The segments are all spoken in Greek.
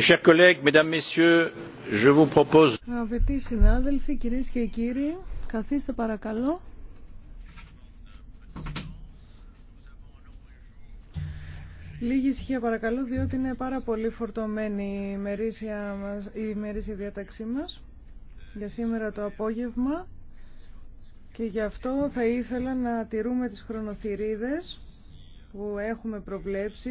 Mes συνάδελφοι, κυρίε και κύριοι, καθίστε παρακαλώ. Λίγη ησυχία παρακαλώ, διότι είναι πάρα πολύ φορτωμένη η ημερήσια, μας, η διάταξή μας για σήμερα το απόγευμα και γι' αυτό θα ήθελα να τηρούμε τις χρονοθυρίδες που έχουμε προβλέψει.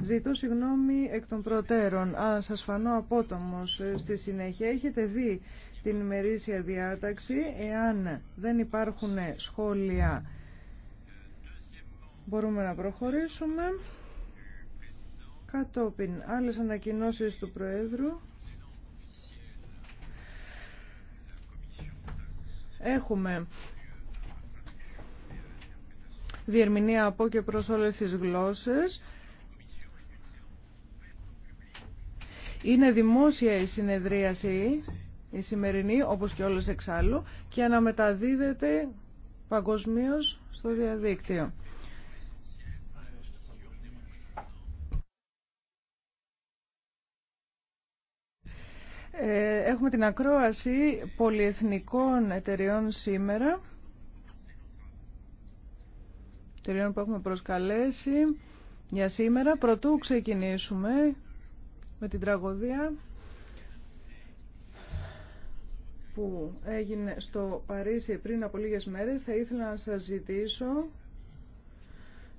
Ζητώ συγγνώμη εκ των προτέρων. Αν σας φανώ απότομος ε, στη συνέχεια, έχετε δει την ημερήσια διάταξη. Εάν δεν υπάρχουν σχόλια, μπορούμε να προχωρήσουμε. Κατόπιν, άλλες ανακοινώσεις του Προέδρου. Έχουμε διερμηνία από και προς όλες τις γλώσσες. Είναι δημόσια η συνεδρίαση η σημερινή, όπως και όλες εξάλλου, και αναμεταδίδεται παγκοσμίω στο διαδίκτυο. Ε, έχουμε την ακρόαση πολυεθνικών εταιριών σήμερα, εταιριών που έχουμε προσκαλέσει για σήμερα. Πρωτού ξεκινήσουμε με την τραγωδία που έγινε στο Παρίσι πριν από λίγες μέρες θα ήθελα να σας ζητήσω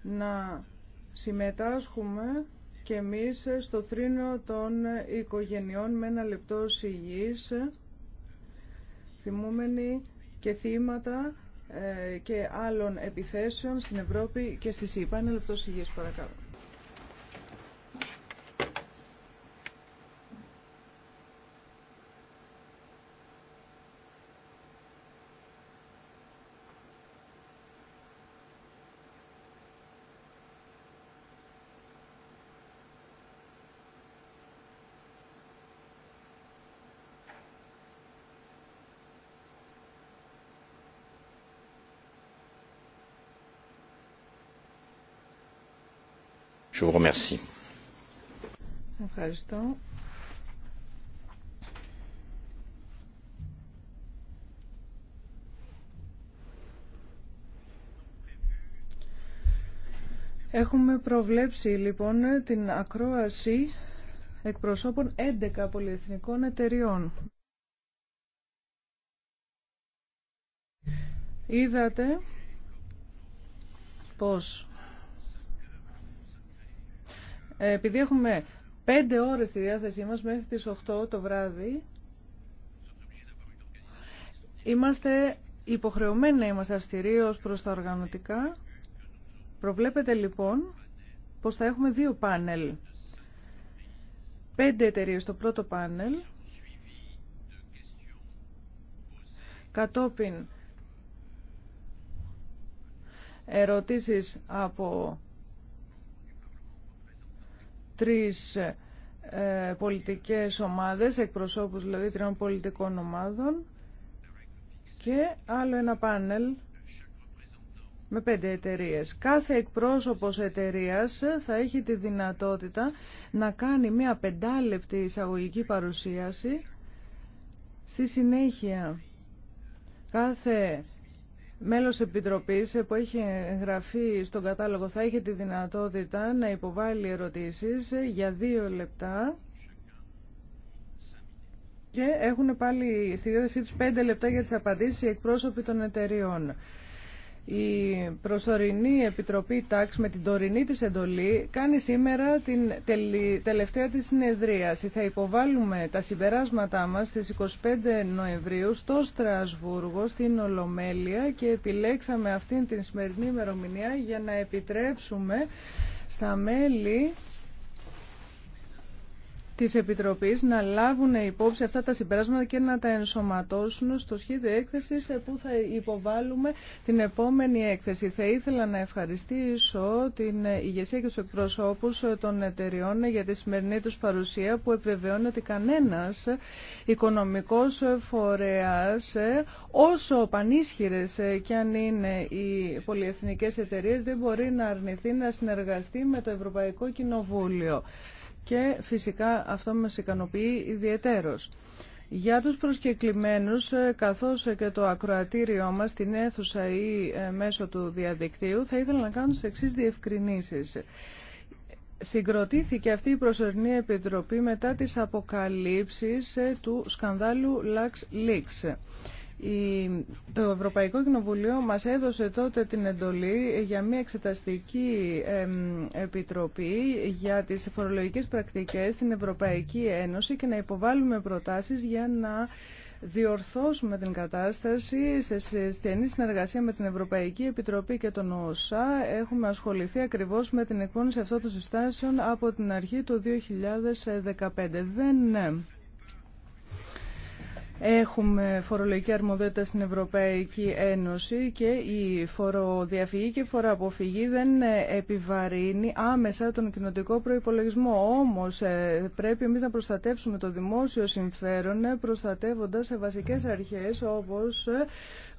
να συμμετάσχουμε και εμείς στο θρήνο των οικογενειών με ένα λεπτό σιγής θυμούμενοι και θύματα ε, και άλλων επιθέσεων στην Ευρώπη και στη ΣΥΠΑ. Ένα λεπτό σιγής παρακαλώ. Je vous remercie. Έχουμε προβλέψει λοιπόν την ακρόαση εκπροσώπων 11 πολυεθνικών εταιριών. Είδατε πως ε, επειδή έχουμε πέντε ώρες στη διάθεσή μας μέχρι τις 8 το βράδυ, είμαστε υποχρεωμένοι να είμαστε αυστηροί ως προς τα οργανωτικά. Προβλέπετε λοιπόν πως θα έχουμε δύο πάνελ. Πέντε εταιρείε στο πρώτο πάνελ. Κατόπιν ερωτήσεις από τρεις ε, πολιτικές ομάδες, εκπροσώπους δηλαδή τριών πολιτικών ομάδων και άλλο ένα πάνελ με πέντε εταιρείες. Κάθε εκπρόσωπος εταιρείας θα έχει τη δυνατότητα να κάνει μια πεντάλεπτη εισαγωγική παρουσίαση. Στη συνέχεια, κάθε μέλος επιτροπής που έχει γραφεί στον κατάλογο θα έχει τη δυνατότητα να υποβάλει ερωτήσεις για δύο λεπτά και έχουν πάλι στη διάθεσή τους πέντε λεπτά για τις απαντήσεις οι εκπρόσωποι των εταιριών. Η προσωρινή Επιτροπή Τάξ με την τωρινή της εντολή κάνει σήμερα την τελευταία της συνεδρίαση. Θα υποβάλουμε τα συμπεράσματά μας στις 25 Νοεμβρίου στο Στρασβούργο, στην Ολομέλεια και επιλέξαμε αυτήν την σημερινή ημερομηνία για να επιτρέψουμε στα μέλη της Επιτροπής να λάβουν υπόψη αυτά τα συμπεράσματα και να τα ενσωματώσουν στο σχέδιο έκθεσης που θα υποβάλουμε την επόμενη έκθεση. Θα ήθελα να ευχαριστήσω την ηγεσία και τους εκπροσώπους των εταιριών για τη σημερινή τους παρουσία που επιβεβαιώνει ότι κανένας οικονομικός φορέας όσο πανίσχυρες και αν είναι οι πολυεθνικές εταιρείες δεν μπορεί να αρνηθεί να συνεργαστεί με το Ευρωπαϊκό Κοινοβούλιο και φυσικά αυτό μας ικανοποιεί ιδιαιτέρως. Για τους προσκεκλημένους, ε, καθώς ε, και το ακροατήριό μας στην αίθουσα ή ε, μέσω του διαδικτύου, θα ήθελα να κάνω τις εξής διευκρινήσεις. Συγκροτήθηκε αυτή η προσωρινή επιτροπή μετά τις αποκαλύψεις του σκανδάλου Lux Leaks. Το Ευρωπαϊκό Κοινοβουλίο μας έδωσε τότε την εντολή για μια εξεταστική επιτροπή για τις φορολογικές πρακτικές στην Ευρωπαϊκή Ένωση και να υποβάλουμε προτάσεις για να διορθώσουμε την κατάσταση σε στενή συνεργασία με την Ευρωπαϊκή Επιτροπή και τον ΟΣΑ. Έχουμε ασχοληθεί ακριβώς με την εκπόνηση αυτών των συστάσεων από την αρχή του 2015. Δεν Έχουμε φορολογική αρμοδότητα στην Ευρωπαϊκή Ένωση και η φοροδιαφυγή και η φοροαποφυγή δεν επιβαρύνει άμεσα τον κοινοτικό προϋπολογισμό. Όμως ε, πρέπει εμείς να προστατεύσουμε το δημόσιο συμφέρον ε, προστατεύοντας σε βασικές αρχές όπως ε,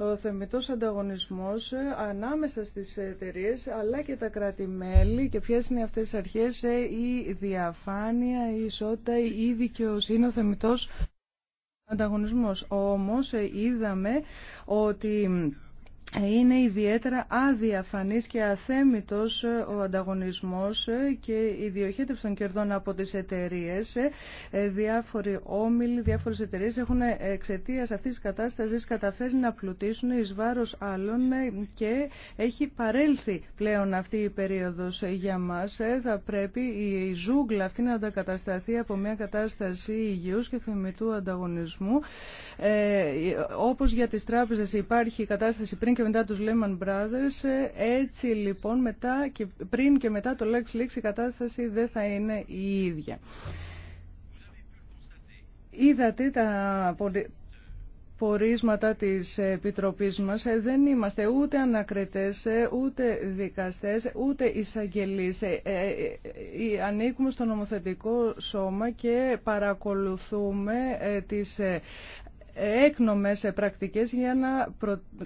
ο θεμητός ανταγωνισμός ανάμεσα στις εταιρείε, αλλά και τα κράτη-μέλη και ποιες είναι αυτές τις αρχές η διαφάνεια, η ισότητα, η δικαιοσύνη, ο ανταγωνισμός. Όμως ε, είδαμε ότι είναι ιδιαίτερα αδιαφανής και αθέμητος ε, ο ανταγωνισμός ε, και η διοχέτευση των κερδών από τις εταιρείες. Ε, διάφοροι όμιλοι, διάφορες εταιρείες έχουν εξαιτία αυτής της κατάστασης καταφέρει να πλουτίσουν εις βάρος άλλων και έχει παρέλθει πλέον αυτή η περίοδος για μας. Θα πρέπει η ζούγκλα αυτή να αντακατασταθεί από μια κατάσταση υγιούς και θεμητού ανταγωνισμού. Όπως για τις τράπεζες υπάρχει η κατάσταση πριν και μετά τους Lehman Brothers. Ε, έτσι λοιπόν μετά και πριν και μετά το Lex Leaks η κατάσταση δεν θα είναι η ίδια. Είδατε τα πορίσματα της Επιτροπής μας. Ε, δεν είμαστε ούτε ανακριτές, ε, ούτε δικαστές, ούτε εισαγγελείς. Ανήκουμε στο νομοθετικό σώμα και παρακολουθούμε τις έκνομες πρακτικές για να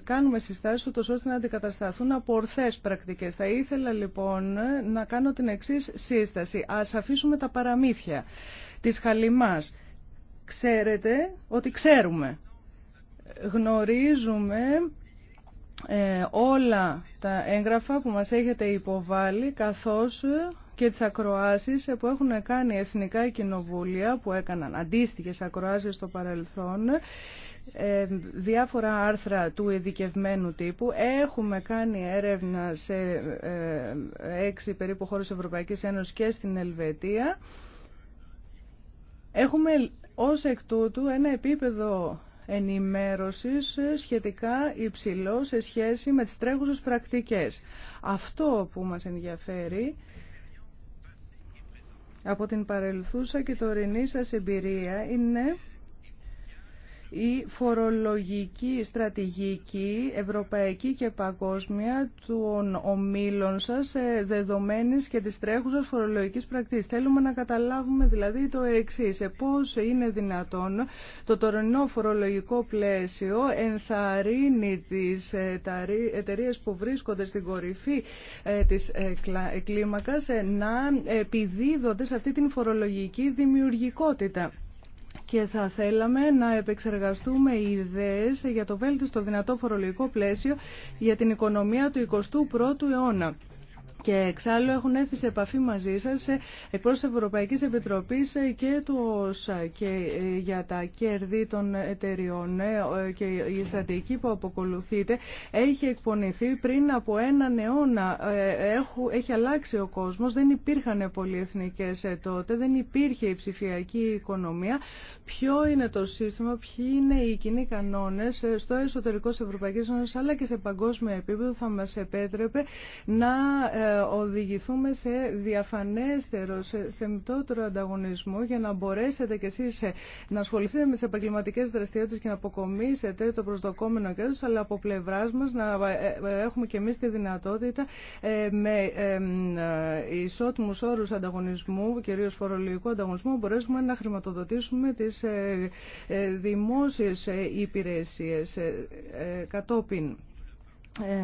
κάνουμε συστάσεις ούτως ώστε να αντικατασταθούν από ορθές πρακτικές. Θα ήθελα λοιπόν να κάνω την εξής σύσταση. Ας αφήσουμε τα παραμύθια της χαλιμάς. Ξέρετε ότι ξέρουμε. Γνωρίζουμε ε, όλα τα έγγραφα που μας έχετε υποβάλει καθώς και τις ακροάσεις που έχουν κάνει εθνικά κοινοβούλια που έκαναν αντίστοιχες ακροάσεις στο παρελθόν ε, διάφορα άρθρα του ειδικευμένου τύπου. Έχουμε κάνει έρευνα σε ε, έξι περίπου χώρες Ευρωπαϊκής Ένωσης και στην Ελβετία. Έχουμε ως εκ τούτου ένα επίπεδο ενημέρωσης σχετικά υψηλό σε σχέση με τις τρέχουσες πρακτικές. Αυτό που μας ενδιαφέρει από την παρελθούσα και τωρινή σας εμπειρία είναι η φορολογική στρατηγική ευρωπαϊκή και παγκόσμια των ομίλων σας ε, δεδομένης και της τρέχουσας φορολογικής πρακτής. Θέλουμε να καταλάβουμε δηλαδή το εξή. σε πώς είναι δυνατόν το τωρινό φορολογικό πλαίσιο ενθαρρύνει τις ε, εταιρείε που βρίσκονται στην κορυφή ε, της κλίμακας να επιδίδονται σε αυτή την φορολογική δημιουργικότητα και θα θέλαμε να επεξεργαστούμε ιδέες για το βέλτιστο δυνατό φορολογικό πλαίσιο για την οικονομία του 21ου αιώνα. Και εξάλλου έχουν έρθει σε επαφή μαζί σας ε, τη Ευρωπαϊκή Επιτροπή ε, και του και ε, για τα κέρδη των εταιριών και η στρατηγική που αποκολουθείτε έχει εκπονηθεί πριν από έναν αιώνα. Έχει αλλάξει ο κόσμος, δεν υπήρχαν πολυεθνικές τότε, δεν υπήρχε η ψηφιακή οικονομία. Ποιο είναι το σύστημα, ποιοι είναι οι κοινοί κανόνες στο εσωτερικό της Ευρωπαϊκής Ένωσης αλλά και σε παγκόσμιο επίπεδο θα μας επέτρεπε να οδηγηθούμε σε διαφανέστερο, σε θεμητότερο ανταγωνισμό για να μπορέσετε κι εσείς ε, να ασχοληθείτε με τις επαγγελματικέ δραστηριότητες και να αποκομίσετε το προσδοκόμενο κέρδος, αλλά από πλευρά μας να ε, ε, έχουμε κι εμείς τη δυνατότητα με ισότιμους όρους ανταγωνισμού, κυρίως φορολογικού ανταγωνισμού, να μπορέσουμε να χρηματοδοτήσουμε τις δημόσιες υπηρεσίες κατόπιν.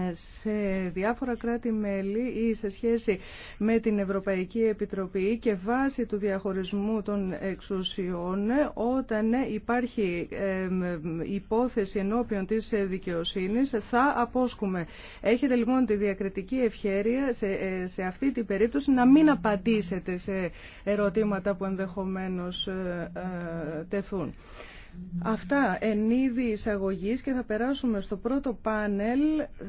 Ε, σε διάφορα κράτη-μέλη ή σε σχέση με την Ευρωπαϊκή Επιτροπή και βάσει του διαχωρισμού των εξουσιών όταν υπάρχει υπόθεση ενώπιον της δικαιοσύνης θα απόσκουμε. Έχετε λοιπόν τη διακριτική ευχέρεια ε, σε, αυτή την περίπτωση να μην απαντήσετε σε ερωτήματα που ενδεχομένως ε, τεθούν. Αυτά εν είδη εισαγωγής και θα περάσουμε στο πρώτο πάνελ.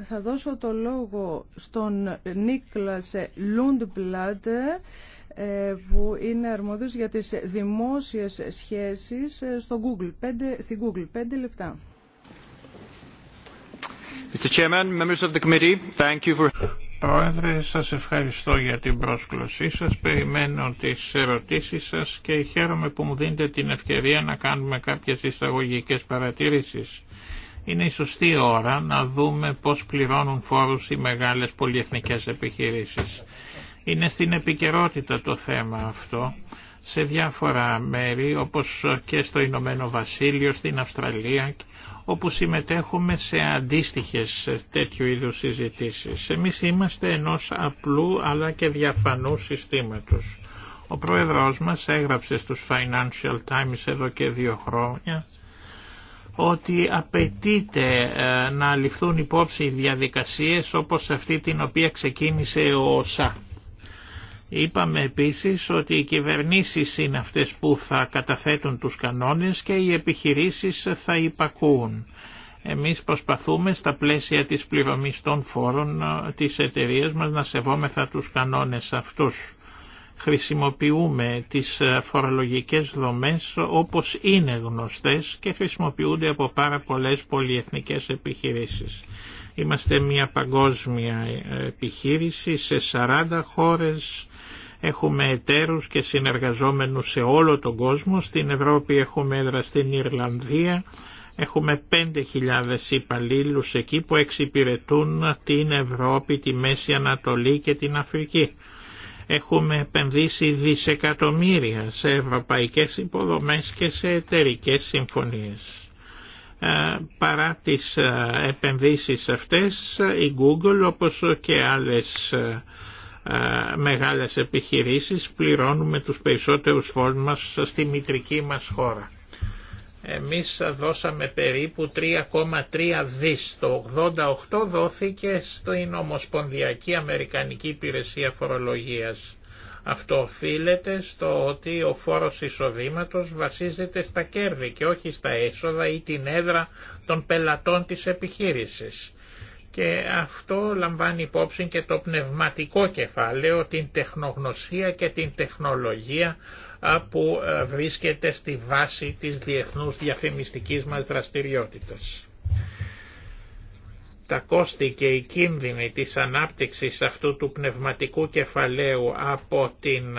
Θα δώσω το λόγο στον Νίκλας Λούντμπλαντ ε, που είναι αρμόδιος για τις δημόσιες σχέσεις ε, στο Google, 5, στη Google. Πέντε λεπτά. Mr. Chairman, members of the committee, thank you for... Πρόεδρε, σας ευχαριστώ για την πρόσκλωσή σας, περιμένω τις ερωτήσεις σας και χαίρομαι που μου δίνετε την ευκαιρία να κάνουμε κάποιες εισαγωγικές παρατήρησεις. Είναι η σωστή ώρα να δούμε πώς πληρώνουν φόρους οι μεγάλες πολυεθνικές επιχειρήσεις. Είναι στην επικαιρότητα το θέμα αυτό σε διάφορα μέρη όπως και στο Ηνωμένο Βασίλειο, στην Αυστραλία όπου συμμετέχουμε σε αντίστοιχες τέτοιου είδους συζητήσεις. Εμείς είμαστε ενός απλού αλλά και διαφανού συστήματος. Ο πρόεδρος μας έγραψε στους Financial Times εδώ και δύο χρόνια ότι απαιτείται ε, να ληφθούν υπόψη οι διαδικασίες όπως αυτή την οποία ξεκίνησε ο ΩΣΑ. Είπαμε επίσης ότι οι κυβερνήσεις είναι αυτές που θα καταθέτουν τους κανόνες και οι επιχειρήσεις θα υπακούουν. Εμείς προσπαθούμε στα πλαίσια της πληρωμής των φόρων της εταιρείας μας να σεβόμεθα τους κανόνες αυτούς. Χρησιμοποιούμε τις φορολογικές δομές όπως είναι γνωστές και χρησιμοποιούνται από πάρα πολλές πολυεθνικές επιχειρήσεις. Είμαστε μια παγκόσμια ε, επιχείρηση σε 40 χώρες Έχουμε εταίρους και συνεργαζόμενους σε όλο τον κόσμο. Στην Ευρώπη έχουμε έδρα στην Ιρλανδία. Έχουμε 5.000 υπαλλήλου εκεί που εξυπηρετούν την Ευρώπη, τη Μέση Ανατολή και την Αφρική. Έχουμε επενδύσει δισεκατομμύρια σε ευρωπαϊκές υποδομές και σε εταιρικέ συμφωνίες. Ε, παρά τις ε, επενδύσεις αυτές η Google όπως και άλλες ε, ε, μεγάλες επιχειρήσεις πληρώνουμε τους περισσότερους φόρους μας στη μητρική μας χώρα. Εμείς δώσαμε περίπου 3,3 δις. Το 88 δόθηκε στην Ομοσπονδιακή Αμερικανική Υπηρεσία Φορολογίας. Αυτό οφείλεται στο ότι ο φόρος εισοδήματος βασίζεται στα κέρδη και όχι στα έσοδα ή την έδρα των πελατών της επιχείρησης και αυτό λαμβάνει υπόψη και το πνευματικό κεφάλαιο, την τεχνογνωσία και την τεχνολογία που βρίσκεται στη βάση της διεθνούς διαφημιστικής μας δραστηριότητας. Τα κόστη και οι κίνδυνοι της ανάπτυξης αυτού του πνευματικού κεφαλαίου από την,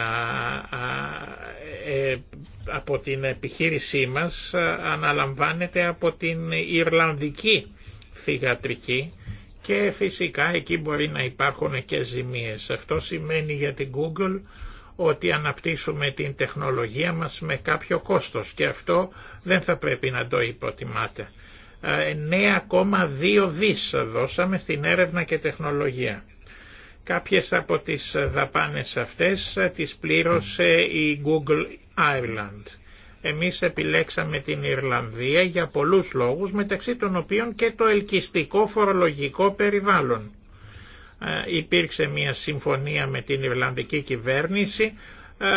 ε, από την επιχείρησή μας αναλαμβάνεται από την Ιρλανδική θηγατρική και φυσικά εκεί μπορεί να υπάρχουν και ζημίες. Αυτό σημαίνει για την Google ότι αναπτύσσουμε την τεχνολογία μας με κάποιο κόστος και αυτό δεν θα πρέπει να το υποτιμάτε. 9,2 δις δώσαμε στην έρευνα και τεχνολογία. Κάποιες από τις δαπάνες αυτές τις πλήρωσε η Google Ireland. Εμείς επιλέξαμε την Ιρλανδία για πολλούς λόγους, μεταξύ των οποίων και το ελκυστικό φορολογικό περιβάλλον. Ε, υπήρξε μια συμφωνία με την Ιρλανδική κυβέρνηση, ε,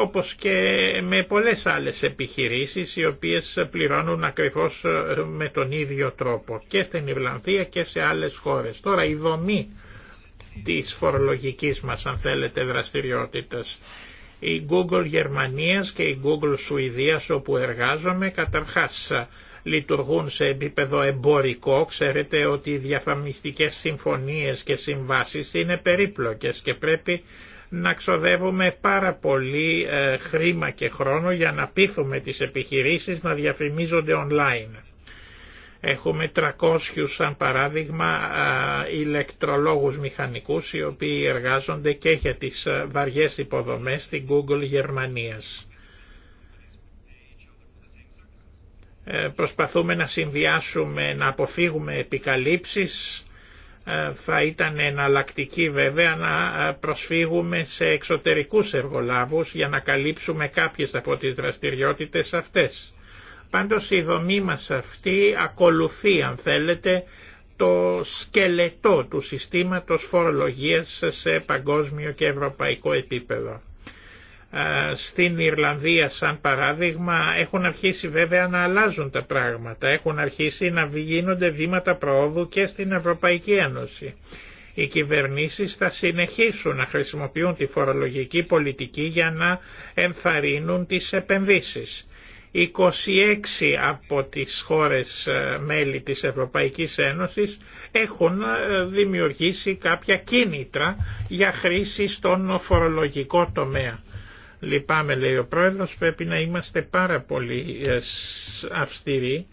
όπως και με πολλές άλλες επιχειρήσεις οι οποίες πληρώνουν ακριβώς ε, με τον ίδιο τρόπο και στην Ιρλανδία και σε άλλες χώρες. Τώρα η δομή της φορολογικής μας αν θέλετε δραστηριότητας η Google Γερμανίας και η Google Σουηδίας όπου εργάζομαι καταρχάς ε, λειτουργούν σε επίπεδο εμπορικό. Ξέρετε ότι οι διαφαμιστικές συμφωνίες και συμβάσεις είναι περίπλοκες και πρέπει να ξοδεύουμε πάρα πολύ ε, χρήμα και χρόνο για να πείθουμε τις επιχειρήσεις να διαφημίζονται online. Έχουμε 300 σαν παράδειγμα ηλεκτρολόγους μηχανικούς οι οποίοι εργάζονται και για τις βαριές υποδομές στην Google Γερμανίας. Ε, προσπαθούμε να συνδυάσουμε, να αποφύγουμε επικαλύψεις. Ε, θα ήταν εναλλακτική βέβαια να προσφύγουμε σε εξωτερικούς εργολάβους για να καλύψουμε κάποιες από τις δραστηριότητες αυτές. Πάντως η δομή μας αυτή ακολουθεί αν θέλετε το σκελετό του συστήματος φορολογίας σε παγκόσμιο και ευρωπαϊκό επίπεδο. Ε, στην Ιρλανδία σαν παράδειγμα έχουν αρχίσει βέβαια να αλλάζουν τα πράγματα, έχουν αρχίσει να γίνονται βήματα προόδου και στην Ευρωπαϊκή Ένωση. Οι κυβερνήσεις θα συνεχίσουν να χρησιμοποιούν τη φορολογική πολιτική για να ενθαρρύνουν τις επενδύσεις. 26 από τις χώρες ε, μέλη της Ευρωπαϊκής Ένωσης έχουν ε, δημιουργήσει κάποια κίνητρα για χρήση στον φορολογικό τομέα. Λυπάμαι λέει ο Πρόεδρος, πρέπει να είμαστε πάρα πολύ ε, αυστηροί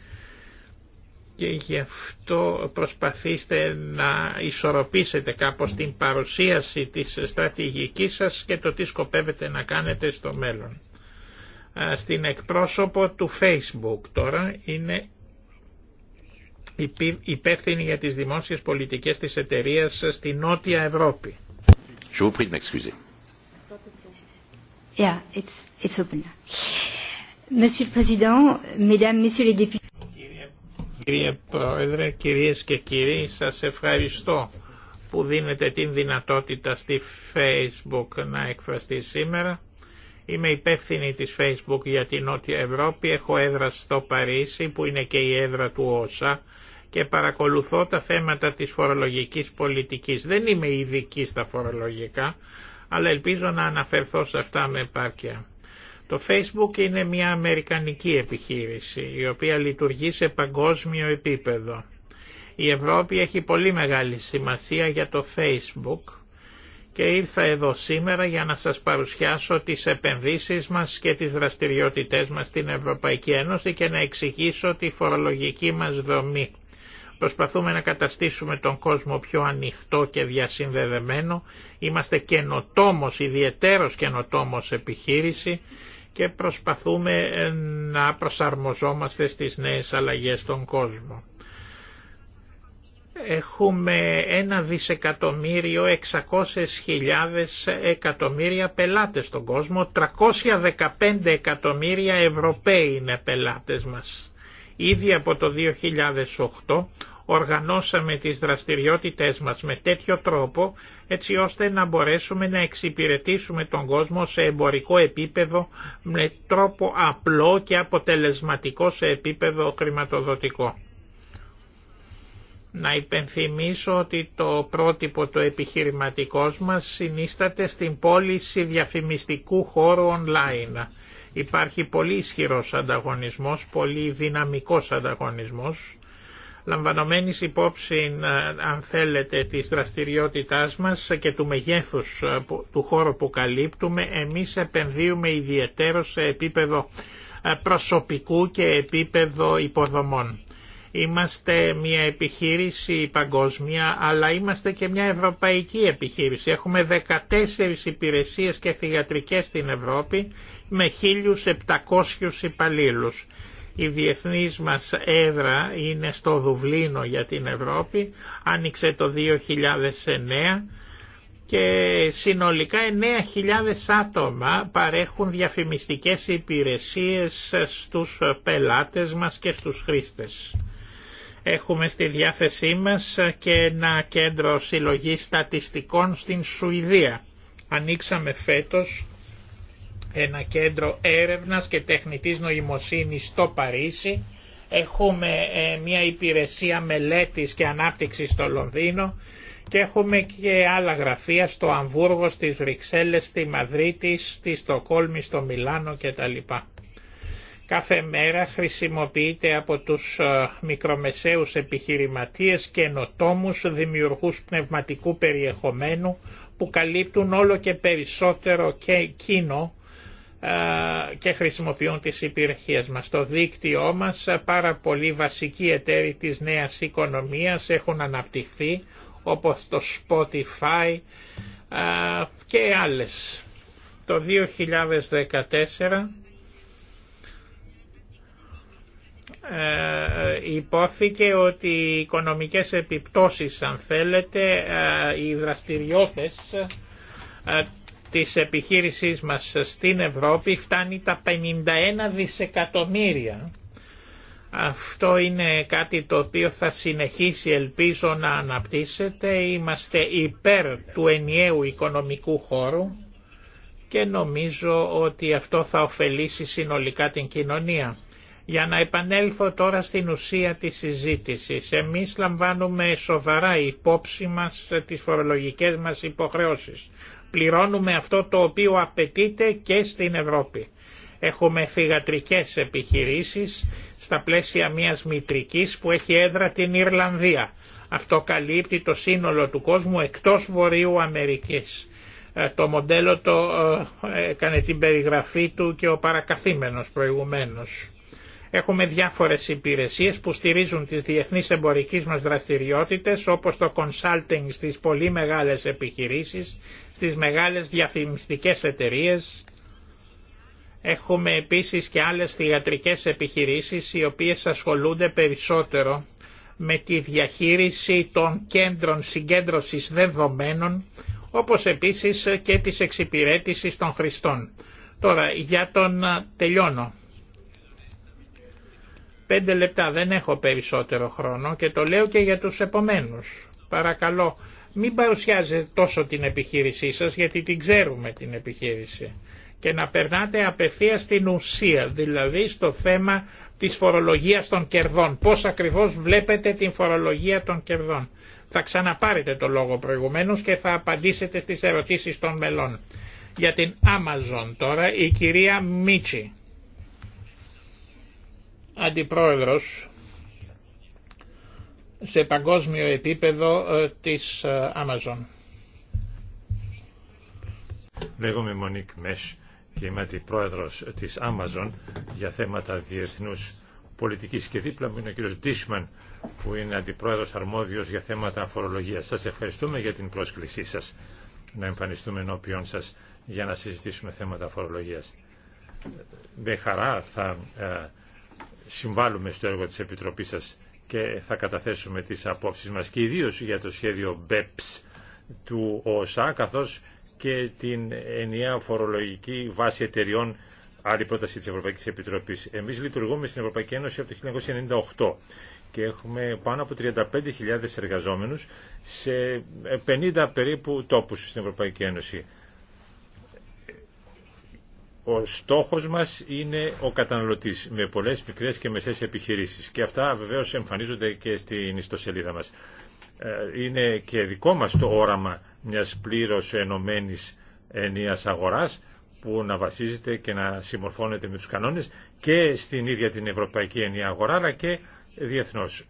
και γι' αυτό προσπαθήστε να ισορροπήσετε κάπως την παρουσίαση της στρατηγικής σας και το τι σκοπεύετε να κάνετε στο μέλλον. Ε, στην εκπρόσωπο του Facebook τώρα είναι υπεύθυνη για τις δημόσιες πολιτικές της εταιρείας στη Νότια Ευρώπη. Κύριε Πρόεδρε, κυρίες και κύριοι, σας ευχαριστώ που δίνετε την δυνατότητα στη Facebook να εκφραστεί σήμερα. Είμαι υπεύθυνη της Facebook για την Νότια Ευρώπη, έχω έδρα στο Παρίσι που είναι και η έδρα του ΩΣΑ και παρακολουθώ τα θέματα της φορολογικής πολιτικής. Δεν είμαι ειδική στα φορολογικά, αλλά ελπίζω να αναφερθώ σε αυτά με επάρκεια. Το Facebook είναι μια αμερικανική επιχείρηση, η οποία λειτουργεί σε παγκόσμιο επίπεδο. Η Ευρώπη έχει πολύ μεγάλη σημασία για το Facebook και ήρθα εδώ σήμερα για να σας παρουσιάσω τις επενδύσεις μας και τις δραστηριότητές μας στην Ευρωπαϊκή Ένωση και να εξηγήσω τη φορολογική μας δομή. Προσπαθούμε να καταστήσουμε τον κόσμο πιο ανοιχτό και διασυνδεδεμένο. Είμαστε καινοτόμος, ιδιαιτέρως καινοτόμος επιχείρηση και προσπαθούμε να προσαρμοζόμαστε στις νέες αλλαγές στον κόσμο. Έχουμε ένα δισεκατομμύριο, 600.000 εκατομμύρια πελάτες στον κόσμο, 315 εκατομμύρια Ευρωπαίοι είναι πελάτες μας. Ήδη από το 2008 οργανώσαμε τις δραστηριότητές μας με τέτοιο τρόπο έτσι ώστε να μπορέσουμε να εξυπηρετήσουμε τον κόσμο σε εμπορικό επίπεδο με τρόπο απλό και αποτελεσματικό σε επίπεδο χρηματοδοτικό. Να υπενθυμίσω ότι το πρότυπο το επιχειρηματικό μας συνίσταται στην πώληση διαφημιστικού χώρου online. Υπάρχει πολύ ισχυρός ανταγωνισμός, πολύ δυναμικός ανταγωνισμός. Λαμβανομένης υπόψη, ε, αν θέλετε, της δραστηριότητάς μας και του μεγέθους ε, του χώρου που καλύπτουμε, εμείς επενδύουμε ιδιαίτερο σε επίπεδο ε, προσωπικού και επίπεδο υποδομών. Είμαστε μια επιχείρηση παγκόσμια, αλλά είμαστε και μια ευρωπαϊκή επιχείρηση. Έχουμε 14 υπηρεσίες και θηγατρικές στην Ευρώπη με 1.700 υπαλλήλους. Η διεθνής μας έδρα είναι στο Δουβλίνο για την Ευρώπη, άνοιξε το 2009 και συνολικά 9.000 άτομα παρέχουν διαφημιστικές υπηρεσίες στους πελάτες μας και στους χρήστες. Έχουμε στη διάθεσή μας και ένα κέντρο συλλογή στατιστικών στην Σουηδία. Ανοίξαμε φέτος ένα κέντρο έρευνας και τεχνητής νοημοσύνης στο Παρίσι. Έχουμε ε, μια υπηρεσία μελέτης και ανάπτυξης στο Λονδίνο και έχουμε και άλλα γραφεία στο Αμβούργο, στις Βρυξέλλες, στη Μαδρίτη, στη Στοκόλμη, στο Μιλάνο κτλ κάθε μέρα χρησιμοποιείται από τους ε, μικρομεσαίους επιχειρηματίες και νοτόμους δημιουργούς πνευματικού περιεχομένου που καλύπτουν όλο και περισσότερο και κίνο ε, και χρησιμοποιούν τις υπηρεσίες μας. Το δίκτυό μας ε, πάρα πολύ βασικοί εταίροι της νέας οικονομίας έχουν αναπτυχθεί όπως το Spotify και άλλες. Το 2014 Ε, ε, υπόθηκε ότι οι οικονομικές επιπτώσεις αν θέλετε ε, οι δραστηριότητες της επιχείρησής μας στην Ευρώπη φτάνει τα 51 δισεκατομμύρια. Αυτό είναι κάτι το οποίο θα συνεχίσει ελπίζω να αναπτύσσεται. Είμαστε υπέρ του ενιαίου οικονομικού χώρου και νομίζω ότι αυτό θα ωφελήσει συνολικά την κοινωνία. Για να επανέλθω τώρα στην ουσία της συζήτησης, εμείς λαμβάνουμε σοβαρά υπόψη μας τις φορολογικές μας υποχρεώσεις. Πληρώνουμε αυτό το οποίο απαιτείται και στην Ευρώπη. Έχουμε θύγατρικές επιχειρήσεις στα πλαίσια μιας μητρικής που έχει έδρα την Ιρλανδία. Αυτό καλύπτει το σύνολο του κόσμου εκτός Βορείου Αμερικής. Ε, το μοντέλο το ε, έκανε την περιγραφή του και ο παρακαθήμενος προηγουμένως. Έχουμε διάφορες υπηρεσίες που στηρίζουν τις διεθνείς εμπορικές μας δραστηριότητες όπως το consulting στις πολύ μεγάλες επιχειρήσεις, στις μεγάλες διαφημιστικές εταιρείες. Έχουμε επίσης και άλλες θηγατρικές επιχειρήσεις οι οποίες ασχολούνται περισσότερο με τη διαχείριση των κέντρων συγκέντρωσης δεδομένων όπως επίσης και της εξυπηρέτησης των χρηστών. Τώρα για τον τελειώνω Πέντε λεπτά, δεν έχω περισσότερο χρόνο και το λέω και για τους επομένους. Παρακαλώ, μην παρουσιάζετε τόσο την επιχείρησή σας γιατί την ξέρουμε την επιχείρηση και να περνάτε απευθείας στην ουσία, δηλαδή στο θέμα της φορολογίας των κερδών. Πώς ακριβώς βλέπετε την φορολογία των κερδών. Θα ξαναπάρετε το λόγο προηγουμένω και θα απαντήσετε στις ερωτήσεις των μελών. Για την Amazon τώρα η κυρία Μίτσι αντιπρόεδρος σε παγκόσμιο επίπεδο ε, της ε, Amazon. Λέγομαι Μονίκ Μέσ και είμαι αντιπρόεδρος της Amazon για θέματα διεθνούς πολιτικής και δίπλα μου είναι ο κύριος Ντίσμαν που είναι αντιπρόεδρος αρμόδιος για θέματα φορολογίας. Σας ευχαριστούμε για την πρόσκλησή σας να εμφανιστούμε ενώπιον σας για να συζητήσουμε θέματα φορολογίας. Με χαρά θα ε, συμβάλλουμε στο έργο της Επιτροπής σας και θα καταθέσουμε τις απόψεις μας και ιδίως για το σχέδιο BEPS του ΟΣΑ καθώς και την ενιαία φορολογική βάση εταιριών άλλη πρόταση της Ευρωπαϊκής Επιτροπής. Εμείς λειτουργούμε στην Ευρωπαϊκή Ένωση από το 1998 και έχουμε πάνω από 35.000 εργαζόμενους σε 50 περίπου τόπους στην Ευρωπαϊκή Ένωση. Ο στόχος μας είναι ο καταναλωτής με πολλές μικρές και μεσές επιχειρήσεις και αυτά βεβαίως εμφανίζονται και στην ιστοσελίδα μας. Ε, είναι και δικό μας το όραμα μιας πλήρως ενωμένης ενίας αγοράς που να βασίζεται και να συμμορφώνεται με τους κανόνες και στην ίδια την Ευρωπαϊκή Ενία Αγορά αλλά και διεθνώς.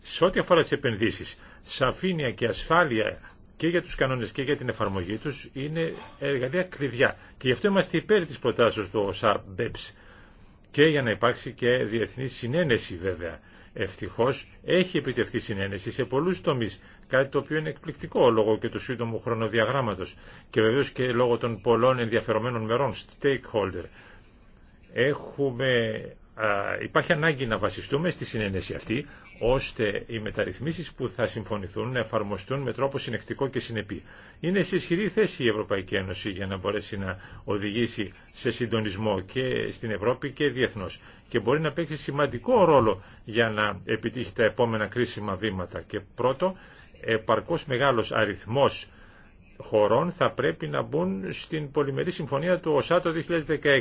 Σε ό,τι αφορά τις επενδύσεις, σαφήνεια και ασφάλεια και για τους κανόνες και για την εφαρμογή τους είναι εργαλεία κλειδιά. Και γι' αυτό είμαστε υπέρ της προτάσεως του ΟΣΑ και για να υπάρξει και διεθνή συνένεση βέβαια. Ευτυχώς έχει επιτευχθεί συνένεση σε πολλούς τομείς, κάτι το οποίο είναι εκπληκτικό λόγω και του σύντομου χρονοδιαγράμματος και βεβαίως και λόγω των πολλών ενδιαφερομένων μερών, stakeholder. Έχουμε υπάρχει ανάγκη να βασιστούμε στη συνένεση αυτή, ώστε οι μεταρρυθμίσεις που θα συμφωνηθούν να εφαρμοστούν με τρόπο συνεκτικό και συνεπή. Είναι σε ισχυρή θέση η Ευρωπαϊκή Ένωση για να μπορέσει να οδηγήσει σε συντονισμό και στην Ευρώπη και διεθνώς. Και μπορεί να παίξει σημαντικό ρόλο για να επιτύχει τα επόμενα κρίσιμα βήματα. Και πρώτο, επαρκώς μεγάλος αριθμός χωρών θα πρέπει να μπουν στην πολυμερή συμφωνία του ΟΣΑ το 2016,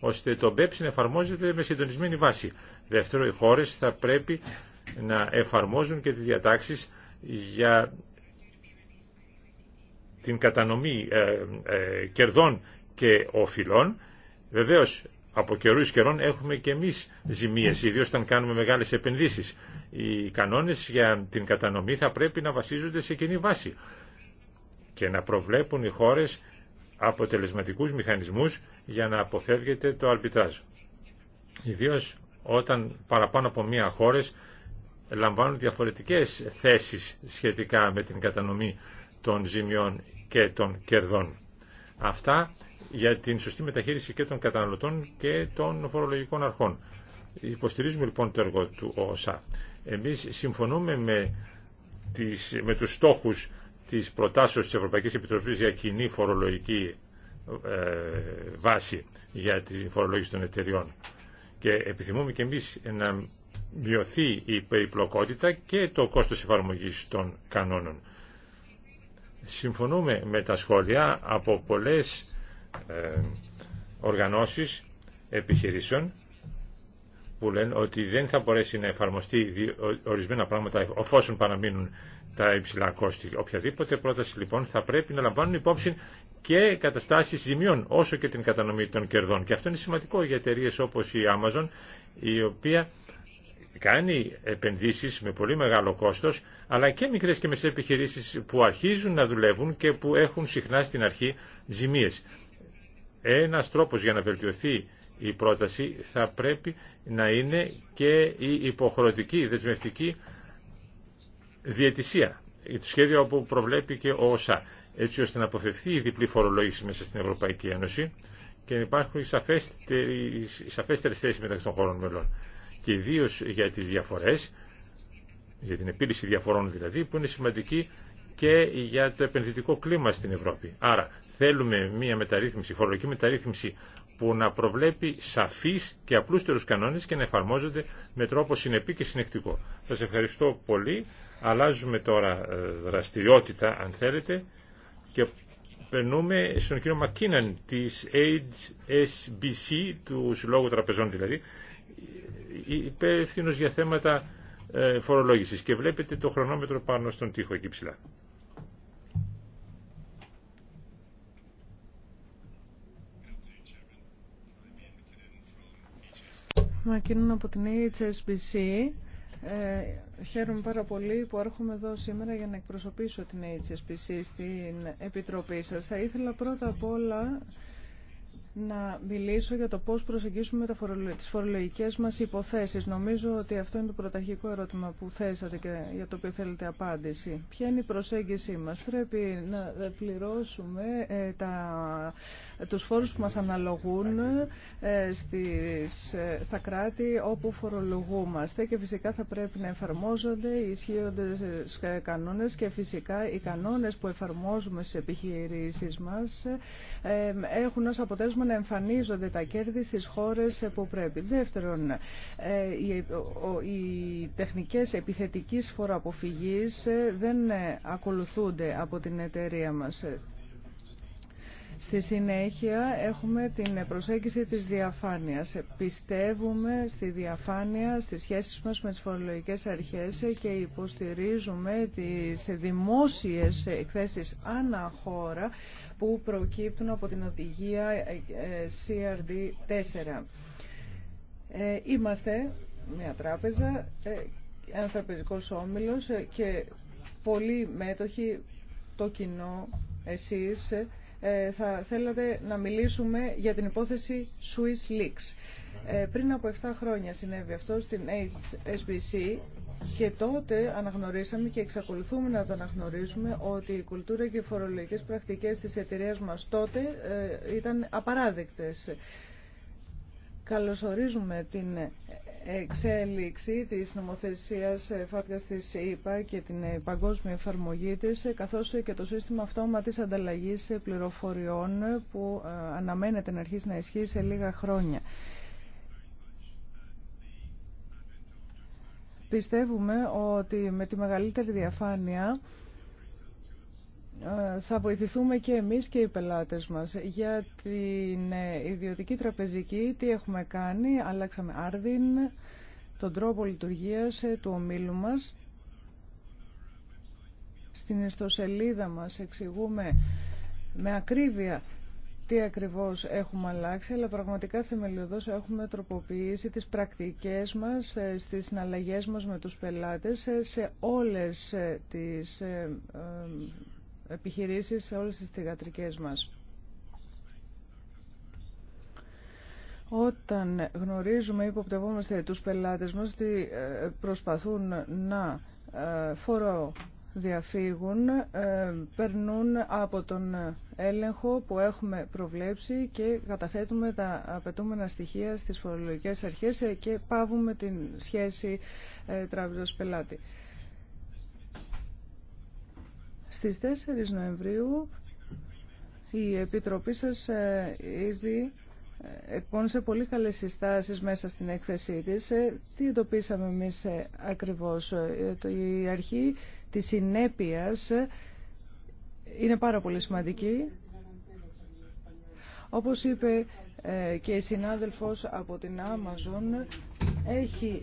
ώστε το BEPS να εφαρμόζεται με συντονισμένη βάση. Δεύτερο, οι χώρες θα πρέπει να εφαρμόζουν και τις διατάξεις για την κατανομή ε, ε, κερδών και οφειλών. Βεβαίως, από καιρού καιρών έχουμε και εμείς ζημίες, ιδίως όταν κάνουμε μεγάλες επενδύσει. Οι κανόνε για την κατανομή θα πρέπει να βασίζονται σε κοινή βάση και να προβλέπουν οι χώρες αποτελεσματικούς μηχανισμούς για να αποφεύγεται το αλπιτράζ. Ιδίως όταν παραπάνω από μία χώρες λαμβάνουν διαφορετικές θέσεις σχετικά με την κατανομή των ζημιών και των κερδών. Αυτά για την σωστή μεταχείριση και των καταναλωτών και των φορολογικών αρχών. Υποστηρίζουμε λοιπόν το έργο του ΟΣΑ. Εμείς συμφωνούμε με, τις, με τους στόχους της προτάσεως της Ευρωπαϊκής Επιτροπής για κοινή φορολογική ε, βάση για τη φορολόγηση των εταιριών. Και επιθυμούμε και εμείς να μειωθεί η περιπλοκότητα και το κόστος εφαρμογής των κανόνων. Συμφωνούμε με τα σχόλια από πολλές ε, οργανώσεις επιχειρήσεων που λένε ότι δεν θα μπορέσει να εφαρμοστεί ορισμένα πράγματα εφόσον παραμείνουν τα υψηλά κόστη. Οποιαδήποτε πρόταση λοιπόν θα πρέπει να λαμβάνουν υπόψη και καταστάσει ζημιών, όσο και την κατανομή των κερδών. Και αυτό είναι σημαντικό για εταιρείε όπω η Amazon, η οποία κάνει επενδύσεις με πολύ μεγάλο κόστος, αλλά και μικρές και μεσαίες επιχειρήσεις που αρχίζουν να δουλεύουν και που έχουν συχνά στην αρχή ζημίες. Ένα τρόπος για να βελτιωθεί η πρόταση θα πρέπει να είναι και η υποχρεωτική δεσμευτική διαιτησία, το σχέδιο που προβλέπει και ο ΩΣΑ, έτσι ώστε να αποφευθεί η διπλή φορολόγηση μέσα στην Ευρωπαϊκή Ένωση και να υπάρχουν σαφέστερε θέσει μεταξύ των χωρών μελών. Και ιδίω για τι διαφορέ, για την επίλυση διαφορών δηλαδή, που είναι σημαντική και για το επενδυτικό κλίμα στην Ευρώπη. Άρα θέλουμε μια μεταρρύθμιση, φορολογική μεταρρύθμιση που να προβλέπει σαφείς και απλούστερους κανόνες και να εφαρμόζονται με τρόπο συνεπή και συνεκτικό. Σας ευχαριστώ πολύ. Αλλάζουμε τώρα ε, δραστηριότητα, αν θέλετε, και περνούμε στον κύριο Μακίναν της HSBC, του Συλλόγου Τραπεζών δηλαδή, υπεύθυνο για θέματα ε, φορολόγησης. Και βλέπετε το χρονόμετρο πάνω στον τοίχο εκεί ψηλά. Μακίνουν από την HSBC. Ε, χαίρομαι πάρα πολύ που έρχομαι εδώ σήμερα για να εκπροσωπήσω την HSBC στην Επιτροπή σας. Θα ήθελα πρώτα απ' όλα να μιλήσω για το πώς προσεγγίσουμε τα τις φορολογικές μας υποθέσεις. Νομίζω ότι αυτό είναι το πρωταρχικό ερώτημα που θέσατε και για το οποίο θέλετε απάντηση. Ποια είναι η προσέγγιση μας. Πρέπει να πληρώσουμε ε, τα τους φόρους που μας αναλογούν ε, στις, ε, στα κράτη όπου φορολογούμαστε και φυσικά θα πρέπει να εφαρμόζονται οι ισχύοντες ε, κανόνες και φυσικά οι κανόνες που εφαρμόζουμε στις επιχειρήσεις μας έχουν ως αποτέλεσμα να εμφανίζονται τα κέρδη στις χώρες που πρέπει. Δεύτερον, οι τεχνικές επιθετικής φοροαποφυγής δεν ακολουθούνται από την εταιρεία μας. Στη συνέχεια έχουμε την προσέγγιση της διαφάνειας. Πιστεύουμε στη διαφάνεια, στις σχέσεις μας με τις φορολογικές αρχές και υποστηρίζουμε τις δημόσιες εκθέσεις χώρα που προκύπτουν από την οδηγία ε, CRD4. Ε, είμαστε μια τράπεζα, ένας ε, τραπεζικός όμιλος και πολύ μέτοχοι, το κοινό, εσείς, ε, θα θέλατε να μιλήσουμε για την υπόθεση Swiss Leaks. Ε, πριν από 7 χρόνια συνέβη αυτό στην HSBC και τότε αναγνωρίσαμε και εξακολουθούμε να το αναγνωρίζουμε ότι η κουλτούρα και οι φορολογικές πρακτικές της εταιρείας μας τότε ε, ήταν απαράδεκτες. Καλωσορίζουμε την εξέλιξη της νομοθεσίας ε, ΦΑΤΚΑ της ΕΙΠΑ και την ε, παγκόσμια εφαρμογή της, ε, καθώς και το σύστημα αυτόματης ανταλλαγής πληροφοριών που αναμένεται να αρχίσει να ισχύει σε λίγα χρόνια. Πιστεύουμε ότι με τη μεγαλύτερη διαφάνεια ε, θα βοηθηθούμε και εμείς και οι πελάτες μας για την ε, ιδιωτική τραπεζική τι έχουμε κάνει αλλάξαμε άρδιν τον τρόπο λειτουργίας ε, του ομίλου μας στην ιστοσελίδα μας εξηγούμε με ακρίβεια τι ακριβώς έχουμε αλλάξει, αλλά πραγματικά θεμελιωδώς έχουμε τροποποιήσει τις πρακτικές μας, στις συναλλαγές μας με τους πελάτες, σε όλες τις επιχειρήσεις σε όλες τις θηγατρικές μας. Όταν γνωρίζουμε ή υποπτευόμαστε τους πελάτες μας ότι ε, προσπαθούν να ε, φοροδιαφύγουν ε, περνούν από τον έλεγχο που έχουμε προβλέψει και καταθέτουμε τα απαιτούμενα στοιχεία στις φορολογικές αρχές και πάβουμε την σχέση τράπεζα πελάτη. Στις 4 Νοεμβρίου η Επιτροπή σας ε, ήδη ε, εκπώνησε πολύ καλές συστάσεις μέσα στην έκθεσή της. Ε, τι εντοπίσαμε εμείς ακριβώς. Η αρχή της συνέπειας είναι πάρα πολύ σημαντική. Όπως είπε και η συνάδελφος από την Amazon, έχει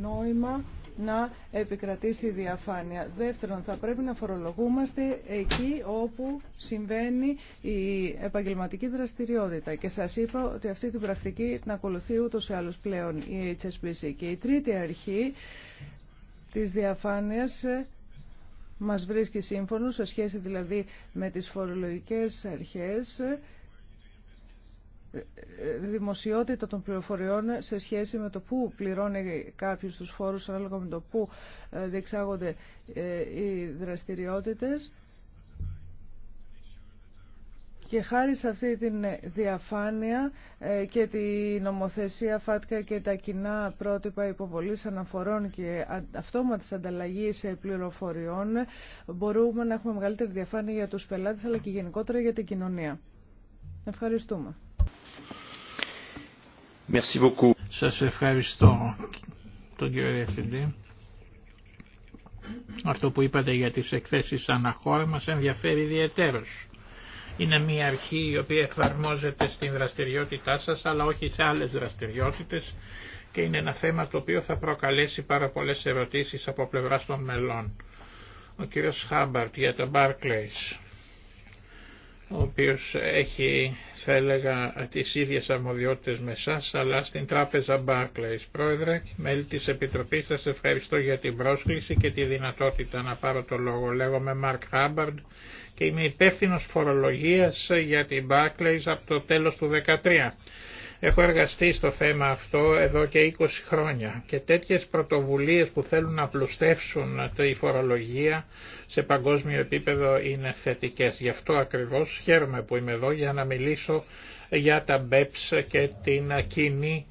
νόημα να επικρατήσει η διαφάνεια. Δεύτερον, θα πρέπει να φορολογούμαστε εκεί όπου συμβαίνει η επαγγελματική δραστηριότητα. Και σας είπα ότι αυτή την πρακτική την ακολουθεί ούτως ή άλλως πλέον η HSBC. Και η τρίτη αρχή της διαφάνειας ε, μας βρίσκει σύμφωνο σε σχέση δηλαδή με τις φορολογικές αρχές ε, δημοσιότητα των πληροφοριών σε σχέση με το πού πληρώνει κάποιος τους φόρους ανάλογα με το πού ε, διεξάγονται ε, οι δραστηριότητες. Και χάρη σε αυτή την διαφάνεια ε, και τη νομοθεσία ΦΑΤΚΑ και τα κοινά πρότυπα υποβολής αναφορών και αυτόματης ανταλλαγής πληροφοριών μπορούμε να έχουμε μεγαλύτερη διαφάνεια για τους πελάτες αλλά και γενικότερα για την κοινωνία. Ευχαριστούμε. Σας ευχαριστώ τον κύριο Διευθυντή. Αυτό που είπατε για τις εκθέσεις αναχώρα μας ενδιαφέρει ιδιαίτερως. Είναι μια αρχή η οποία εφαρμόζεται στην δραστηριότητά σας αλλά όχι σε άλλες δραστηριότητες και είναι ένα θέμα το οποίο θα προκαλέσει πάρα πολλές ερωτήσεις από πλευρά των μελών. Ο κύριος Χάμπαρτ για τα Barclays ο οποίος έχει θα έλεγα τι ίδιε αρμοδιότητες με εσά αλλά στην Τράπεζα Barclays. Πρόεδρε, μέλη της Επιτροπής σας ευχαριστώ για την πρόσκληση και τη δυνατότητα να πάρω το λόγο. Λέγομαι Μαρκ Χάμπαρντ και είμαι υπεύθυνο φορολογίας για την Barclays από το τέλος του 2013. Έχω εργαστεί στο θέμα αυτό εδώ και 20 χρόνια και τέτοιες πρωτοβουλίες που θέλουν να απλουστεύσουν τη φορολογία σε παγκόσμιο επίπεδο είναι θετικές. Γι' αυτό ακριβώς χαίρομαι που είμαι εδώ για να μιλήσω για τα BEPS και την κοινή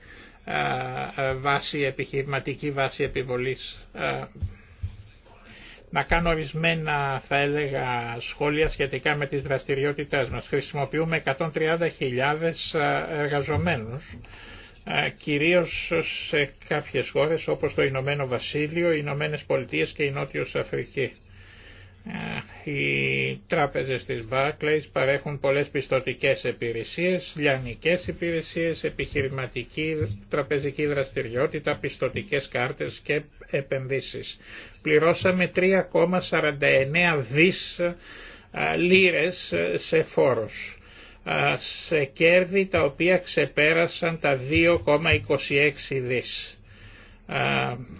βάση επιχειρηματική βάση επιβολής να κάνω ορισμένα θα έλεγα σχόλια σχετικά με τις δραστηριότητές μας. Χρησιμοποιούμε 130.000 ε, εργαζομένους ε, κυρίως σε κάποιες χώρες όπως το Ηνωμένο Βασίλειο, οι Ηνωμένε Πολιτείες και η Νότιος Αφρική. Οι τράπεζες της Barclays παρέχουν πολλές πιστοτικές υπηρεσίες, λιανικές υπηρεσίες, επιχειρηματική τραπεζική δραστηριότητα, πιστοτικές κάρτες και επενδύσεις. Πληρώσαμε 3,49 δις λίρες σε φόρους σε κέρδη τα οποία ξεπέρασαν τα 2,26 δις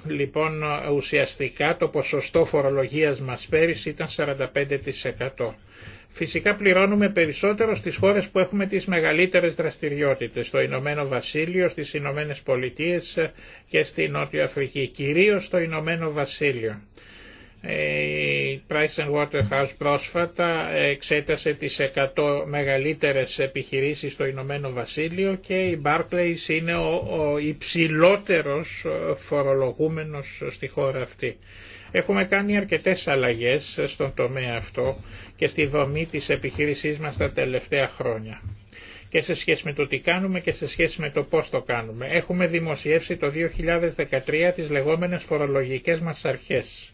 λοιπόν ουσιαστικά το ποσοστό φορολογίας μας πέρυσι ήταν 45%. Φυσικά πληρώνουμε περισσότερο στις χώρες που έχουμε τις μεγαλύτερες δραστηριότητες, στο Ηνωμένο Βασίλειο, στις Ηνωμένε Πολιτείες και στην Νότια Αφρική, κυρίως στο Ηνωμένο Βασίλειο. Ε, η Price Waterhouse πρόσφατα εξέτασε τις 100 μεγαλύτερες επιχειρήσεις στο Ηνωμένο Βασίλειο και η Barclays είναι ο, ο υψηλότερος φορολογούμενος στη χώρα αυτή. Έχουμε κάνει αρκετές αλλαγές στον τομέα αυτό και στη δομή της επιχείρησής μας τα τελευταία χρόνια και σε σχέση με το τι κάνουμε και σε σχέση με το πώς το κάνουμε. Έχουμε δημοσιεύσει το 2013 τις λεγόμενες φορολογικές μας αρχές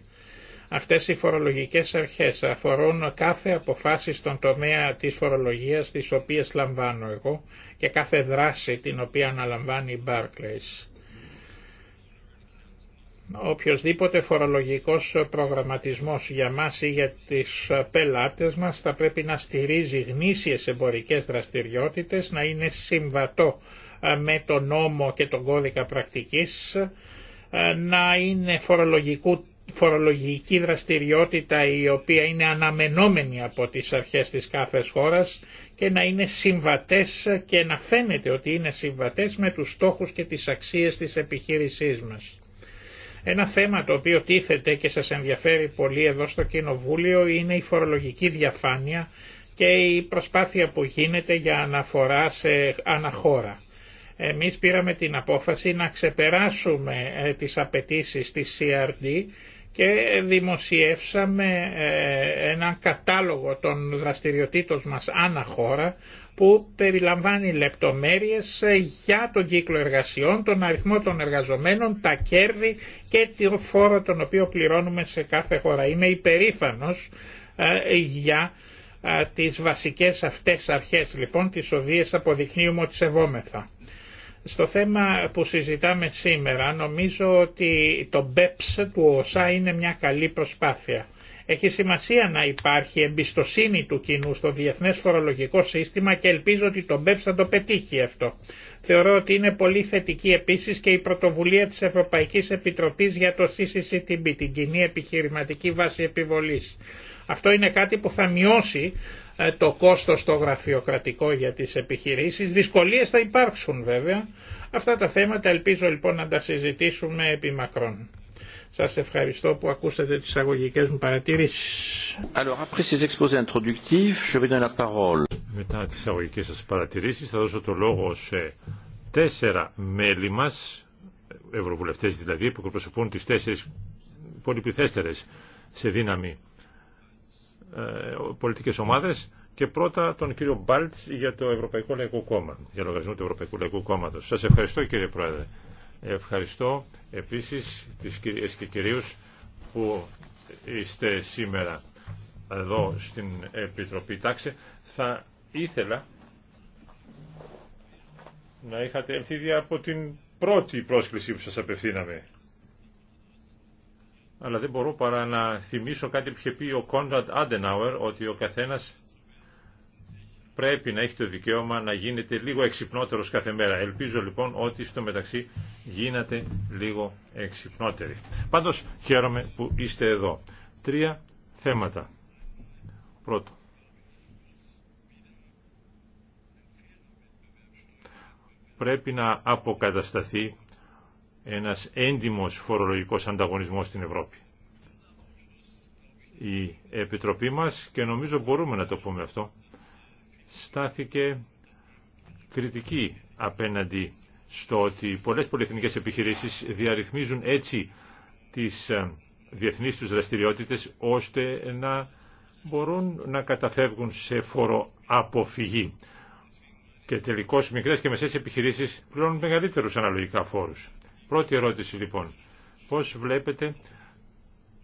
Αυτές οι φορολογικές αρχές αφορούν κάθε αποφάση στον τομέα της φορολογίας τις οποίες λαμβάνω εγώ και κάθε δράση την οποία αναλαμβάνει η Barclays. Οποιοςδήποτε φορολογικός προγραμματισμός για μας ή για τις πελάτες μας θα πρέπει να στηρίζει γνήσιες εμπορικές δραστηριότητες, να είναι συμβατό ε, με τον νόμο και τον κώδικα πρακτικής, ε, να είναι φορολογικού φορολογική δραστηριότητα η οποία είναι αναμενόμενη από τις αρχές της κάθε χώρας και να είναι συμβατές και να φαίνεται ότι είναι συμβατές με τους στόχους και τις αξίες της επιχείρησής μας. Ένα θέμα το οποίο τίθεται και σας ενδιαφέρει πολύ εδώ στο Κοινοβούλιο είναι η φορολογική διαφάνεια και η προσπάθεια που γίνεται για αναφορά σε αναχώρα. Εμείς πήραμε την απόφαση να ξεπεράσουμε ε, τις απαιτήσεις της CRD και δημοσιεύσαμε ε, ένα κατάλογο των δραστηριοτήτων μας άνα χώρα που περιλαμβάνει λεπτομέρειες ε, για τον κύκλο εργασιών, τον αριθμό των εργαζομένων, τα κέρδη και το φόρο τον οποίο πληρώνουμε σε κάθε χώρα. Είμαι υπερήφανος ε, για τις βασικές αυτές αρχές λοιπόν τις οποίες αποδεικνύουμε ότι σεβόμεθα. Στο θέμα που συζητάμε σήμερα νομίζω ότι το BEPS του ΟΣΑ είναι μια καλή προσπάθεια. Έχει σημασία να υπάρχει εμπιστοσύνη του κοινού στο διεθνές φορολογικό σύστημα και ελπίζω ότι το BEPS θα το πετύχει αυτό. Θεωρώ ότι είναι πολύ θετική επίσης και η πρωτοβουλία της Ευρωπαϊκής Επιτροπής για το CCCTB, την Κοινή Επιχειρηματική Βάση Επιβολής. Αυτό είναι κάτι που θα μειώσει ε, το κόστος το γραφειοκρατικό για τις επιχειρήσεις. Δυσκολίες θα υπάρξουν βέβαια. Αυτά τα θέματα ελπίζω λοιπόν να τα συζητήσουμε επί μακρόν. Σας ευχαριστώ που ακούσατε τις αγωγικέ μου παρατηρήσεις. Alors, après ces exposés introductifs, je vais la parole. Μετά τις αγωγικέ σας παρατηρήσεις θα δώσω το λόγο σε τέσσερα μέλη μας, ευρωβουλευτές δηλαδή, που προσωπούν τις τέσσερις πολυπληθέστερες σε δύναμη ε, πολιτικές ομάδες και πρώτα τον κύριο Μπάλτς για το Ευρωπαϊκό Λαϊκό Κόμμα, για λογαριασμό του Ευρωπαϊκού Λαϊκού Κόμματος. Σας ευχαριστώ κύριε Πρόεδρε. Ευχαριστώ επίσης τις κυρίες και κυρίους που είστε σήμερα εδώ στην Επιτροπή Τάξη. Θα ήθελα να είχατε έρθει από την πρώτη πρόσκληση που σας απευθύναμε αλλά δεν μπορώ παρά να θυμίσω κάτι που είχε πει ο Κόντραντ Άντεναουερ, ότι ο καθένας πρέπει να έχει το δικαίωμα να γίνεται λίγο εξυπνότερος κάθε μέρα. Ελπίζω λοιπόν ότι στο μεταξύ γίνατε λίγο εξυπνότεροι. Πάντως χαίρομαι που είστε εδώ. Τρία θέματα. Πρώτο. Πρέπει να αποκατασταθεί ένας έντιμος φορολογικός ανταγωνισμός στην Ευρώπη. Η Επιτροπή μας, και νομίζω μπορούμε να το πούμε αυτό, στάθηκε κριτική απέναντι στο ότι πολλές πολυεθνικές επιχειρήσεις διαρρυθμίζουν έτσι τις ε, διεθνείς τους δραστηριότητες ώστε να μπορούν να καταφεύγουν σε φοροαποφυγή. Και τελικώς μικρές και μεσές επιχειρήσεις πληρώνουν μεγαλύτερους αναλογικά φόρους. Πρώτη ερώτηση λοιπόν. Πώς βλέπετε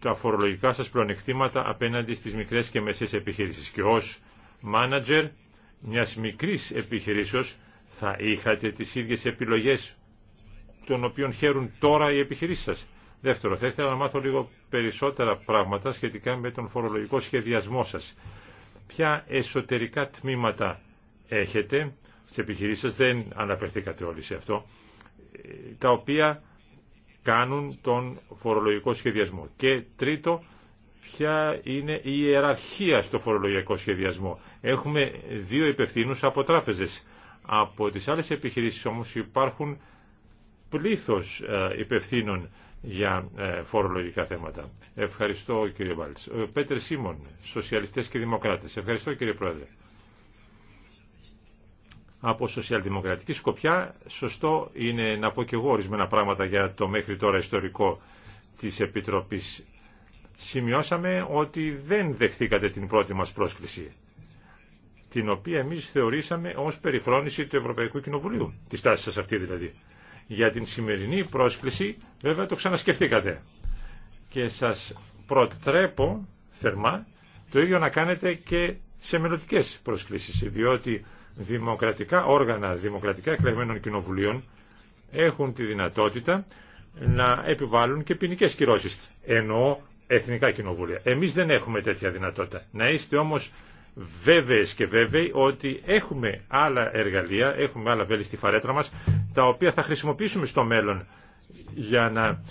τα φορολογικά σας πλονεκτήματα απέναντι στις μικρές και μεσές επιχειρήσεις και ως μάνατζερ μιας μικρής επιχειρήσεως θα είχατε τις ίδιες επιλογές των οποίων χαίρουν τώρα οι επιχειρήσεις σας. Δεύτερο, θα ήθελα να μάθω λίγο περισσότερα πράγματα σχετικά με τον φορολογικό σχεδιασμό σας. Ποια εσωτερικά τμήματα έχετε στις επιχειρήσεις σας, δεν αναφερθήκατε όλοι σε αυτό τα οποία κάνουν τον φορολογικό σχεδιασμό. Και τρίτο, ποια είναι η ιεραρχία στο φορολογικό σχεδιασμό. Έχουμε δύο υπευθύνους από τράπεζες. Από τις άλλες επιχειρήσεις όμως υπάρχουν πλήθος ε, υπευθύνων για ε, φορολογικά θέματα. Ευχαριστώ κύριε Βάλτς. Ο ε, Πέτερ Σίμων, Σοσιαλιστές και Δημοκράτες. Ευχαριστώ κύριε Πρόεδρε από σοσιαλδημοκρατική σκοπιά σωστό είναι να πω και εγώ ορισμένα πράγματα για το μέχρι τώρα ιστορικό της Επιτροπής. Σημειώσαμε ότι δεν δεχθήκατε την πρώτη μας πρόσκληση, την οποία εμείς θεωρήσαμε ως περιφρόνηση του Ευρωπαϊκού Κοινοβουλίου, τη στάση σας αυτή δηλαδή. Για την σημερινή πρόσκληση βέβαια το ξανασκεφτήκατε και σας προτρέπω θερμά το ίδιο να κάνετε και σε μελλοντικέ προσκλήσεις, δημοκρατικά όργανα, δημοκρατικά εκλεγμένων κοινοβουλίων έχουν τη δυνατότητα να επιβάλλουν και ποινικέ κυρώσει, Εννοώ εθνικά κοινοβούλια. Εμεί δεν έχουμε τέτοια δυνατότητα. Να είστε όμω βέβαιες και βέβαιοι ότι έχουμε άλλα εργαλεία, έχουμε άλλα βέλη στη φαρέτρα μα, τα οποία θα χρησιμοποιήσουμε στο μέλλον για να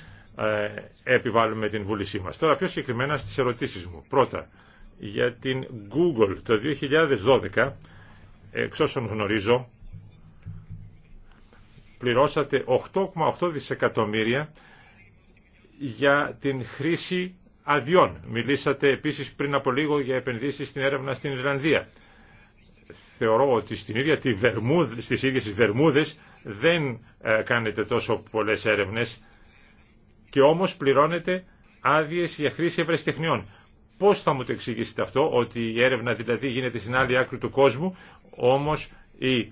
ε, επιβάλλουμε την βούλησή μα. Τώρα πιο συγκεκριμένα στι ερωτήσει μου. Πρώτα, για την Google το 2012 εξ όσων γνωρίζω, πληρώσατε 8,8 δισεκατομμύρια για την χρήση αδειών. Μιλήσατε επίσης πριν από λίγο για επενδύσεις στην έρευνα στην Ιρλανδία. Θεωρώ ότι στην ίδια τη Βερμούδ, στις ίδιες Βερμούδες δεν ε, κάνετε τόσο πολλές έρευνες και όμως πληρώνετε άδειες για χρήση ευρεσιτεχνιών. Πώς θα μου το εξηγήσετε αυτό, ότι η έρευνα δηλαδή γίνεται στην άλλη άκρη του κόσμου, όμως οι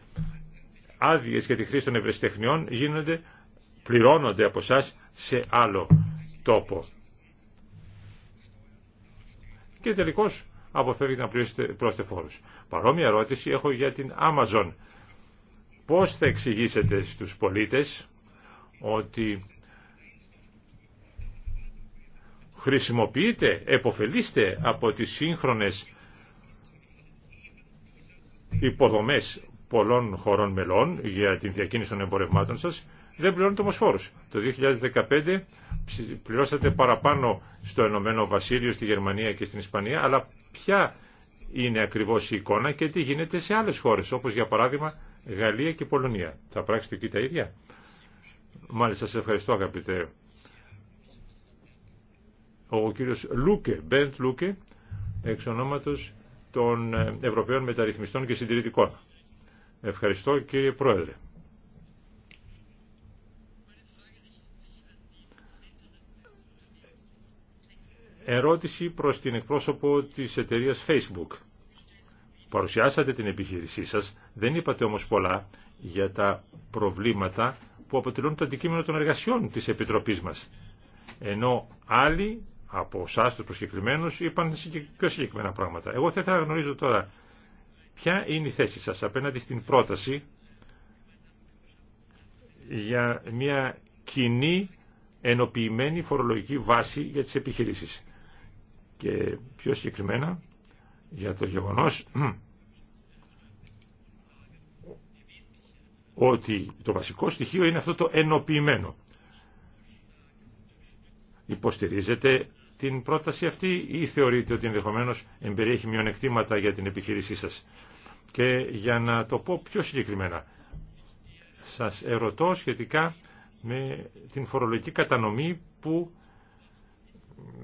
άδειε για τη χρήση των ευρεσιτεχνιών γίνονται, πληρώνονται από εσά σε άλλο τόπο. Και τελικώς αποφεύγετε να πληρώσετε πρόσθετε φόρους. Παρόμοια ερώτηση έχω για την Amazon. Πώς θα εξηγήσετε στους πολίτες ότι χρησιμοποιείτε, εποφελείστε από τις σύγχρονες υποδομέ πολλών χωρών μελών για την διακίνηση των εμπορευμάτων σας δεν πληρώνουν το φόρους. Το 2015 πληρώσατε παραπάνω στο Ενωμένο Βασίλειο, στη Γερμανία και στην Ισπανία, αλλά ποια είναι ακριβώς η εικόνα και τι γίνεται σε άλλες χώρες, όπως για παράδειγμα Γαλλία και Πολωνία. Θα πράξετε εκεί τα ίδια. Μάλιστα, σα ευχαριστώ αγαπητέ. Ο κύριος Λούκε, Μπέντ Λούκε, εξ ονόματος των ε, Ευρωπαίων Μεταρρυθμιστών και Συντηρητικών. Ευχαριστώ κύριε Πρόεδρε. Ερώτηση προς την εκπρόσωπο της εταιρείας Facebook. Παρουσιάσατε την επιχείρησή σας, δεν είπατε όμως πολλά για τα προβλήματα που αποτελούν το αντικείμενο των εργασιών της Επιτροπής μας. Ενώ άλλοι από εσά του προσκεκλημένου είπαν πιο συγκεκριμένα πράγματα. Εγώ θα ήθελα να γνωρίζω τώρα ποια είναι η θέση σας απέναντι στην πρόταση για μια κοινή ενοποιημένη φορολογική βάση για τις επιχειρήσεις. Και πιο συγκεκριμένα για το γεγονός ότι το βασικό στοιχείο είναι αυτό το ενοποιημένο. Υποστηρίζεται την πρόταση αυτή ή θεωρείτε ότι ενδεχομένως εμπεριέχει μειονεκτήματα για την επιχείρησή σας. Και για να το πω πιο συγκεκριμένα, σας ερωτώ σχετικά με την φορολογική κατανομή που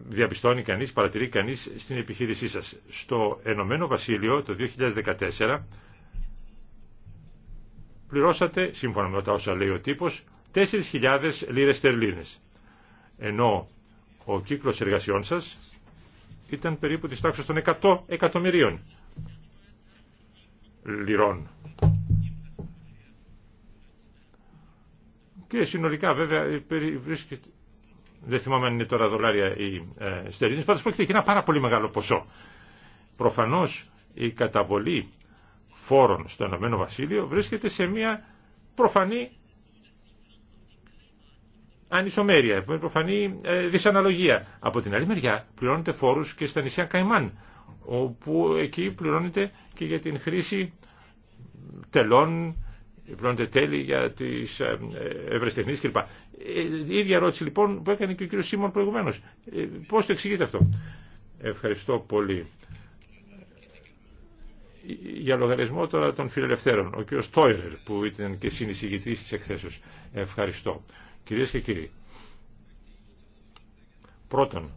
διαπιστώνει κανείς, παρατηρεί κανείς στην επιχείρησή σας. Στο Ενωμένο Βασίλειο το 2014 πληρώσατε, σύμφωνα με τα όσα λέει ο τύπος, 4.000 λίρες στερλίνες. Ενώ ο κύκλος εργασιών σας ήταν περίπου της τάξης των 100 εκατομμυρίων λιρών. Και συνολικά βέβαια βρίσκεται... Δεν θυμάμαι αν είναι τώρα δολάρια ή ε, στερινής, πάντως πρόκειται για ένα πάρα πολύ μεγάλο ποσό. Προφανώς η ε στερηνες παντως προκειται για ενα παρα φόρων στο Ηνωμένο Βασίλειο βρίσκεται σε μια προφανή ανισομέρεια, προφανή ε, δυσαναλογία. Από την άλλη μεριά πληρώνεται φόρους και στα νησιά Καϊμάν, όπου εκεί πληρώνεται και για την χρήση τελών, πληρώνεται τέλη για τις ε, ε, ευρεσιτεχνίες κλπ. Η ίδια ερώτηση λοιπόν που έκανε και ο κύριος Σίμων προηγουμένως. Πώς το εξηγείτε αυτό. Ευχαριστώ πολύ. Για λογαριασμό τώρα των φιλελευθέρων, ο κύριος Τόιρερ που ήταν και συνεισηγητής της εκθέσεως. Ευχαριστώ. Κυρίες και κύριοι, πρώτον,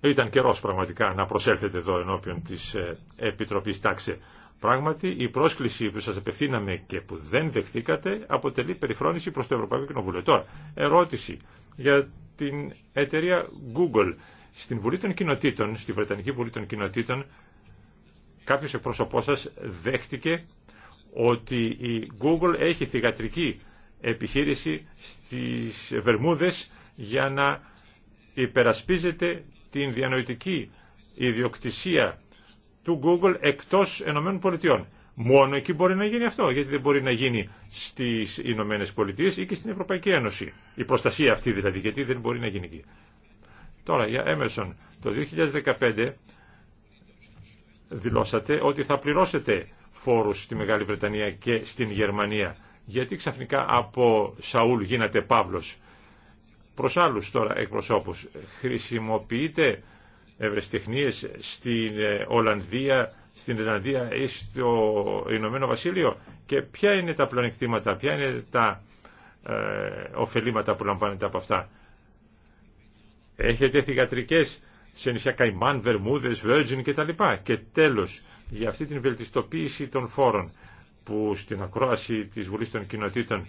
ήταν καιρός πραγματικά να προσέλθετε εδώ ενώπιον της ε, Επιτροπής Τάξε. Πράγματι, η πρόσκληση που σας απευθύναμε και που δεν δεχθήκατε αποτελεί περιφρόνηση προς το Ευρωπαϊκό Κοινοβούλιο. Τώρα, ερώτηση για την εταιρεία Google. Στην Βουλή των Κοινοτήτων, στη Βρετανική Βουλή των Κοινοτήτων, κάποιος εκπροσωπός σας δέχτηκε ότι η Google έχει θηγατρική επιχείρηση στις Βερμούδες για να υπερασπίζεται την διανοητική ιδιοκτησία του Google εκτός Ενωμένων Πολιτειών. Μόνο εκεί μπορεί να γίνει αυτό, γιατί δεν μπορεί να γίνει στις Ηνωμένε Πολιτείες ή και στην Ευρωπαϊκή Ένωση. Η προστασία αυτή δηλαδή, γιατί δεν μπορεί να γίνει εκεί. Τώρα, για Emerson, το 2015 δηλώσατε ότι θα πληρώσετε φόρους στη Μεγάλη Βρετανία και στην Γερμανία. Γιατί ξαφνικά από Σαούλ γίνατε Παύλος. Προς άλλους τώρα εκπροσώπους. Χρησιμοποιείτε ευρεστεχνίες στην ε, Ολλανδία, στην Ιρλανδία ή στο Ηνωμένο Βασίλειο και ποια είναι τα πλανεκτήματα, ποια είναι τα ε, ωφελήματα που λαμβάνετε από αυτά. Έχετε θυγατρικές σε νησιά Καϊμάν, Βερμούδες, τα κτλ. Και τέλος, για αυτή την βελτιστοποίηση των φόρων που στην ακρόαση της Βουλής των Κοινοτήτων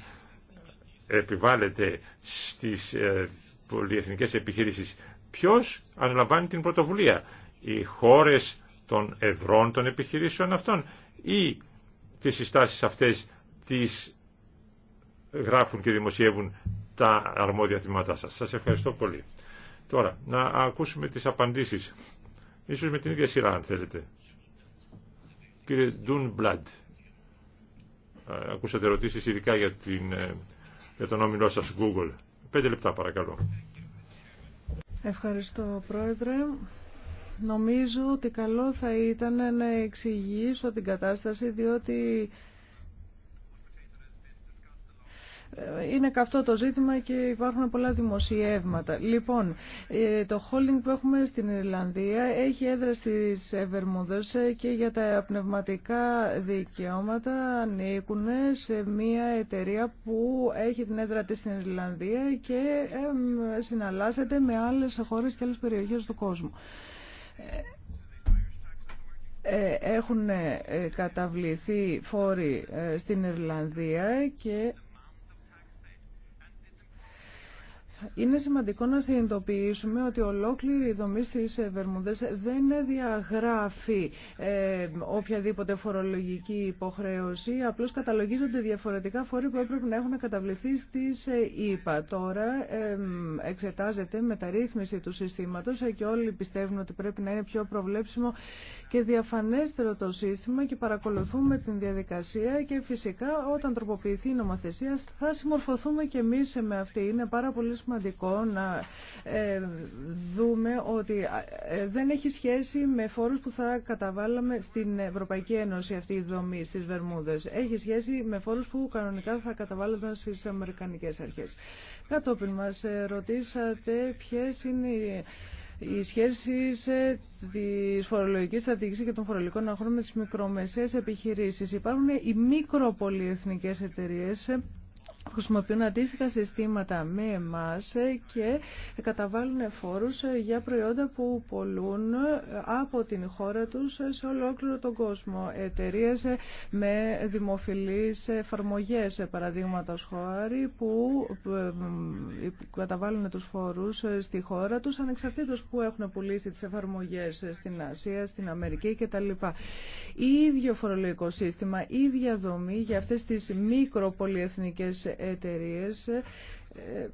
επιβάλλεται στις ε, πολυεθνικές επιχειρήσεις. Ποιος αναλαμβάνει την πρωτοβουλία, οι χώρες των ευρών των επιχειρήσεων αυτών ή τις συστάσεις αυτές τις γράφουν και δημοσιεύουν τα αρμόδια τμήματά σας. Σας ευχαριστώ πολύ. Τώρα, να ακούσουμε τις απαντήσεις. Ίσως με την ίδια σειρά, αν θέλετε. Κύριε Μπλαντ, ε, ακούσατε ερωτήσεις ειδικά για, την, ε, για τον όμιλό σας Google. Πέντε λεπτά, παρακαλώ. Ευχαριστώ, Πρόεδρε. Νομίζω ότι καλό θα ήταν να εξηγήσω την κατάσταση, διότι είναι καυτό το ζήτημα και υπάρχουν πολλά δημοσιεύματα. Λοιπόν, ε, το holding που έχουμε στην Ιρλανδία έχει έδρα στις Βερμούδες και για τα πνευματικά δικαιώματα ανήκουν σε μια εταιρεία που έχει την έδρα της στην Ιρλανδία και συναλλάσσεται με άλλες χώρες και άλλες περιοχές του κόσμου ε, έχουν ε, καταβληθεί φόροι στην Ιρλανδία και Είναι σημαντικό να συνειδητοποιήσουμε ότι ολόκληρη η δομή στις ε, Βερμούδες δεν διαγράφει ε, οποιαδήποτε φορολογική υποχρέωση, απλώς καταλογίζονται διαφορετικά φόροι που έπρεπε να έχουν καταβληθεί στις ΗΠΑ. Ε, Τώρα ε, εξετάζεται μεταρρύθμιση του συστήματος ε, και όλοι πιστεύουν ότι πρέπει να είναι πιο προβλέψιμο και διαφανέστερο το σύστημα και παρακολουθούμε την διαδικασία και φυσικά όταν τροποποιηθεί η νομοθεσία θα συμμορφωθούμε και εμείς με αυτή. Είναι πάρα πολύ σημαντικό σημαντικό να ε, δούμε ότι ε, δεν έχει σχέση με φόρους που θα καταβάλαμε στην Ευρωπαϊκή Ένωση αυτή η δομή στις Βερμούδες. Έχει σχέση με φόρους που κανονικά θα καταβάλλονταν στις Αμερικανικές αρχές. Κατόπιν μας ε, ρωτήσατε ποιες είναι οι οι σχέσει τη φορολογική στρατηγική και των φορολογικών αγώνων με τι μικρομεσαίε επιχειρήσει. Υπάρχουν οι μικροπολιεθνικέ εταιρείε χρησιμοποιούν αντίστοιχα συστήματα με εμά και καταβάλουν φόρους για προϊόντα που πολλούν από την χώρα τους σε ολόκληρο τον κόσμο. Εταιρείε με δημοφιλείς εφαρμογές, παραδείγματο χώρη, που ε, ε, καταβάλουν τους φόρους στη χώρα τους, ανεξαρτήτως που έχουν πουλήσει τις εφαρμογές στην Ασία, στην Αμερική κτλ. Ίδιο φορολογικό σύστημα, ίδια δομή για αυτές τις μικροπολιεθνικές εταιρείε ε,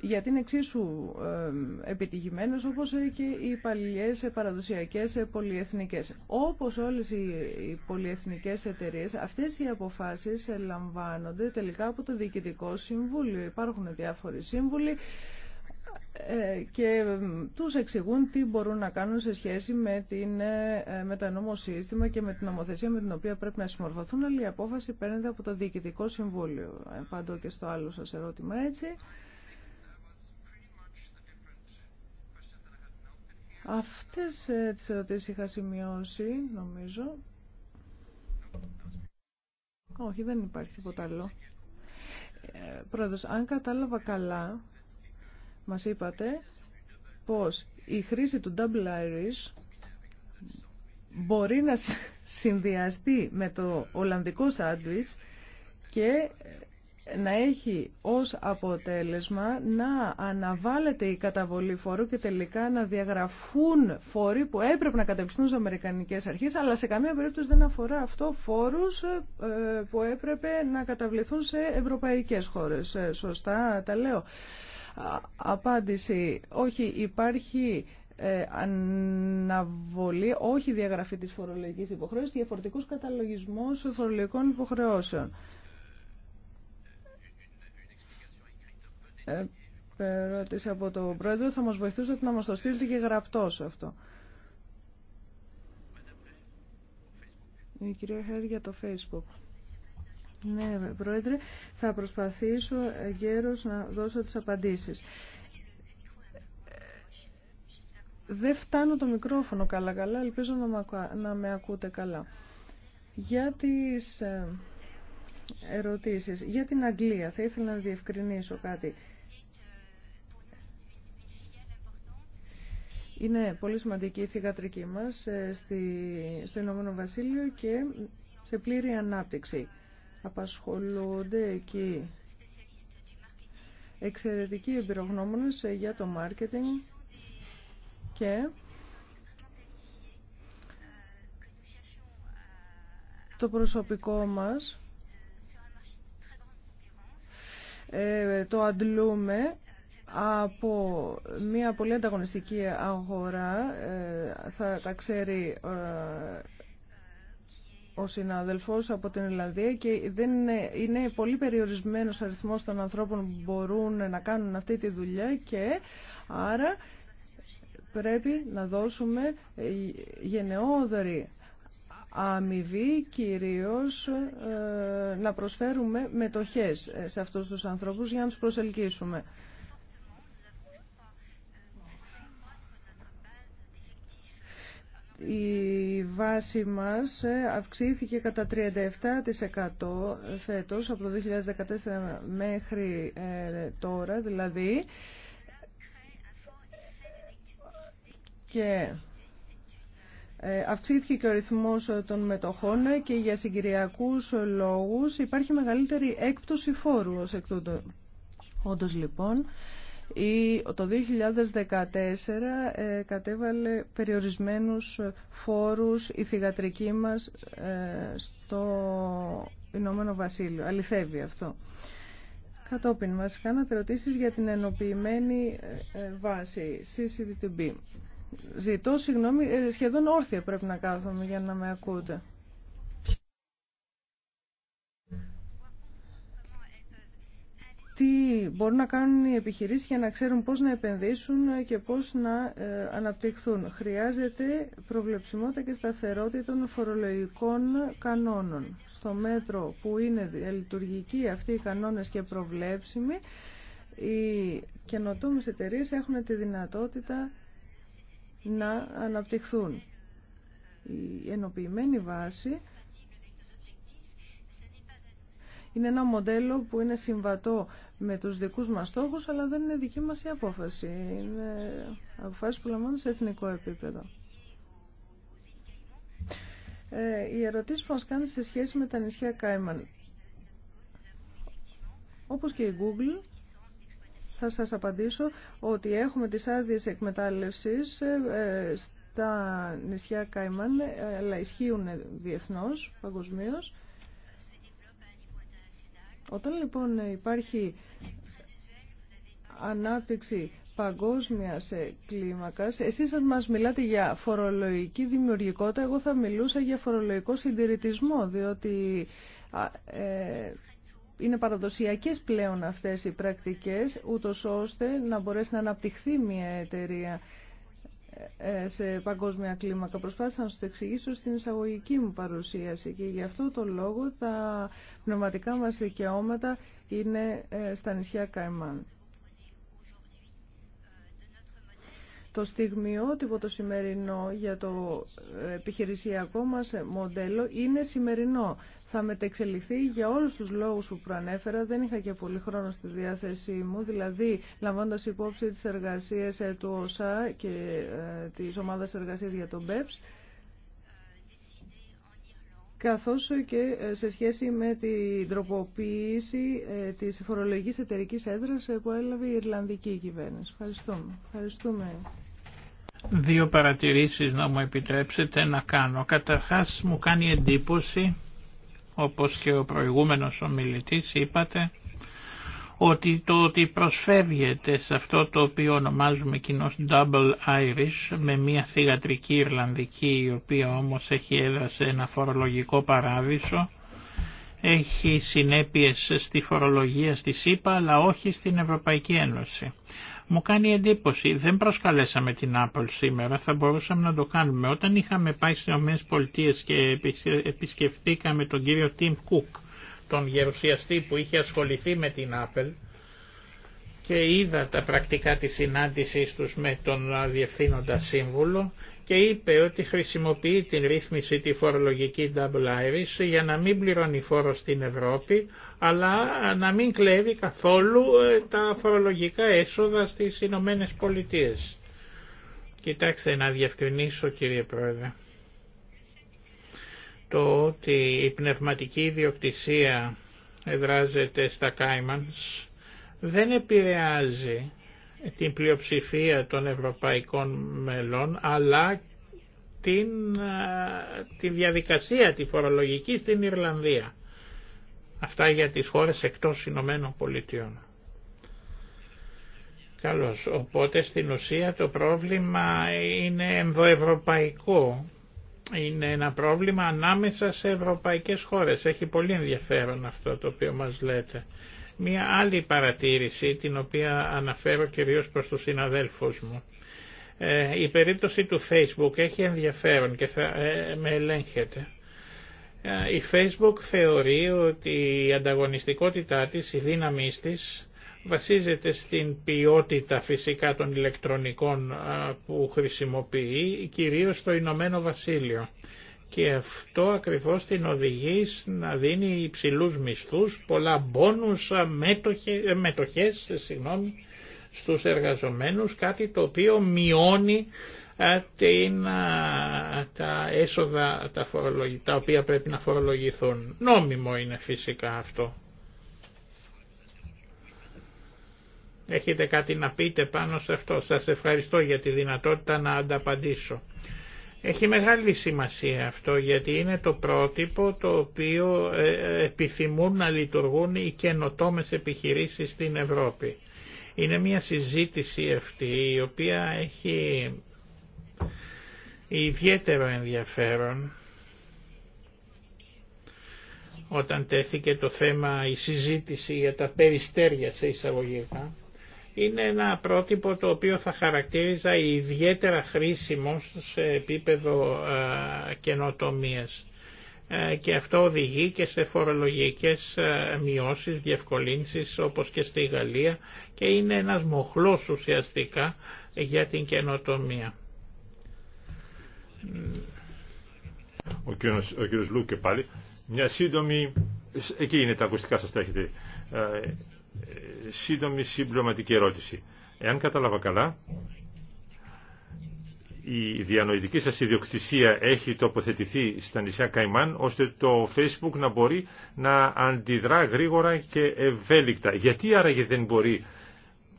γιατί είναι εξίσου ε, επιτυχημένες όπως και οι παλιές ε, παραδοσιακές πολυεθνικές. Όπως όλες οι πολυεθνικές εταιρείες, αυτές οι αποφάσεις λαμβάνονται τελικά από το Διοικητικό Συμβούλιο. Υπάρχουν διάφοροι σύμβουλοι ε, και τους εξηγούν τι μπορούν να κάνουν σε σχέση με, την, ε, με το νόμο και με την νομοθεσία με την οποία πρέπει να συμμορφωθούν, αλλά η απόφαση παίρνεται από το Διοικητικό Συμβούλιο. Ε, Πάντω και στο άλλο σας ερώτημα έτσι. Αυτές τις ερωτήσεις είχα σημειώσει, νομίζω. Όχι, δεν υπάρχει τίποτα άλλο. Πρόεδρος, αν κατάλαβα καλά, μας είπατε πως η χρήση του double Irish μπορεί να συνδυαστεί με το Ολλανδικό σάντουιτς και να έχει ως αποτέλεσμα να αναβάλλεται η καταβολή φόρου και τελικά να διαγραφούν φόροι που έπρεπε να κατευθυνούν στις Αμερικανικές αρχές, αλλά σε καμία περίπτωση δεν αφορά αυτό φόρους ε, που έπρεπε να καταβληθούν σε ευρωπαϊκές χώρες. Ε, σωστά τα λέω. Απάντηση. Όχι, υπάρχει ε, αναβολή, όχι διαγραφή της φορολογικής υποχρέωσης, διαφορετικούς καταλογισμούς φορολογικών υποχρεώσεων. Ε, από τον Πρόεδρο θα μας βοηθούσε να μας το στείλει και γραπτός αυτό. Η κυρία Χέρ για το Facebook. Ναι, Πρόεδρε, θα προσπαθήσω γέρος να δώσω τις απαντήσεις. Δεν φτάνω το μικρόφωνο καλά-καλά, ελπίζω να με ακούτε καλά. Για τις ε, ερωτήσεις, για την Αγγλία, θα ήθελα να διευκρινίσω κάτι. Είναι πολύ σημαντική η θηγατρική μας ε, στη, στο Ηνωμένο Βασίλειο και σε πλήρη ανάπτυξη. Απασχολούνται εκεί εξαιρετικοί εμπειρογνώμονες για το μάρκετινγκ και το προσωπικό μας ε, το αντλούμε από μια πολύ ανταγωνιστική αγορά ε, θα τα ξέρει ε, ο συνάδελφος από την Ελλαδία και δεν είναι, πολύ περιορισμένος αριθμός των ανθρώπων που μπορούν να κάνουν αυτή τη δουλειά και άρα πρέπει να δώσουμε γενναιόδορη αμοιβή κυρίως ε, να προσφέρουμε μετοχές σε αυτούς τους ανθρώπους για να τους προσελκύσουμε. η βάση μας ε, αυξήθηκε κατά 37% φέτος από το 2014 μέχρι ε, τώρα δηλαδή και ε, αυξήθηκε και ο ρυθμός των μετοχών και για συγκυριακούς λόγους υπάρχει μεγαλύτερη έκπτωση φόρου ως εκ λοιπόν ή, το 2014 ε, κατέβαλε περιορισμένους φόρους η θηγατρική μας ε, στο Ηνωμένο Βασίλειο. Αληθεύει αυτό. Κατόπιν μας κάνατε ερωτήσεις για την ενοποιημένη ε, βάση CCDTB. Ζητώ συγγνώμη, σχεδόν όρθια πρέπει να κάθομαι για να με ακούτε. τι μπορούν να κάνουν οι επιχειρήσεις για να ξέρουν πώς να επενδύσουν και πώς να ε, αναπτυχθούν. Χρειάζεται προβλεψιμότητα και σταθερότητα των φορολογικών κανόνων. Στο μέτρο που είναι λειτουργικοί αυτοί οι κανόνες και προβλέψιμοι, οι καινοτόμες εταιρείε έχουν τη δυνατότητα να αναπτυχθούν. Η ενοποιημένη βάση είναι ένα μοντέλο που είναι συμβατό με τους δικούς μας στόχους, αλλά δεν είναι δική μας η απόφαση. Είναι αποφάσεις που λαμβάνουν σε εθνικό επίπεδο. Ε, οι που μας κάνει σε σχέση με τα νησιά Κάιμαν. Όπως και η Google, θα σας απαντήσω ότι έχουμε τις άδειες εκμετάλλευσης ε, ε, στα νησιά Κάιμαν, ε, αλλά ισχύουν διεθνώς, παγκοσμίως. Όταν λοιπόν υπάρχει ανάπτυξη παγκόσμιας ε, κλίμακας, εσείς αν μας μιλάτε για φορολογική δημιουργικότητα, εγώ θα μιλούσα για φορολογικό συντηρητισμό, διότι ε, είναι παραδοσιακές πλέον αυτές οι πρακτικές, ούτως ώστε να μπορέσει να αναπτυχθεί μια εταιρεία ε, σε παγκόσμια κλίμακα. Προσπάθησα να σου το εξηγήσω στην εισαγωγική μου παρουσίαση και γι' αυτό το λόγο τα πνευματικά μας δικαιώματα είναι ε, στα νησιά Καϊμάν. Το στιγμιότυπο το σημερινό για το ε, επιχειρησιακό μας μοντέλο είναι σημερινό θα μετεξελιχθεί για όλους τους λόγους που προανέφερα. Δεν είχα και πολύ χρόνο στη διάθεσή μου, δηλαδή λαμβάνοντας υπόψη τις εργασίες ε, του ΩΣΑ και ε, τη ομάδας εργασίας για τον ΠΕΠΣ, καθώς και ε, σε σχέση με την τροποποίηση της φορολογικής εταιρικής έδρας που έλαβε η Ιρλανδική κυβέρνηση. Ευχαριστούμε. Ευχαριστούμε. Δύο παρατηρήσεις να μου επιτρέψετε να κάνω. Καταρχάς μου κάνει εντύπωση όπως και ο προηγούμενος ομιλητής είπατε, ότι το ότι προσφεύγεται σε αυτό το οποίο ονομάζουμε κοινώς Double Irish με μια θηγατρική Ιρλανδική η οποία όμως έχει έδρασε ένα φορολογικό παράδεισο έχει συνέπειες στη φορολογία στη ΣΥΠΑ αλλά όχι στην Ευρωπαϊκή Ένωση. Μου κάνει εντύπωση, δεν προσκαλέσαμε την Apple σήμερα, θα μπορούσαμε να το κάνουμε. Όταν είχαμε πάει στις ΗΠΑ και επισκεφτήκαμε τον κύριο Tim Cook, τον γερουσιαστή που είχε ασχοληθεί με την Apple, και είδα τα πρακτικά της συνάντησής τους με τον Διευθύνοντα Σύμβουλο και είπε ότι χρησιμοποιεί την ρύθμιση τη φορολογική Double iris για να μην πληρώνει φόρο στην Ευρώπη αλλά να μην κλέβει καθόλου ε, τα φορολογικά έσοδα στις Ηνωμένε Πολιτείε. Κοιτάξτε να διευκρινίσω κύριε Πρόεδρε. Το ότι η πνευματική ιδιοκτησία εδράζεται στα Κάιμανς δεν επηρεάζει την πλειοψηφία των ευρωπαϊκών μελών αλλά την, ε, τη διαδικασία τη φορολογική στην Ιρλανδία. Αυτά για τις χώρες εκτός Ηνωμένων Πολιτειών. Καλώς. Οπότε στην ουσία το πρόβλημα είναι ενδοευρωπαϊκό. Είναι ένα πρόβλημα ανάμεσα σε ευρωπαϊκές χώρες. Έχει πολύ ενδιαφέρον αυτό το οποίο μας λέτε. Μία άλλη παρατήρηση την οποία αναφέρω κυρίως προς τους συναδέλφους μου. Ε, η περίπτωση του Facebook έχει ενδιαφέρον και θα ε, με ελέγχεται. Ε, η Facebook θεωρεί ότι η ανταγωνιστικότητά της, η δύναμή της βασίζεται στην ποιότητα φυσικά των ηλεκτρονικών ε, που χρησιμοποιεί, κυρίως στο Ηνωμένο Βασίλειο. Και αυτό ακριβώς την οδηγεί να δίνει υψηλούς μισθούς, πολλά μπόνους, ε, μετοχές συγγνώμη, στους εργαζομένους, κάτι το οποίο μειώνει ε, ε, τα έσοδα τα, τα οποία πρέπει να φορολογηθούν. Νόμιμο είναι φυσικά αυτό. Έχετε κάτι να πείτε πάνω σε αυτό. Σας ευχαριστώ για τη δυνατότητα να ανταπαντήσω. Έχει μεγάλη σημασία αυτό γιατί είναι το πρότυπο το οποίο ε, επιθυμούν να λειτουργούν οι καινοτόμες επιχειρήσεις στην Ευρώπη. Είναι μια συζήτηση αυτή η οποία έχει Ιδιαίτερο ενδιαφέρον όταν τέθηκε το θέμα η συζήτηση για τα περιστέρια σε εισαγωγικά είναι ένα πρότυπο το οποίο θα χαρακτήριζα ιδιαίτερα χρήσιμο σε επίπεδο καινοτομίας ε, και αυτό οδηγεί και σε φορολογικές μειώσεις, διευκολύνσεις όπως και στη Γαλλία και είναι ένας μοχλός ουσιαστικά για την καινοτομία. Ο κύριος, ο Λου και πάλι. Μια σύντομη, εκεί είναι τα ακουστικά σας τα έχετε, ε, ε, σύντομη συμπληρωματική ερώτηση. Εάν κατάλαβα καλά, η διανοητική σας ιδιοκτησία έχει τοποθετηθεί στα νησιά Καϊμάν, ώστε το Facebook να μπορεί να αντιδρά γρήγορα και ευέλικτα. Γιατί άραγε δεν μπορεί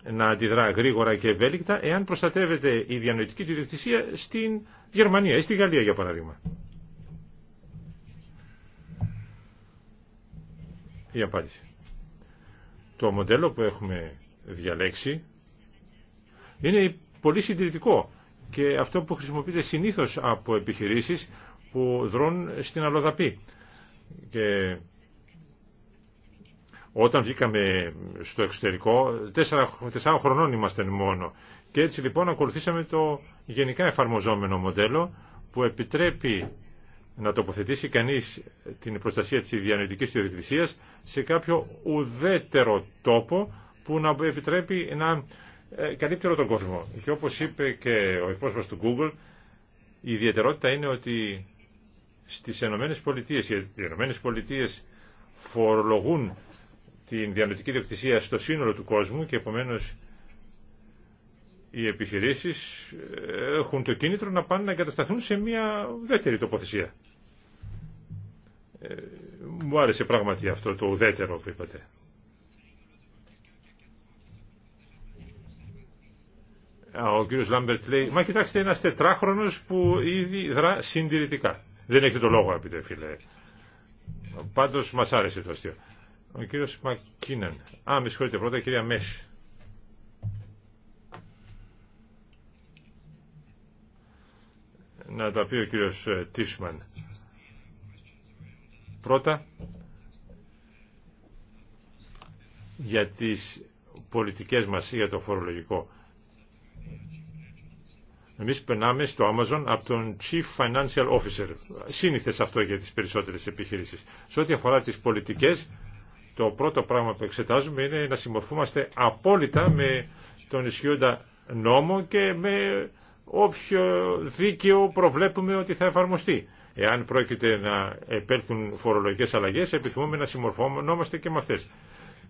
να αντιδρά γρήγορα και ευέλικτα εάν προστατεύεται η διανοητική του ιδιοκτησία στην Γερμανία ή στη Γαλλία για παράδειγμα. Η απάντηση. Το μοντέλο που έχουμε διαλέξει είναι πολύ συντηρητικό και αυτό που χρησιμοποιείται συνήθως από επιχειρήσεις που δρούν στην αλλοδαπή. Και όταν βγήκαμε στο εξωτερικό, τέσσερα, χρονών είμαστε μόνο. Και έτσι λοιπόν ακολουθήσαμε το γενικά εφαρμοζόμενο μοντέλο που επιτρέπει να τοποθετήσει κανείς την προστασία της διανοητικής θεωρητικής σε κάποιο ουδέτερο τόπο που να επιτρέπει να ε, καλύπτει όλο τον κόσμο. Και όπως είπε και ο εκπρόσωπος του Google, η ιδιαιτερότητα είναι ότι στις ΗΠΑ, οι ΗΠΑ φορολογούν την διανοητική διοκτησία στο σύνολο του κόσμου και επομένως οι επιχειρήσεις ε, έχουν το κίνητρο να πάνε να εγκατασταθούν σε μια ουδέτερη τοποθεσία. Ε, μου άρεσε πράγματι αυτό το ουδέτερο που είπατε. Ο κύριος Λάμπερτ λέει, μα κοιτάξτε ένας τετράχρονος που ήδη δρά συντηρητικά. Δεν έχετε το λόγο, αγαπητέ φίλε. Πάντως μας άρεσε το αστείο. Ο κύριος Μακίναν. Α, με συγχωρείτε πρώτα, η κυρία Μέση. Να τα πει ο κύριος ε, Τίσμαν. Πρώτα, για τις πολιτικές μας για το φορολογικό. Εμεί περνάμε στο Amazon από τον Chief Financial Officer. Σύνηθες αυτό για τις περισσότερες επιχειρήσεις. Σε ό,τι αφορά τις πολιτικές, το πρώτο πράγμα που εξετάζουμε είναι να συμμορφούμαστε απόλυτα με τον ισχύοντα νόμο και με όποιο δίκαιο προβλέπουμε ότι θα εφαρμοστεί. Εάν πρόκειται να επέλθουν φορολογικές αλλαγές, επιθυμούμε να συμμορφωνόμαστε και με αυτές.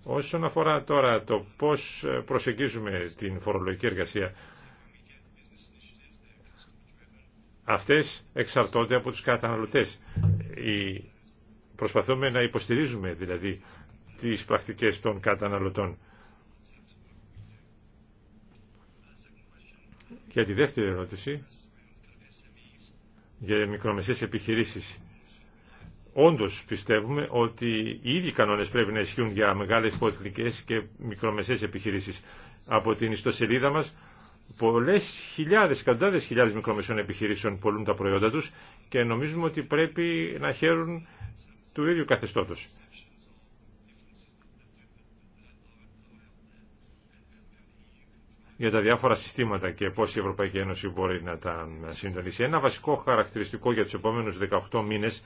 Όσον αφορά τώρα το πώς προσεγγίζουμε την φορολογική εργασία, αυτές εξαρτώνται από τους καταναλωτές. Προσπαθούμε να υποστηρίζουμε δηλαδή τις πρακτικές των καταναλωτών. Για τη δεύτερη ερώτηση, για μικρομεσαίες επιχειρήσεις. Όντως πιστεύουμε ότι οι ίδιοι κανόνες πρέπει να ισχύουν για μεγάλες υποεθνικές και μικρομεσαίες επιχειρήσεις. Από την ιστοσελίδα μας πολλές χιλιάδες, εκατοντάδες χιλιάδες μικρομεσαίων επιχειρήσεων πολλούν τα προϊόντα τους και νομίζουμε ότι πρέπει να χαίρουν του ίδιου καθεστώτος. για τα διάφορα συστήματα και πώς η Ευρωπαϊκή Ένωση μπορεί να τα συντονίσει. Ένα βασικό χαρακτηριστικό για τους επόμενους 18 μήνες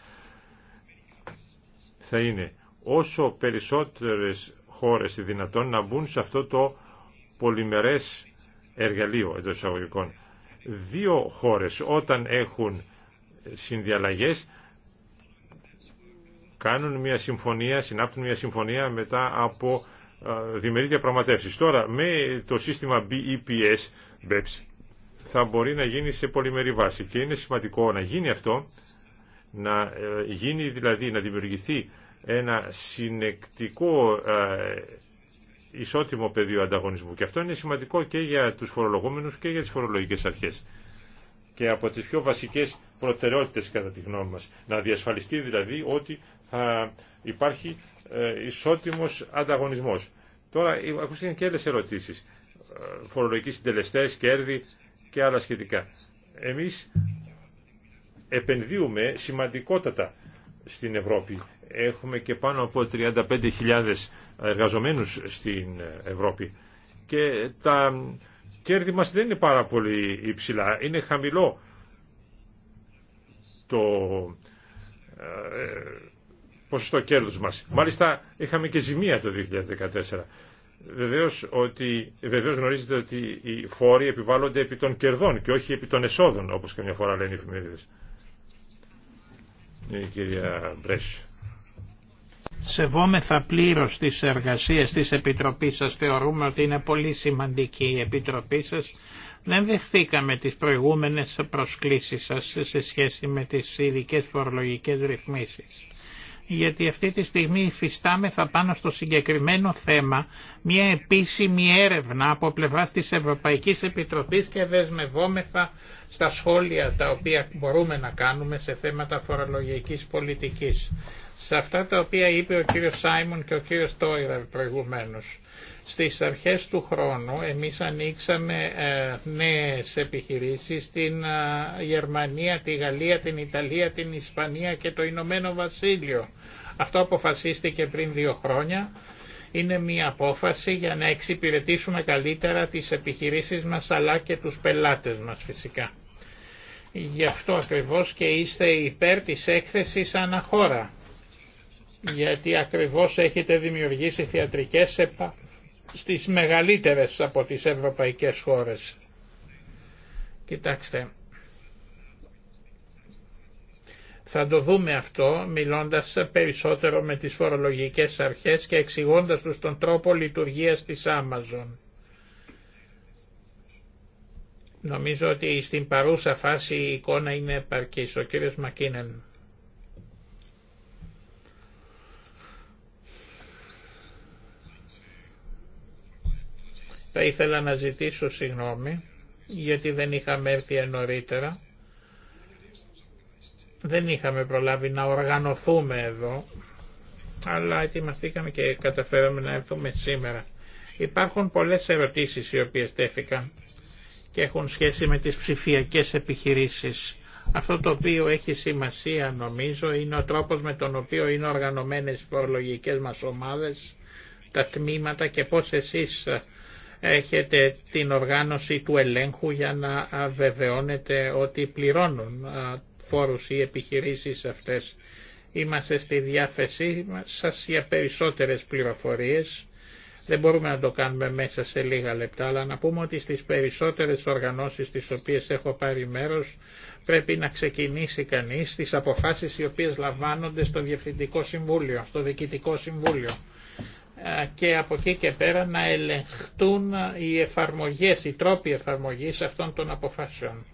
θα είναι όσο περισσότερες χώρες δυνατόν να μπουν σε αυτό το πολυμερές εργαλείο εντός εισαγωγικών. Δύο χώρες όταν έχουν συνδιαλλαγές κάνουν μια συμφωνία, συνάπτουν μια συμφωνία μετά από διμερεί διαπραγματεύσει. Τώρα με το σύστημα BEPS, BEPS θα μπορεί να γίνει σε πολυμερή βάση και είναι σημαντικό να γίνει αυτό, να ε, γίνει δηλαδή να δημιουργηθεί ένα συνεκτικό ε, ισότιμο πεδίο ανταγωνισμού και αυτό είναι σημαντικό και για τους φορολογούμενους και για τις φορολογικές αρχές και από τις πιο βασικές προτεραιότητες κατά τη γνώμη μας. Να διασφαλιστεί δηλαδή ότι θα υπάρχει ε, ισότιμος ανταγωνισμός. Τώρα ακούστηκαν και άλλες ερωτήσεις, ε, φορολογικοί συντελεστές, κέρδη και άλλα σχετικά. Εμείς επενδύουμε σημαντικότατα στην Ευρώπη. Έχουμε και πάνω από 35.000 εργαζομένους στην Ευρώπη. Και τα κέρδη μας δεν είναι πάρα πολύ υψηλά. Είναι χαμηλό το ε, ποσοστό κέρδους μας. Μάλιστα είχαμε και ζημία το 2014. Βεβαίως, ότι, βεβαίως γνωρίζετε ότι οι φόροι επιβάλλονται επί των κερδών και όχι επί των εσόδων, όπως καμιά φορά λένε οι εφημερίδες. Η κυρία Μπρέσ. Σεβόμεθα πλήρως τις εργασίες της Επιτροπής σας. Θεωρούμε ότι είναι πολύ σημαντική η Επιτροπή σας. Δεν δεχθήκαμε τις προηγούμενες προσκλήσεις σας σε σχέση με τις ειδικές φορολογικέ ρυθμίσεις γιατί αυτή τη στιγμή υφιστάμεθα πάνω στο συγκεκριμένο θέμα μια επίσημη έρευνα από πλευράς της Ευρωπαϊκής Επιτροπής και δεσμευόμεθα στα σχόλια τα οποία μπορούμε να κάνουμε σε θέματα φορολογικής πολιτικής. Σε αυτά τα οποία είπε ο κύριος Σάιμον και ο κύριος Τόιρερ προηγουμένως. Στις αρχές του χρόνου εμείς ανοίξαμε ε, νέες επιχειρήσεις στην ε, Γερμανία, τη Γαλλία, την Ιταλία, την Ισπανία και το Ηνωμένο Βασίλειο. Αυτό αποφασίστηκε πριν δύο χρόνια. Είναι μια απόφαση για να εξυπηρετήσουμε καλύτερα τις επιχειρήσεις μας αλλά και τους πελάτες μας φυσικά. Γι' αυτό ακριβώς και είστε υπέρ της έκθεσης αναχώρα. Γιατί ακριβώς έχετε δημιουργήσει θεατρικές επαφέ στις μεγαλύτερες από τις ευρωπαϊκές χώρες. Κοιτάξτε, θα το δούμε αυτό μιλώντας περισσότερο με τις φορολογικές αρχές και εξηγώντας τους τον τρόπο λειτουργίας της Amazon. Νομίζω ότι στην παρούσα φάση η εικόνα είναι επαρκής. Ο κύριος Μακίνεν. Θα ήθελα να ζητήσω συγγνώμη γιατί δεν είχαμε έρθει νωρίτερα. Δεν είχαμε προλάβει να οργανωθούμε εδώ, αλλά ετοιμαστήκαμε και καταφέραμε να έρθουμε σήμερα. Υπάρχουν πολλές ερωτήσεις οι οποίες τέθηκαν και έχουν σχέση με τις ψηφιακές επιχειρήσεις. Αυτό το οποίο έχει σημασία νομίζω είναι ο τρόπος με τον οποίο είναι οργανωμένες οι φορολογικές μας ομάδες, τα τμήματα και πώς εσείς έχετε την οργάνωση του ελέγχου για να βεβαιώνετε ότι πληρώνουν φόρους ή επιχειρήσεις αυτές. Είμαστε στη διάθεσή σας για περισσότερες πληροφορίες. Δεν μπορούμε να το κάνουμε μέσα σε λίγα λεπτά, αλλά να πούμε ότι στις περισσότερες οργανώσεις στις οποίες έχω πάρει μέρος πρέπει να ξεκινήσει κανείς τις αποφάσεις οι οποίες λαμβάνονται στο Διευθυντικό Συμβούλιο, στο Διοικητικό Συμβούλιο και από εκεί και πέρα να ελεγχτούν οι εφαρμογές, οι τρόποι εφαρμογής αυτών των αποφάσεων.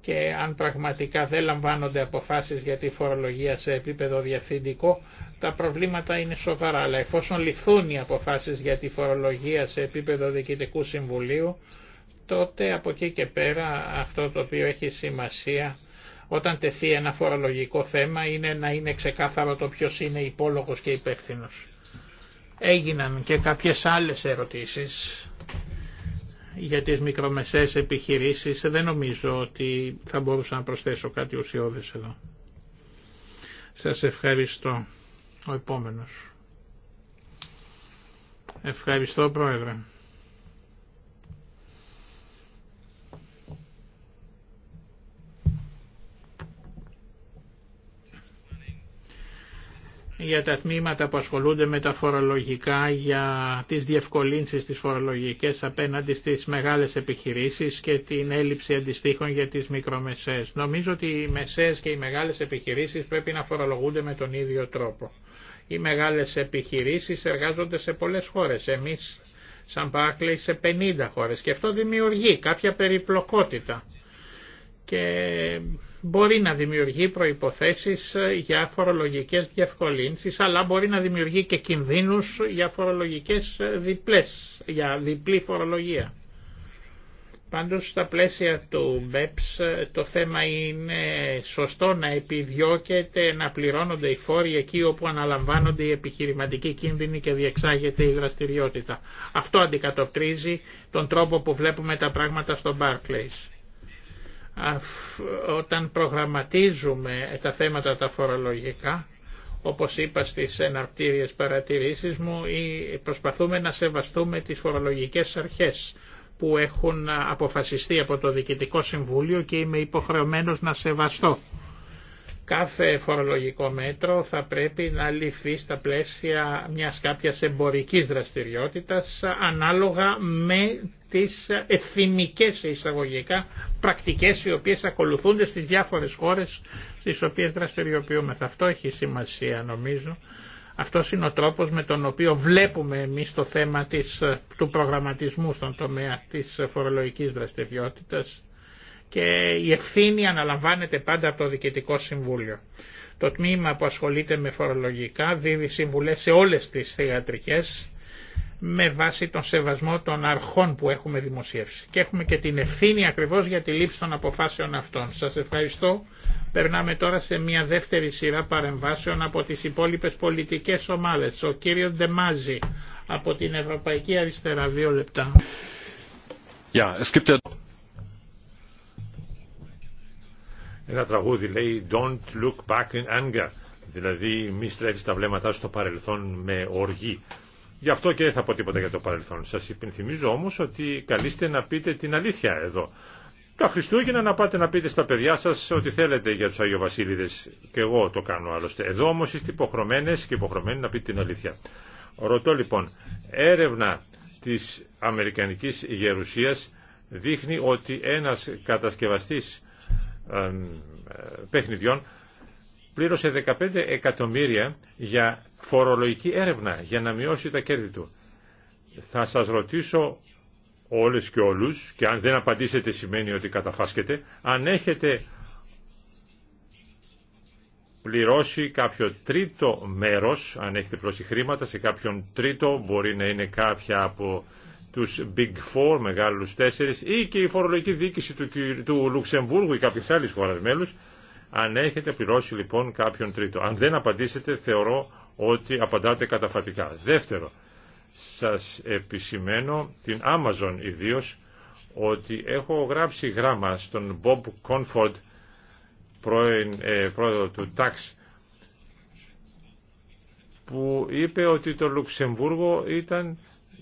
Και αν πραγματικά δεν λαμβάνονται αποφάσεις για τη φορολογία σε επίπεδο διευθυντικό, τα προβλήματα είναι σοβαρά. Αλλά εφόσον ληφθούν οι αποφάσεις για τη φορολογία σε επίπεδο διοικητικού συμβουλίου, τότε από εκεί και πέρα αυτό το οποίο έχει σημασία όταν τεθεί ένα φορολογικό θέμα είναι να είναι ξεκάθαρο το ποιος είναι υπόλογος και υπεύθυνος. Έγιναν και κάποιες άλλες ερωτήσεις για τις μικρομεσαίες επιχειρήσεις. Δεν νομίζω ότι θα μπορούσα να προσθέσω κάτι ουσιώδες εδώ. Σας ευχαριστώ. Ο επόμενος. Ευχαριστώ Πρόεδρε. για τα τμήματα που ασχολούνται με τα φορολογικά, για τις διευκολύνσεις τις φορολογικές απέναντι στις μεγάλες επιχειρήσεις και την έλλειψη αντιστοίχων για τις μικρομεσαίες. Νομίζω ότι οι μεσαίες και οι μεγάλες επιχειρήσεις πρέπει να φορολογούνται με τον ίδιο τρόπο. Οι μεγάλες επιχειρήσεις εργάζονται σε πολλές χώρες. Εμείς σαν πάκλε, σε 50 χώρες και αυτό δημιουργεί κάποια περιπλοκότητα. Και μπορεί να δημιουργεί προϋποθέσεις ε, για φορολογικές διευκολύνσεις, αλλά μπορεί να δημιουργεί και κινδύνους για φορολογικές ε, διπλές, για διπλή φορολογία. Πάντως στα πλαίσια του BEPS ε το θέμα είναι σωστό να επιδιώκεται να πληρώνονται οι φόροι εκεί όπου αναλαμβάνονται οι επιχειρηματικοί κίνδυνοι και διεξάγεται η δραστηριότητα. Αυτό αντικατοπτρίζει τον τρόπο που βλέπουμε τα πράγματα στο Barclays όταν προγραμματίζουμε τα θέματα τα φορολογικά, όπως είπα στις εναρτήριες παρατηρήσεις μου, προσπαθούμε να σεβαστούμε τις φορολογικές αρχές που έχουν αποφασιστεί από το Δικητικό Συμβούλιο και είμαι υποχρεωμένος να σεβαστώ. Κάθε φορολογικό μέτρο θα πρέπει να ληφθεί στα πλαίσια μιας κάποιας εμπορικής δραστηριότητας ανάλογα με τις εθιμικές εισαγωγικά πρακτικές οι οποίες ακολουθούνται στις διάφορες χώρες στις οποίες δραστηριοποιούμε. Αυτό έχει σημασία νομίζω. Αυτό είναι ο τρόπος με τον οποίο βλέπουμε εμείς το θέμα της, του προγραμματισμού στον τομέα της φορολογικής δραστηριότητας και η ευθύνη αναλαμβάνεται πάντα από το Διοικητικό Συμβούλιο. Το τμήμα που ασχολείται με φορολογικά δίδει συμβουλές σε όλες τις θεατρικές με βάση τον σεβασμό των αρχών που έχουμε δημοσιεύσει. Και έχουμε και την ευθύνη ακριβώς για τη λήψη των αποφάσεων αυτών. Σας ευχαριστώ. Περνάμε τώρα σε μια δεύτερη σειρά παρεμβάσεων από τις υπόλοιπες πολιτικές ομάδες. Ο κύριος Ντεμάζη από την Ευρωπαϊκή Αριστερά. Δύο λεπτά. Ένα τραγούδι λέει Don't look back in anger, δηλαδή μη στρέφεις τα βλέμματά στο παρελθόν με οργή. Γι' αυτό και δεν θα πω τίποτα για το παρελθόν. Σας υπενθυμίζω όμως ότι καλείστε να πείτε την αλήθεια εδώ. Τα Χριστούγεννα να πάτε να πείτε στα παιδιά σα ό,τι θέλετε για του Άγιο Βασίλειδε. Και εγώ το κάνω άλλωστε. Εδώ όμω είστε υποχρωμένε και υποχρωμένοι να πείτε την αλήθεια. Ρωτώ λοιπόν, έρευνα τη Αμερικανική Γερουσία δείχνει ότι ένα κατασκευαστή. Ε, παιχνιδιών πλήρωσε 15 εκατομμύρια για φορολογική έρευνα για να μειώσει τα κέρδη του. Θα σας ρωτήσω όλες και όλους και αν δεν απαντήσετε σημαίνει ότι καταφάσκετε αν έχετε πληρώσει κάποιο τρίτο μέρος αν έχετε πληρώσει χρήματα σε κάποιον τρίτο μπορεί να είναι κάποια από τους Big Four, μεγάλους τέσσερις, ή και η φορολογική διοίκηση του, του Λουξεμβούργου ή κάποιες άλλες χώρες μέλους, αν έχετε πληρώσει λοιπόν κάποιον τρίτο. Αν δεν απαντήσετε, θεωρώ ότι απαντάτε καταφατικά. Δεύτερο, σας επισημαίνω την Amazon ιδίω ότι έχω γράψει γράμμα στον Bob Conford, ε, πρόεδρο του Tax, που είπε ότι το Λουξεμβούργο ήταν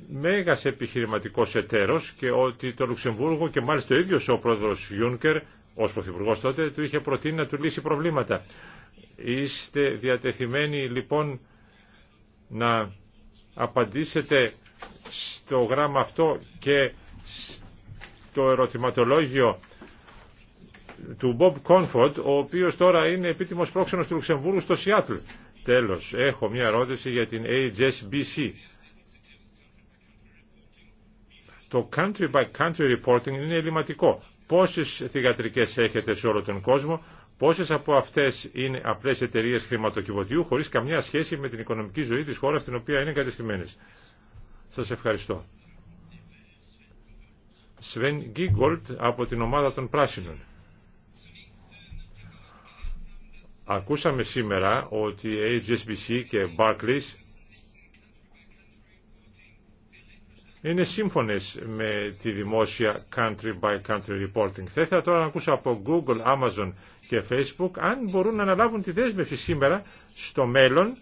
μέγας επιχειρηματικός εταίρος και ότι το Λουξεμβούργο και μάλιστα ο ίδιος ο πρόεδρος Γιούνκερ ως Πρωθυπουργό τότε του είχε προτείνει να του λύσει προβλήματα. Είστε διατεθειμένοι λοιπόν να απαντήσετε στο γράμμα αυτό και στο ερωτηματολόγιο του Bob Κόνφορντ, ο οποίος τώρα είναι επίτιμος πρόξενος του Λουξεμβούργου στο Σιάτλ. Τέλος, έχω μια ερώτηση για την HSBC το country by country reporting είναι ελληματικό. Πόσες θηγατρικές έχετε σε όλο τον κόσμο, πόσες από αυτές είναι απλές εταιρείες χρηματοκιβωτιού χωρίς καμιά σχέση με την οικονομική ζωή της χώρας στην οποία είναι εγκατεστημένες. Σας ευχαριστώ. Σβέν Γκίγκολτ από την ομάδα των Πράσινων. Ακούσαμε σήμερα ότι HSBC και Barclays είναι σύμφωνες με τη δημόσια country by country reporting. Θα ήθελα τώρα να ακούσω από Google, Amazon και Facebook αν μπορούν να αναλάβουν τη δέσμευση σήμερα στο μέλλον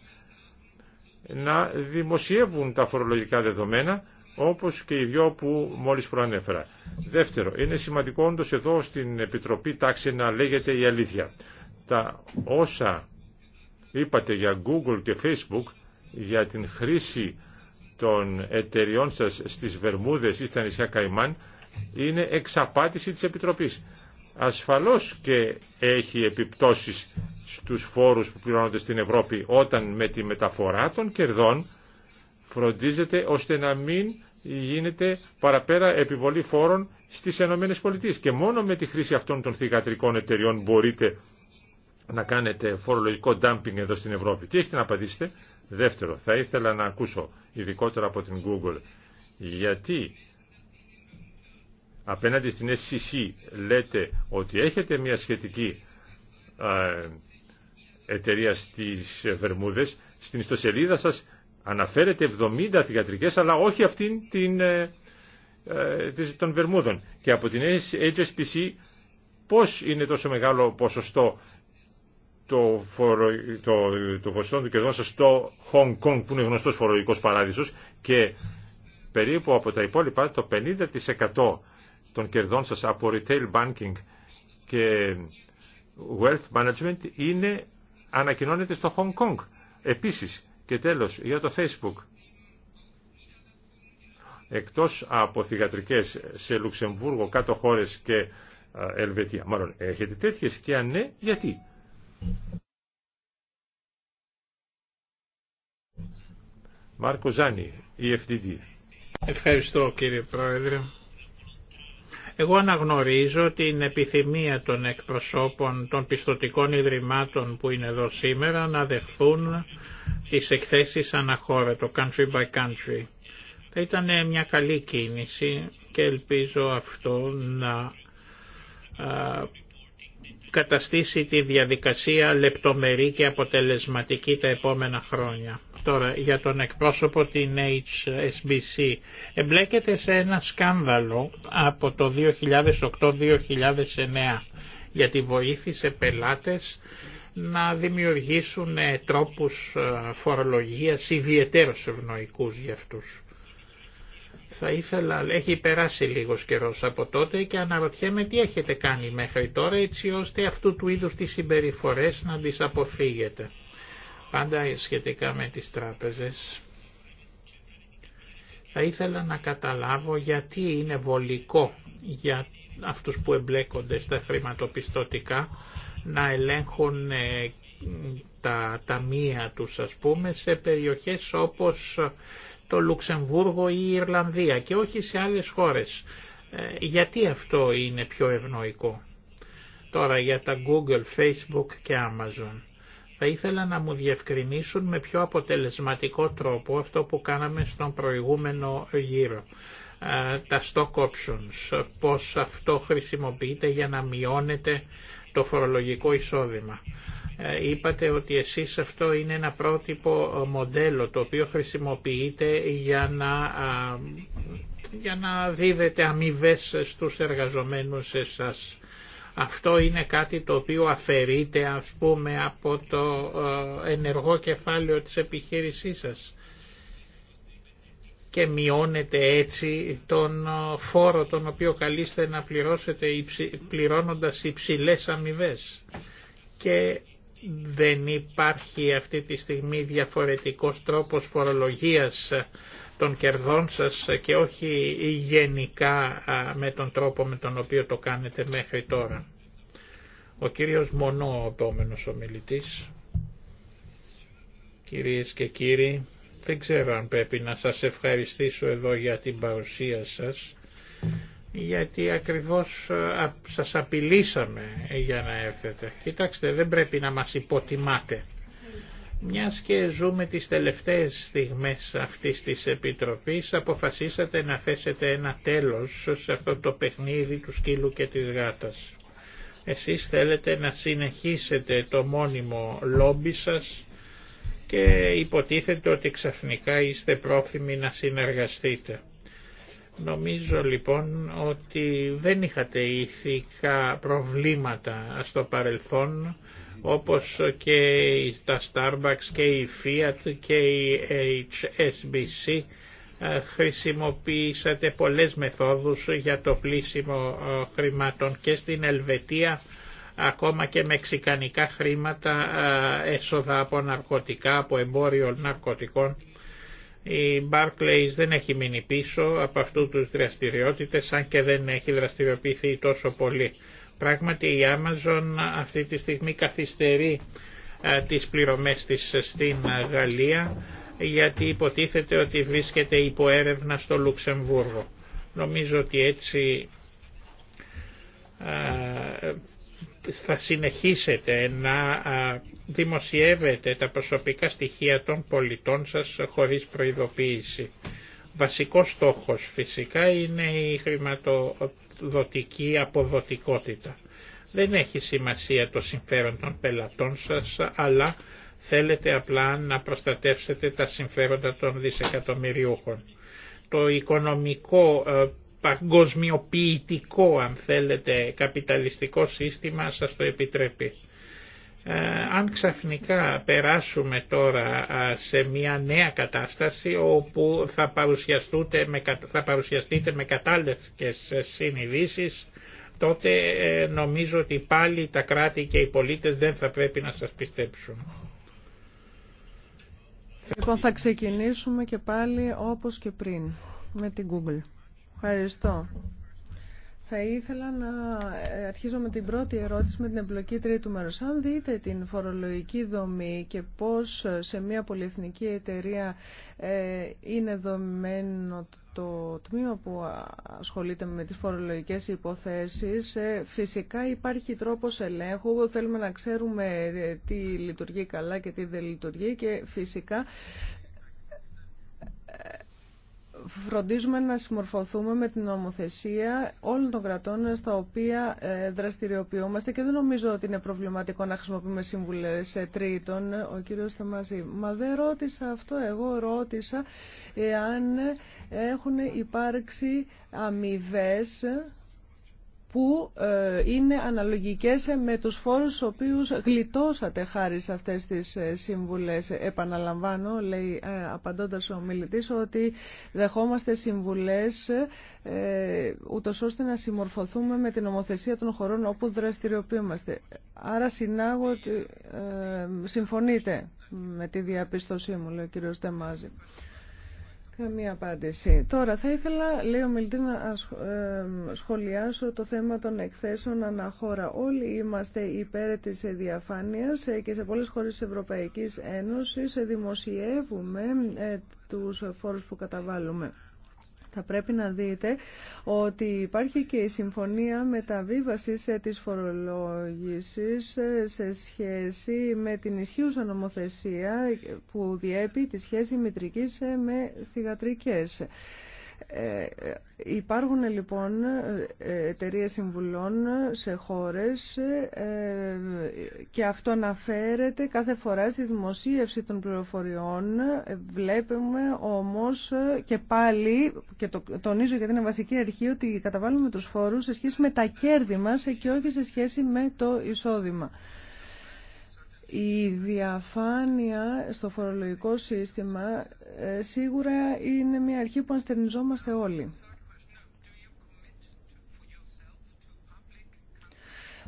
να δημοσιεύουν τα φορολογικά δεδομένα όπως και οι δυο που μόλις προανέφερα. Δεύτερο, είναι σημαντικό όντως εδώ στην Επιτροπή Τάξη να λέγεται η αλήθεια. Τα όσα είπατε για Google και Facebook για την χρήση των εταιριών σας στις Βερμούδες ή στα νησιά Καϊμάν είναι εξαπάτηση της Επιτροπής. Ασφαλώς και έχει επιπτώσεις στους φόρους που πληρώνονται στην Ευρώπη όταν με τη μεταφορά των κερδών φροντίζεται ώστε να μην γίνεται παραπέρα επιβολή φόρων στις πολιτείες Και μόνο με τη χρήση αυτών των θηγατρικών εταιριών μπορείτε να κάνετε φορολογικό dumping εδώ στην Ευρώπη. Τι έχετε να απαντήσετε. Δεύτερο, θα ήθελα να ακούσω ειδικότερα από την Google γιατί απέναντι στην SCC λέτε ότι έχετε μια σχετική εταιρεία στις Βερμούδες, στην ιστοσελίδα σας αναφέρετε 70 θηγατρικές, αλλά όχι αυτήν την, ε, ε, των Βερμούδων. Και από την HSPC πώς είναι τόσο μεγάλο ποσοστό το, φορο... το, το ποσοστό του κερδών σα στο Hong Kong που είναι γνωστός φορολογικός παράδεισος και περίπου από τα υπόλοιπα το 50% των κερδών σας από retail banking και wealth management είναι, ανακοινώνεται στο Hong Kong. Επίσης και τέλος για το Facebook. Εκτός από θηγατρικές σε Λουξεμβούργο, κάτω χώρες και Ελβετία. Μάλλον έχετε τέτοιες και αν ναι, γιατί. Μάρκο e Ευχαριστώ κύριε Πρόεδρε. Εγώ αναγνωρίζω την επιθυμία των εκπροσώπων των πιστοτικών ιδρυμάτων που είναι εδώ σήμερα να δεχθούν τις εκθέσεις αναχώρα, το country by country. Θα ήταν μια καλή κίνηση και ελπίζω αυτό να καταστήσει τη διαδικασία λεπτομερή και αποτελεσματική τα επόμενα χρόνια. Τώρα για τον εκπρόσωπο την HSBC εμπλέκεται σε ένα σκάνδαλο από το 2008-2009 γιατί βοήθησε πελάτες να δημιουργήσουν τρόπους ε, φορολογίας ιδιαίτερως ευνοϊκούς για αυτούς. Θα ήθελα, έχει περάσει λίγος καιρός από τότε και αναρωτιέμαι τι έχετε κάνει μέχρι τώρα έτσι ώστε αυτού του είδους τις συμπεριφορές να τις αποφύγετε. Πάντα σχετικά με τις τράπεζες. Θα ήθελα να καταλάβω γιατί είναι βολικό για αυτούς που εμπλέκονται στα χρηματοπιστωτικά να ελέγχουν ε, τα ταμεία τους ας πούμε σε περιοχές όπως το Λουξεμβούργο ή η Ιρλανδία και όχι σε άλλες χώρες. Ε, γιατί αυτό είναι πιο ευνοϊκό. Τώρα για τα Google, Facebook και Amazon. Θα ήθελα να μου διευκρινίσουν με πιο αποτελεσματικό τρόπο αυτό που κάναμε στον προηγούμενο γύρο. Ε, τα stock options, πώς αυτό χρησιμοποιείται για να μειώνεται το φορολογικό εισόδημα. Ε, είπατε ότι εσείς αυτό είναι ένα πρότυπο ε, μοντέλο το οποίο χρησιμοποιείτε για να, για να δίδετε αμοιβέ στους εργαζομένους εσάς. Αυτό είναι κάτι το οποίο αφαιρείται ας πούμε από το ε, ενεργό κεφάλαιο της επιχείρησής σας και μειώνεται έτσι τον φόρο τον οποίο καλείστε να πληρώσετε πληρώνοντας υψηλές αμοιβέ. Και δεν υπάρχει αυτή τη στιγμή διαφορετικός τρόπος φορολογίας των κερδών σας και όχι γενικά με τον τρόπο με τον οποίο το κάνετε μέχρι τώρα. Ο κύριος Μονό, ο επόμενος ομιλητής. Κυρίες και κύριοι, δεν ξέρω αν πρέπει να σας ευχαριστήσω εδώ για την παρουσία σας γιατί ακριβώς ε, σας απειλήσαμε για να έρθετε. Κοιτάξτε, δεν πρέπει να μας υποτιμάτε. Μιας και ζούμε τις τελευταίες στιγμές αυτής της Επιτροπής, αποφασίσατε να θέσετε ένα τέλος σε αυτό το παιχνίδι του σκύλου και της γάτας. Εσείς θέλετε να συνεχίσετε το μόνιμο λόμπι σας και υποτίθεται ότι ξαφνικά είστε πρόθυμοι να συνεργαστείτε. Νομίζω λοιπόν ότι δεν είχατε ηθικά προβλήματα στο παρελθόν όπως και τα Starbucks και η Fiat και η HSBC ε, χρησιμοποίησατε πολλές μεθόδους για το πλήσιμο ε, χρημάτων και στην Ελβετία ακόμα και μεξικανικά χρήματα ε, έσοδα από ναρκωτικά, από εμπόριο ναρκωτικών η Barclays δεν έχει μείνει πίσω από αυτού τους δραστηριότητες, αν και δεν έχει δραστηριοποιηθεί τόσο πολύ. Πράγματι η Amazon αυτή τη στιγμή καθυστερεί τις πληρωμές της στην Γαλλία, γιατί υποτίθεται ότι βρίσκεται υπό έρευνα στο Λουξεμβούργο. Νομίζω ότι έτσι θα συνεχίσετε να δημοσιεύετε τα προσωπικά στοιχεία των πολιτών σας χωρίς προειδοποίηση. Βασικός στόχος φυσικά είναι η χρηματοδοτική αποδοτικότητα. Δεν έχει σημασία το συμφέρον των πελατών σας, αλλά θέλετε απλά να προστατεύσετε τα συμφέροντα των δισεκατομμυριούχων. Το οικονομικό ε, παγκοσμιοποιητικό αν θέλετε καπιταλιστικό σύστημα σας το επιτρέπει. Ε, αν ξαφνικά περάσουμε τώρα σε μια νέα κατάσταση όπου θα, παρουσιαστούτε με, θα παρουσιαστείτε με κατάλληλες συνειδήσεις, τότε ε, νομίζω ότι πάλι τα κράτη και οι πολίτες δεν θα πρέπει να σας πιστέψουν. Λοιπόν, θα ξεκινήσουμε και πάλι όπως και πριν με την Google. Ευχαριστώ. Θα ήθελα να ε, αρχίσω με την πρώτη ερώτηση με την εμπλοκή τρίτου μέρους. Αν δείτε την φορολογική δομή και πώς ε, σε μια πολυεθνική εταιρεία ε, είναι δομημένο το τμήμα που ασχολείται με τις φορολογικές υποθέσεις φυσικά υπάρχει τρόπος ελέγχου θέλουμε να ξέρουμε τι λειτουργεί καλά και τι δεν λειτουργεί και φυσικά φροντίζουμε να συμμορφωθούμε με την νομοθεσία όλων των κρατών στα οποία ε, δραστηριοποιούμαστε και δεν νομίζω ότι είναι προβληματικό να χρησιμοποιούμε σύμβουλες ε, τρίτων. Ο κύριος Θεμαζή, μα δεν ρώτησα αυτό, εγώ ρώτησα εάν έχουν υπάρξει αμοιβέ που ε, είναι αναλογικές με τους φόρους στους οποίους γλιτώσατε χάρη σε αυτές τις ε, συμβουλές. Επαναλαμβάνω, λέει ε, απαντώντας ο μιλητής, ότι δεχόμαστε συμβουλές ε, ούτως ώστε να συμμορφωθούμε με την ομοθεσία των χωρών όπου δραστηριοποιούμαστε. Άρα συνάγω ότι συμφωνείτε με τη διαπίστωσή μου, λέει ο κύριος Τεμάζη. Καμία απάντηση. Τώρα θα ήθελα, λέει ο να ε, σχολιάσω το θέμα των εκθέσεων αναχώρα. Όλοι είμαστε υπέρ της διαφάνειας ε, και σε πολλές χώρες της Ευρωπαϊκής Ένωσης ε, δημοσιεύουμε τους φόρους που καταβάλουμε θα πρέπει να δείτε ότι υπάρχει και η συμφωνία μεταβίβασης ε, της φορολόγησης ε, σε σχέση με την ισχύουσα νομοθεσία ε, που διέπει τη σχέση μητρικής με θηγατρικές. Ε, ε, υπάρχουν λοιπόν ε, εταιρείε συμβουλών σε χώρες και αυτό αναφέρεται κάθε φορά στη δημοσίευση των πληροφοριών. Βλέπουμε όμως και πάλι, και το τονίζω γιατί είναι βασική αρχή, ότι καταβάλουμε τους φόρους σε σχέση με τα κέρδη μας και όχι σε σχέση με το εισόδημα. Η διαφάνεια στο φορολογικό σύστημα ε, σίγουρα είναι μια αρχή που ανστερνιζόμαστε όλοι.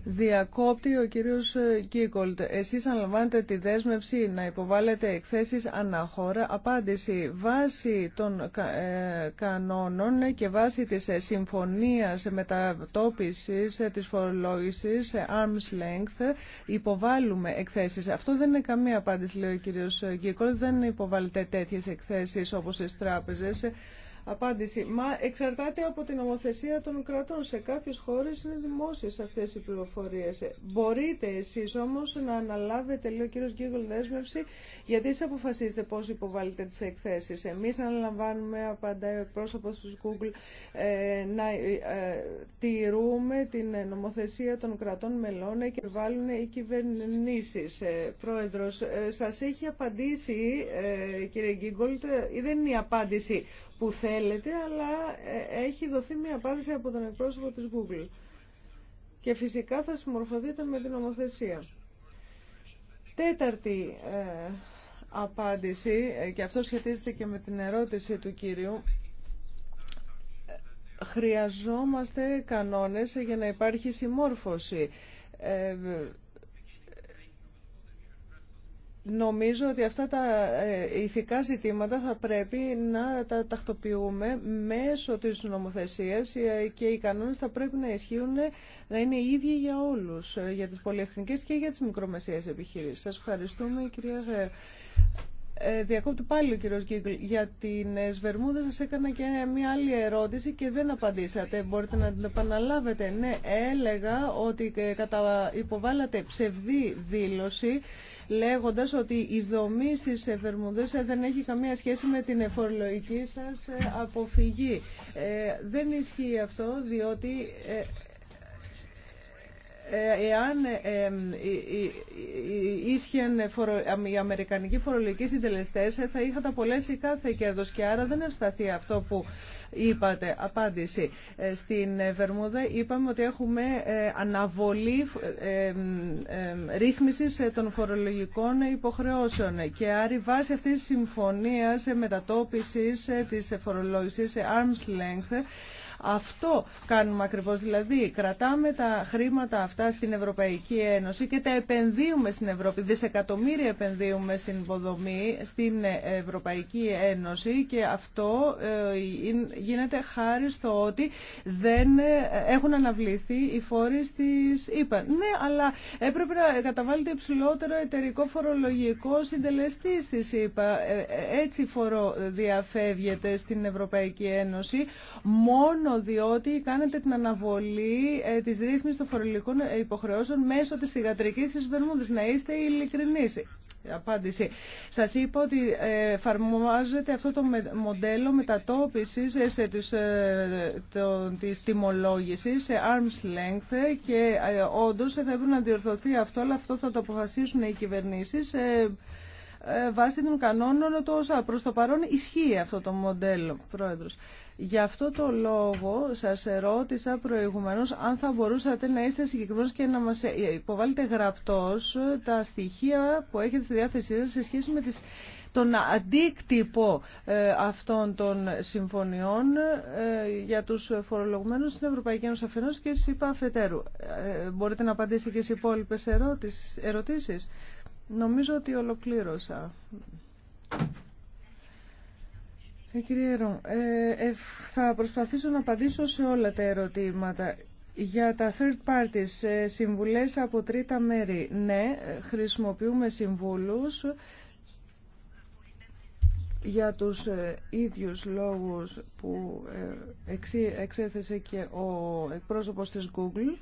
Διακόπτει ο κύριος ε, Κίκολτ. Εσείς αναλαμβάνετε τη δέσμευση να υποβάλλετε εκθέσεις αναχώρα. Απάντηση βάσει των ε, κανόνων και βάσει της ε, συμφωνίας μετατόπισης της φορολόγησης arm's length υποβάλλουμε εκθέσεις. Αυτό δεν είναι καμία απάντηση λέει ο κύριος Κίκολτ. Δεν υποβάλλετε τέτοιες εκθέσεις όπως στις τράπεζες. Απάντηση. Μα εξαρτάται από την νομοθεσία των κρατών. Σε κάποιες χώρες είναι δημόσιες αυτές οι πληροφορίες. Μπορείτε εσείς όμως να αναλάβετε, λέει ο κύριο Γκίγκολ, δέσμευση, γιατί εσείς αποφασίζετε πώς υποβάλλετε τις εκθέσεις. Εμείς αναλαμβάνουμε, απαντάει ο πρόσωπος του Google, ε, να ε, τηρούμε την νομοθεσία των κρατών μελών και βάλουν οι κυβερνήσεις. Ε, πρόεδρος, Σα έχει απαντήσει, κύριε Γκίγκολ, ή δεν είναι η απάντηση που θέλετε, αλλά ε, έχει δοθεί μια απάντηση από τον εκπρόσωπο της Google. Και φυσικά θα συμμορφωθείτε με την νομοθεσία. Τέταρτη ε, απάντηση, ε, και αυτό σχετίζεται και με την ερώτηση του κύριου, ε, χρειαζόμαστε κανόνες για να υπάρχει συμμόρφωση. Νομίζω ότι αυτά τα ε, ηθικά ζητήματα θα πρέπει να τα τακτοποιούμε μέσω της νομοθεσίας ε, και οι κανόνες θα πρέπει να ισχύουν ε, να είναι οι ίδιοι για όλους, για τις πολυεθνικές και για τις μικρομεσαίες επιχειρήσεις. Σας ευχαριστούμε κυρία Διακόπτω πάλι ο κύριος Γκίγκλ. Για την Σβερμούδα σας έκανα και μια άλλη ερώτηση και δεν απαντήσατε. Μπορείτε να την επαναλάβετε. Ναι, έλεγα ότι κατα... υποβάλατε ψευδή δήλωση λέγοντας ότι η δομή στις Βερμουδές ε, δεν έχει καμία σχέση με την εφορολογική σας ε, αποφυγή. Ε, δεν ισχύει αυτό διότι εάν ίσχυαν οι αμερικανικοί φορολογικοί συντελεστές ε, θα είχατε απολέσει κάθε κέρδο. και άρα δεν ευσταθεί αυτό που είπατε. Απάντηση. Ε, στην ε, Βερμούδα είπαμε ότι έχουμε αναβολή ρύθμιση των φορολογικών υποχρεώσεων και άρα η βάση αυτής της συμφωνίας μετατόπισης της φορολόγηση σε arm's length αυτό κάνουμε ακριβώς, δηλαδή κρατάμε τα χρήματα αυτά στην Ευρωπαϊκή Ένωση και τα επενδύουμε στην Ευρώπη, δισεκατομμύρια επενδύουμε στην υποδομή, στην Ευρωπαϊκή Ένωση και αυτό ε, γίνεται χάρη στο ότι δεν ε, έχουν αναβληθεί οι φόροι στις ΕΠΑ. Ναι, αλλά έπρεπε να καταβάλλεται υψηλότερο εταιρικό φορολογικό συντελεστή στις ΕΠΑ. Ε, έτσι φοροδιαφεύγεται στην Ευρωπαϊκή Ένωση μόνο διότι κάνετε την αναβολή ε, της ρύθμισης των φορολογικών ε, υποχρεώσεων μέσω της θηγατρική τη Βερμούδης. Να είστε ειλικρινεί. Απάντηση. Σας είπα ότι ε, εφαρμόζεται αυτό το μοντέλο μετατόπιση ε, ε της, της σε arm's length και ε, θα έπρεπε να διορθωθεί αυτό, αλλά αυτό θα το αποφασίσουν οι κυβερνήσεις βάσει των κανόνων του ΩΣΑ. Προς το παρόν ισχύει αυτό το μοντέλο, Πρόεδρος. Γι' αυτό το λόγο σας ερώτησα προηγουμένως αν θα μπορούσατε να είστε συγκεκριμένοι και να μας υποβάλλετε γραπτός τα στοιχεία που έχετε στη διάθεσή σας σε σχέση με τις, τον αντίκτυπο ε, αυτών των συμφωνιών ε, για τους φορολογουμένους στην Ευρωπαϊκή Ένωση αφενός και στις ΥΠΑ αφετέρου. Ε, μπορείτε να απαντήσετε και στις υπόλοιπες ερωτήσεις. Νομίζω ότι ολοκλήρωσα. Ε, κύριε Ρον, ε, ε, θα προσπαθήσω να απαντήσω σε όλα τα ερωτήματα. Για τα third parties, συμβουλές από τρίτα μέρη. Ναι, χρησιμοποιούμε συμβούλους για τους ίδιους λόγους που εξέθεσε και ο εκπρόσωπος της Google.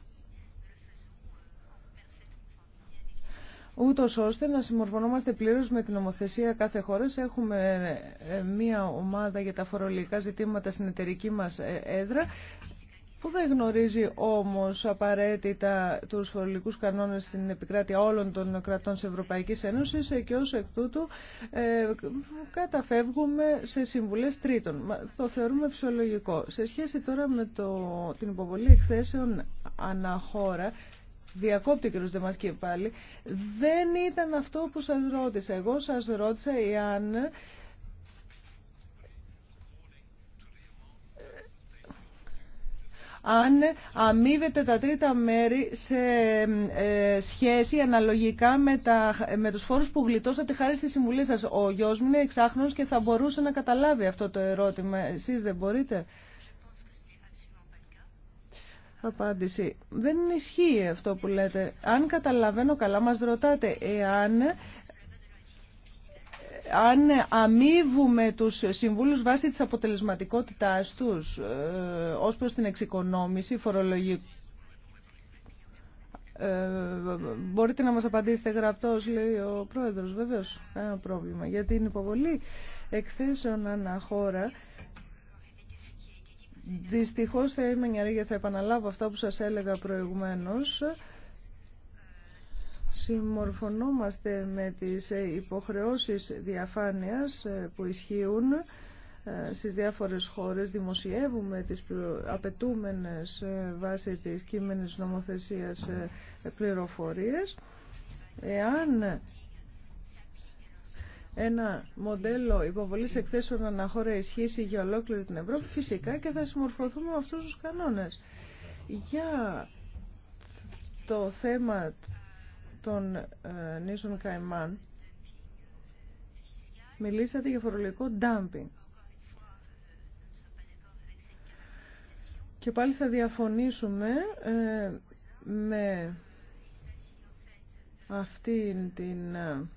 ούτω ώστε να συμμορφωνόμαστε πλήρω με την νομοθεσία κάθε χώρα Έχουμε ε, μία ομάδα για τα φορολογικά ζητήματα στην εταιρική μας ε, έδρα που δεν γνωρίζει όμως απαραίτητα τους φορολογικούς κανόνες στην επικράτεια όλων των κρατών της Ευρωπαϊκής Ένωσης ε, και ως εκ τούτου καταφεύγουμε σε συμβουλές τρίτων. Το θεωρούμε φυσιολογικό. Σε σχέση τώρα με την υποβολή εκθέσεων αναχώρα, διακόπτει ο κ. Δεμασκή πάλι, δεν ήταν αυτό που σας ρώτησα. Εγώ σας ρώτησα εάν αν αμείβεται τα τρίτα μέρη σε ε, σχέση αναλογικά με, τα, με τους φόρους που γλιτώσατε χάρη στη συμβουλή σας. Ο γιος μου είναι εξάχνος και θα μπορούσε να καταλάβει αυτό το ερώτημα. Εσείς δεν μπορείτε. Απάντηση. Δεν ισχύει αυτό που λέτε. Αν καταλαβαίνω καλά, μας ρωτάτε εάν αν αμείβουμε τους συμβούλους βάσει της αποτελεσματικότητάς τους ε, ως προς την εξοικονόμηση φορολογική. Ε, μπορείτε να μας απαντήσετε γραπτός, λέει ο πρόεδρος, βεβαίως, ένα πρόβλημα. Γιατί είναι υποβολή εκθέσεων χώρα Δυστυχώς θα είμαι νεαρή και θα επαναλάβω αυτά που σας έλεγα προηγουμένως. Συμμορφωνόμαστε με τις υποχρεώσεις διαφάνειας που ισχύουν ε, στις διάφορες χώρες. Δημοσιεύουμε τις απαιτούμενες ε, βάσει της κείμενης νομοθεσίας ε, πληροφορίες. Εάν ένα μοντέλο υποβολή εκθέσεων αναχώρα ισχύσει για ολόκληρη την Ευρώπη, φυσικά και θα συμμορφωθούμε με αυτού τους κανόνες. Για το θέμα των ε, νήσων Καϊμάν, μιλήσατε για φορολογικό ντάμπινγκ. Και πάλι θα διαφωνήσουμε ε, με αυτήν την... Ε,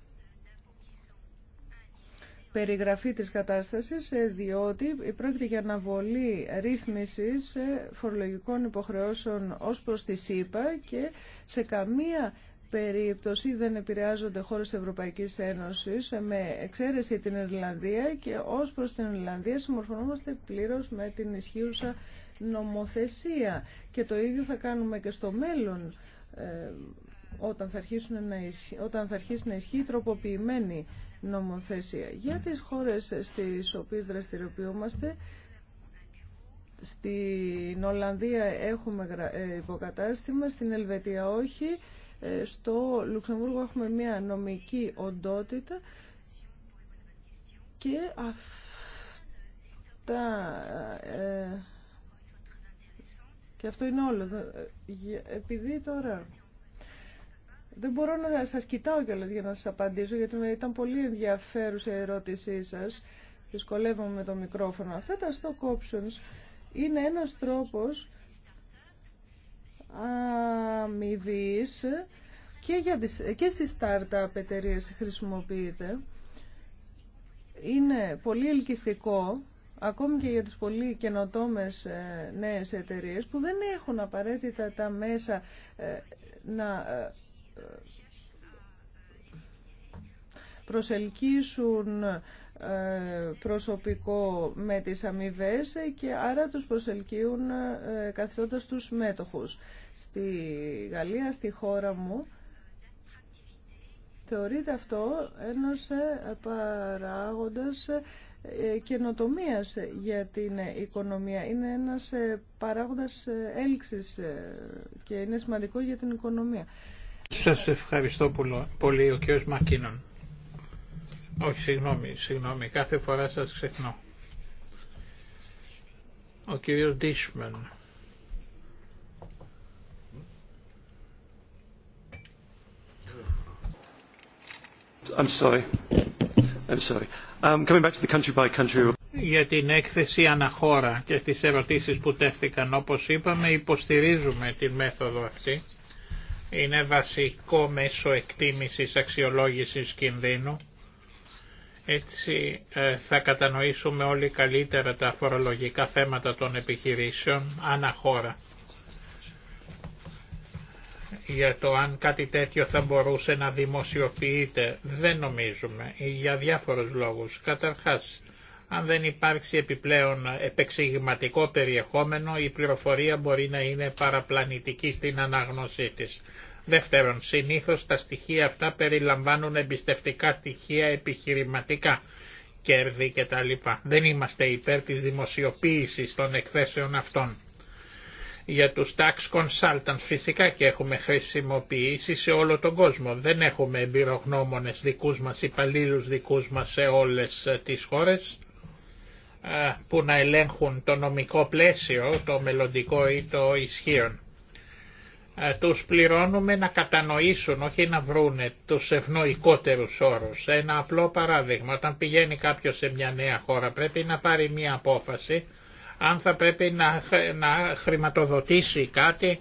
περιγραφή της κατάστασης, ε, διότι πρόκειται για αναβολή ρύθμισης ε, φορολογικών υποχρεώσεων ως προς τη ΣΥΠΑ και σε καμία περίπτωση δεν επηρεάζονται χώρες Ευρωπαϊκής Ένωσης ε, με εξαίρεση την Ιρλανδία και ως προς την Ιρλανδία συμμορφωνόμαστε πλήρως με την ισχύουσα νομοθεσία και το ίδιο θα κάνουμε και στο μέλλον όταν, θα όταν θα να ισχύει τροποποιημένη νομοθεσία. Για τις χώρες στις οποίες δραστηριοποιούμαστε, στην Ολλανδία έχουμε ε, υποκατάστημα, στην Ελβετία όχι, ε, στο Λουξεμβούργο έχουμε μια νομική οντότητα και αυτά ε, και αυτό είναι όλο. Επειδή τώρα δεν μπορώ να σας κοιτάω κιόλας για να σας απαντήσω, γιατί ήταν πολύ ενδιαφέρουσα η ερώτησή σας. Δυσκολεύομαι με το μικρόφωνο. Αυτά τα stock options είναι ένας τρόπος αμοιβή και, για τις, και στις startup εταιρείε χρησιμοποιείται. Είναι πολύ ελκυστικό ακόμη και για τις πολύ καινοτόμες ε, νέες εταιρείες που δεν έχουν απαραίτητα τα μέσα ε, να ε, προσελκύσουν ε, προσωπικό με τις αμοιβέ και άρα τους προσελκύουν ε, καθιστώντας τους μέτοχους. Στη Γαλλία, στη χώρα μου, θεωρείται αυτό ένας ε, παράγοντας καινοτομίας για την οικονομία. Είναι ένας παράγοντας έλξης και είναι σημαντικό για την οικονομία. Σας ευχαριστώ πολύ ο κύριος Μακίνων. Όχι, συγγνώμη, συγγνώμη, κάθε φορά σας ξεχνώ. Ο κύριος Ντίσμεν. I'm sorry. I'm sorry. Um, coming back to the country by country. Για την έκθεση αναχώρα και τις ερωτήσεις που τέθηκαν, όπως είπαμε, υποστηρίζουμε την μέθοδο αυτή είναι βασικό μέσο εκτίμησης αξιολόγησης κινδύνου. Έτσι ε, θα κατανοήσουμε όλοι καλύτερα τα φορολογικά θέματα των επιχειρήσεων ανά χώρα. για το αν κάτι τέτοιο θα μπορούσε να δημοσιοποιείται. Δεν νομίζουμε, για διάφορους λόγους. Καταρχάς, αν δεν υπάρξει επιπλέον επεξηγηματικό περιεχόμενο, η πληροφορία μπορεί να είναι παραπλανητική στην αναγνωσή της. Δεύτερον, συνήθως τα στοιχεία αυτά περιλαμβάνουν εμπιστευτικά στοιχεία επιχειρηματικά, κέρδη κτλ. Δεν είμαστε υπέρ της δημοσιοποίησης των εκθέσεων αυτών. Για τους tax consultants φυσικά και έχουμε χρησιμοποιήσει σε όλο τον κόσμο. Δεν έχουμε εμπειρογνώμονες δικούς μας, υπαλλήλους δικούς μας σε όλες τις χώρες που να ελέγχουν το νομικό πλαίσιο, το μελλοντικό ή το ισχύον. Τους πληρώνουμε να κατανοήσουν, όχι να βρούνε τους ευνοϊκότερους όρους. Ένα απλό παράδειγμα, όταν πηγαίνει κάποιος σε μια νέα χώρα πρέπει να πάρει μια απόφαση αν θα πρέπει να χρηματοδοτήσει κάτι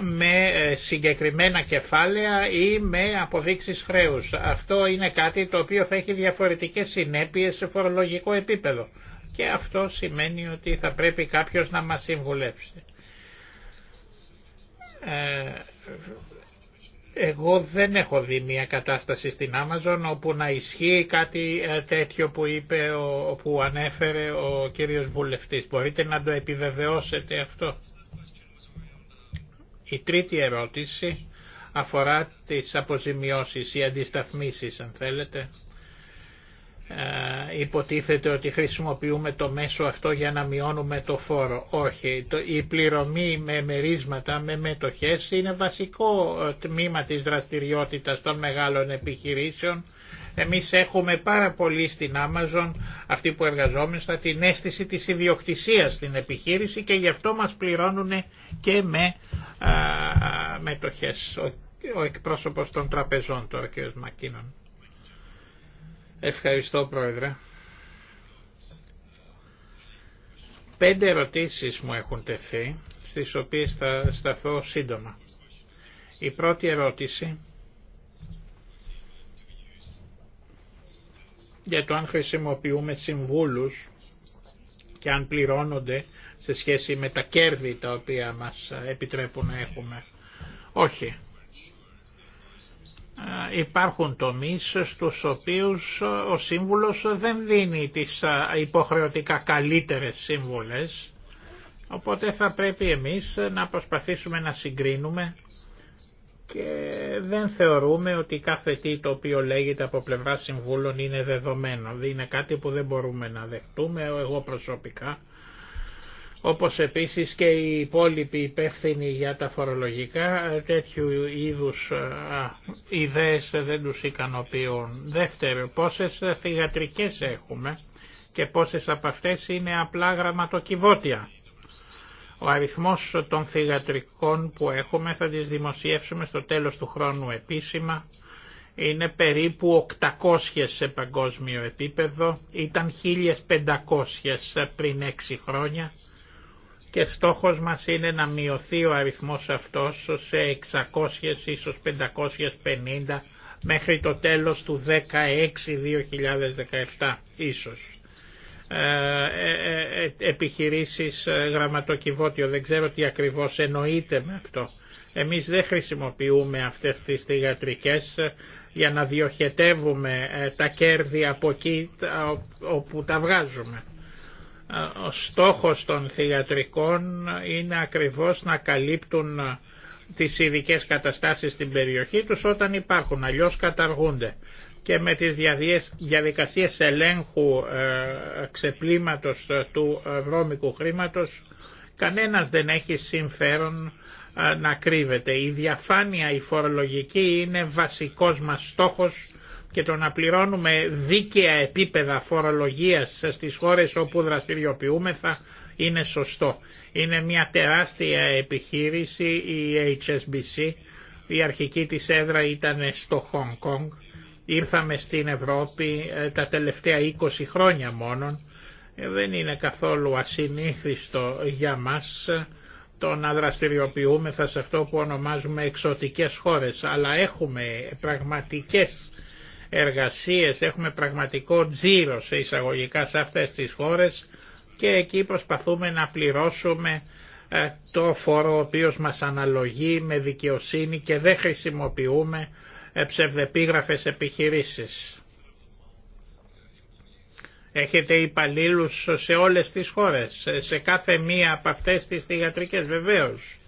με ε, συγκεκριμένα κεφάλαια ή με αποδείξεις χρέους. Αυτό είναι κάτι το οποίο θα έχει διαφορετικές συνέπειες σε φορολογικό επίπεδο. Και αυτό σημαίνει ότι θα πρέπει κάποιος να μας συμβουλεύσει. Ε, εγώ δεν έχω δει μια κατάσταση στην Amazon όπου να ισχύει κάτι ε, τέτοιο που, είπε, που ανέφερε ο κύριος βουλευτής. Μπορείτε να το επιβεβαιώσετε αυτό. Η τρίτη ερώτηση αφορά τις αποζημιώσεις ή αντισταθμίσεις αν θέλετε. Ε, υποτίθεται ότι χρησιμοποιούμε το μέσο αυτό για να μειώνουμε το φόρο. Όχι, η πληρωμή με μερίσματα, με μετοχές είναι βασικό ε, τμήμα της δραστηριότητας των μεγάλων επιχειρήσεων εμείς έχουμε πάρα πολύ στην Amazon, αυτοί που εργαζόμαστε, την αίσθηση της ιδιοκτησίας στην επιχείρηση και γι' αυτό μας πληρώνουν και με α, μετοχές. Ο, ο εκπρόσωπος των τραπεζών τώρα, κ. Μακίνων. Ευχαριστώ, Πρόεδρε. Πέντε ερωτήσεις μου έχουν τεθεί, στις οποίες θα σταθώ σύντομα. Η πρώτη ερώτηση για το αν χρησιμοποιούμε συμβούλους και αν πληρώνονται σε σχέση με τα κέρδη τα οποία μας επιτρέπουν να έχουμε. Όχι. Υπάρχουν τομείς στους οποίους ο σύμβουλος δεν δίνει τις υποχρεωτικά καλύτερες σύμβολες, οπότε θα πρέπει εμείς να προσπαθήσουμε να συγκρίνουμε και δεν θεωρούμε ότι κάθε τι το οποίο λέγεται από πλευρά συμβούλων είναι δεδομένο. Είναι κάτι που δεν μπορούμε να δεχτούμε, εγώ προσωπικά, όπως επίσης και οι υπόλοιποι υπεύθυνοι για τα φορολογικά, τέτοιου είδους α, ιδέες δεν τους ικανοποιούν. Δεύτερο, πόσες θηγατρικές έχουμε και πόσες από αυτές είναι απλά γραμματοκιβώτια. Ο αριθμός των θηγατρικών που έχουμε θα τις δημοσιεύσουμε στο τέλος του χρόνου επίσημα. Είναι περίπου 800 σε παγκόσμιο επίπεδο, ήταν 1500 πριν 6 χρόνια και στόχος μας είναι να μειωθεί ο αριθμός αυτός σε 600 ίσως 550 μέχρι το τέλος του 16 2017 ίσως. Ε, ε, ε, επιχειρήσεις γραμματοκιβώτιο. Δεν ξέρω τι ακριβώς εννοείται με αυτό. Εμείς δεν χρησιμοποιούμε αυτές τις θηγατρικές για να διοχετεύουμε τα κέρδη από εκεί όπου τα βγάζουμε. Ο στόχος των θηγατρικών είναι ακριβώς να καλύπτουν τις ειδικέ καταστάσεις στην περιοχή τους όταν υπάρχουν, αλλιώς καταργούνται και με τις διαδικασίες ελέγχου ε, ξεπλήματος ε, του ε, βρώμικου χρήματος κανένας δεν έχει συμφέρον να κρύβεται. Η διαφάνεια η φορολογική είναι βασικός μας στόχος και το να πληρώνουμε δίκαια επίπεδα φορολογίας στις χώρες όπου δραστηριοποιούμεθα είναι σωστό. Είναι μια τεράστια επιχείρηση η HSBC, η αρχική της έδρα ήταν στο Hong Kong Ήρθαμε στην Ευρώπη ε, τα τελευταία 20 χρόνια μόνον. Ε, δεν είναι καθόλου ασυνήθιστο για μας ε, το να δραστηριοποιούμεθα σε αυτό που ονομάζουμε εξωτικές χώρες, αλλά έχουμε πραγματικές εργασίες, έχουμε πραγματικό τζίρο σε εισαγωγικά σε αυτές τις χώρες και εκεί προσπαθούμε να πληρώσουμε το φόρο ο οποίος μας αναλογεί με δικαιοσύνη και δεν χρησιμοποιούμε ψευδεπίγραφες επιχειρήσεις. Έχετε υπαλλήλου σε όλες τις χώρες, σε κάθε μία από αυτές τις θηγατρικές βεβαίως.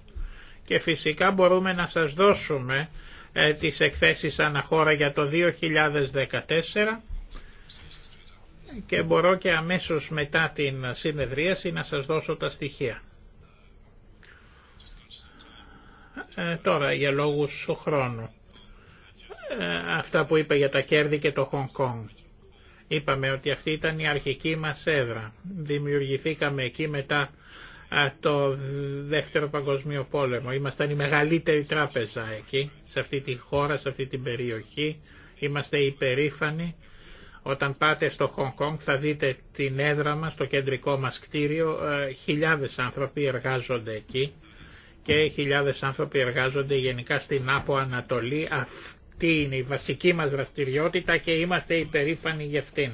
Και φυσικά μπορούμε να σας δώσουμε ε, τις εκθέσεις αναχώρα για το 2014 και μπορώ και αμέσως μετά την συνεδρίαση να σας δώσω τα στοιχεία. Ε, τώρα για λόγους χρόνου. Ε, αυτά που είπε για τα κέρδη και το Χονγκ Κόνγκ. Είπαμε ότι αυτή ήταν η αρχική μας έδρα. Δημιουργηθήκαμε εκεί μετά το Δεύτερο Παγκοσμίο Πόλεμο. Ήμασταν η μεγαλύτερη τράπεζα εκεί, σε αυτή τη χώρα, σε αυτή την περιοχή. Είμαστε υπερήφανοι. Όταν πάτε στο Χονγκ Κόνγκ θα δείτε την έδρα μας, το κεντρικό μας κτίριο. Ε, χιλιάδες άνθρωποι εργάζονται εκεί και χιλιάδες άνθρωποι εργάζονται γενικά στην Άπο Ανατολή τι είναι η βασική μας δραστηριότητα και είμαστε υπερήφανοι για αυτήν.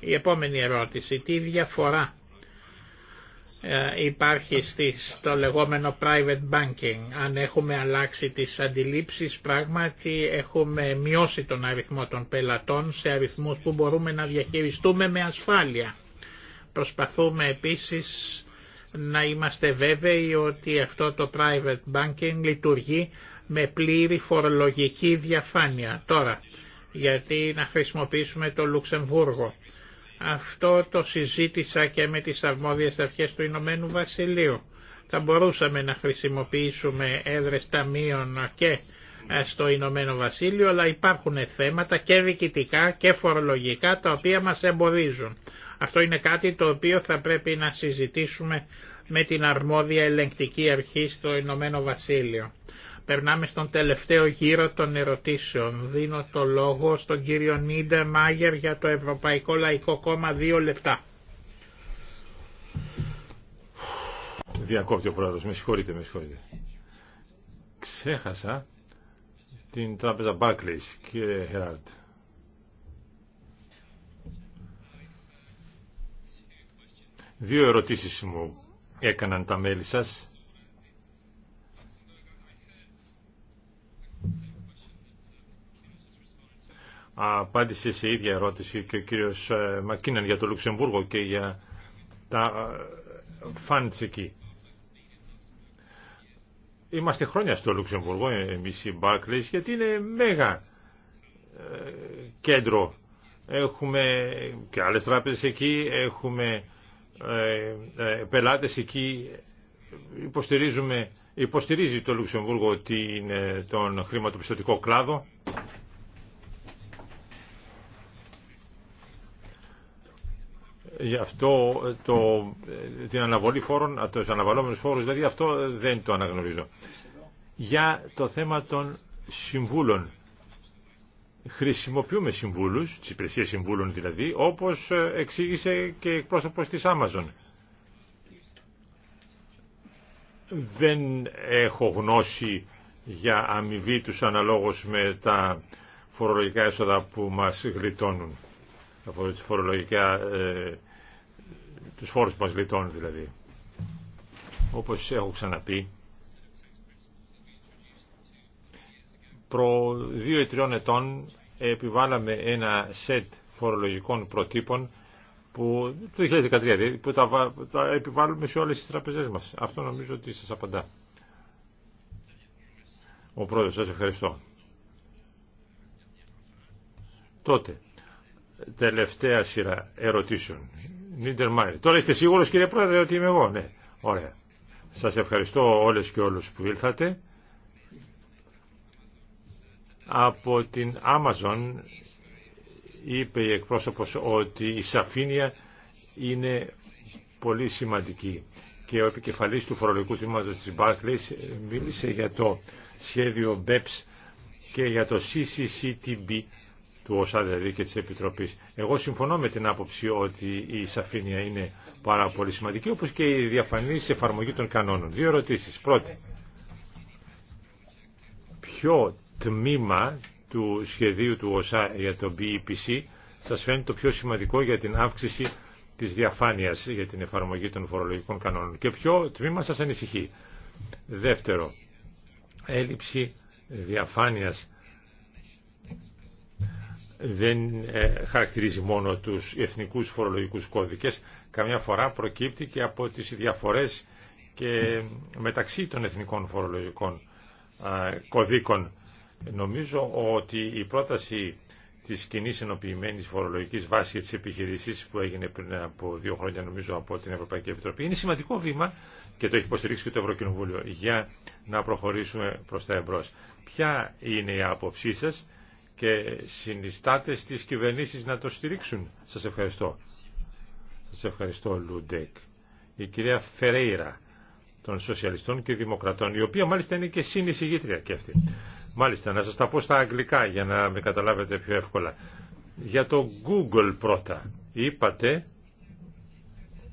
Η επόμενη ερώτηση, τι διαφορά ε, υπάρχει στο λεγόμενο private banking. Αν έχουμε αλλάξει τις αντιλήψεις, πράγματι έχουμε μειώσει τον αριθμό των πελατών σε αριθμούς που μπορούμε να διαχειριστούμε με ασφάλεια. Προσπαθούμε επίσης να είμαστε βέβαιοι ότι αυτό το private banking λειτουργεί με πλήρη φορολογική διαφάνεια. Τώρα, γιατί να χρησιμοποιήσουμε το Λουξεμβούργο. Αυτό το συζήτησα και με τις αρμόδιες αρχές του Ηνωμένου Βασιλείου. Θα μπορούσαμε να χρησιμοποιήσουμε έδρες ταμείων και ε, στο Ηνωμένο Βασίλειο, αλλά υπάρχουν θέματα και διοικητικά και φορολογικά τα οποία μας εμποδίζουν. Αυτό είναι κάτι το οποίο θα πρέπει να συζητήσουμε με την αρμόδια ελεγκτική αρχή στο Ηνωμένο Βασίλειο. Περνάμε στον τελευταίο γύρο των ερωτήσεων. Δίνω το λόγο στον κύριο Νίντε Μάγερ για το Ευρωπαϊκό Λαϊκό Κόμμα. Δύο λεπτά. Διακόπτει ο πρόεδρος. Με συγχωρείτε, με συγχωρείτε. Ξέχασα την τράπεζα Barclays, κύριε Χεράρτ. Δύο ερωτήσεις μου έκαναν τα μέλη σας απάντησε σε ίδια ερώτηση και ο κύριος ε, Μακίναν για το Λουξεμβούργο και για τα φαντς ε, εκεί. Είμαστε χρόνια στο Λουξεμβούργο, εμείς οι Barclays, γιατί είναι μέγα ε, κέντρο. Έχουμε και άλλες τράπεζες εκεί, έχουμε πελάτες εκεί, υποστηρίζουμε, υποστηρίζει το Λουξεμβούργο την, τον χρηματοπιστωτικό κλάδο Γι' αυτό ε, το, ε, την αναβολή φόρων, ε, τους αναβαλόμενους φόρους, δηλαδή αυτό δεν το αναγνωρίζω. Για το θέμα των συμβούλων. Χρησιμοποιούμε συμβούλους, τις υπηρεσίε συμβούλων δηλαδή, όπως εξήγησε και εκπρόσωπος της Amazon. Δεν έχω γνώση για αμοιβή τους αναλόγως με τα φορολογικά έσοδα που μας γλιτώνουν, τα φορολογικά ε, τους φόρους που μας δηλαδή. Όπως έχω ξαναπεί, προ δύο ή τριών ετών επιβάλαμε ένα σετ φορολογικών προτύπων που το 2013 δηλαδή, που τα, τα επιβάλλουμε σε όλες τις τραπεζές μας. Αυτό νομίζω ότι σας απαντά. Ο πρόεδρος, σας ευχαριστώ. Τότε, τελευταία σειρά ερωτήσεων Τώρα είστε σίγουρος κύριε Πρόεδρε ότι είμαι εγώ. Ναι. Ωραία. Σας ευχαριστώ όλες και όλους που ήλθατε. Από την Amazon είπε η εκπρόσωπος ότι η σαφήνεια είναι πολύ σημαντική και ο επικεφαλής του φορολογικού τμήματος της Barclays μίλησε για το σχέδιο BEPS και για το CCCTB του ΟΣΑ δηλαδή και της Επιτροπής. Εγώ συμφωνώ με την άποψη ότι η σαφήνεια είναι πάρα πολύ σημαντική, όπως και η σε εφαρμογή των κανόνων. Δύο ερωτήσεις. Πρώτη, ποιο τμήμα του σχεδίου του ΟΣΑ για το BEPC σας φαίνεται το πιο σημαντικό για την αύξηση της διαφάνειας για την εφαρμογή των φορολογικών κανόνων και ποιο τμήμα σας ανησυχεί. Δεύτερο, έλλειψη διαφάνειας δεν ε, χαρακτηρίζει μόνο τους εθνικούς φορολογικούς κώδικες, καμιά φορά προκύπτει και από τις διαφορές και μεταξύ των εθνικών φορολογικών κωδίκων. Νομίζω ότι η πρόταση της κοινή ενοποιημένη φορολογικής βάσης για τις επιχειρήσεις που έγινε πριν από δύο χρόνια νομίζω από την Ευρωπαϊκή Επιτροπή είναι σημαντικό βήμα και το έχει υποστηρίξει και το Ευρωκοινοβούλιο για να προχωρήσουμε προς τα εμπρός. Ποια είναι η άποψή σας και συνιστάτε στις κυβερνήσεις να το στηρίξουν. Σας ευχαριστώ. Σας ευχαριστώ Λουντεκ. Η κυρία Φερέιρα των Σοσιαλιστών και Δημοκρατών, η οποία μάλιστα είναι και συνεισηγήτρια και αυτή. Μάλιστα, να σας τα πω στα αγγλικά για να με καταλάβετε πιο εύκολα. Για το Google πρώτα. Είπατε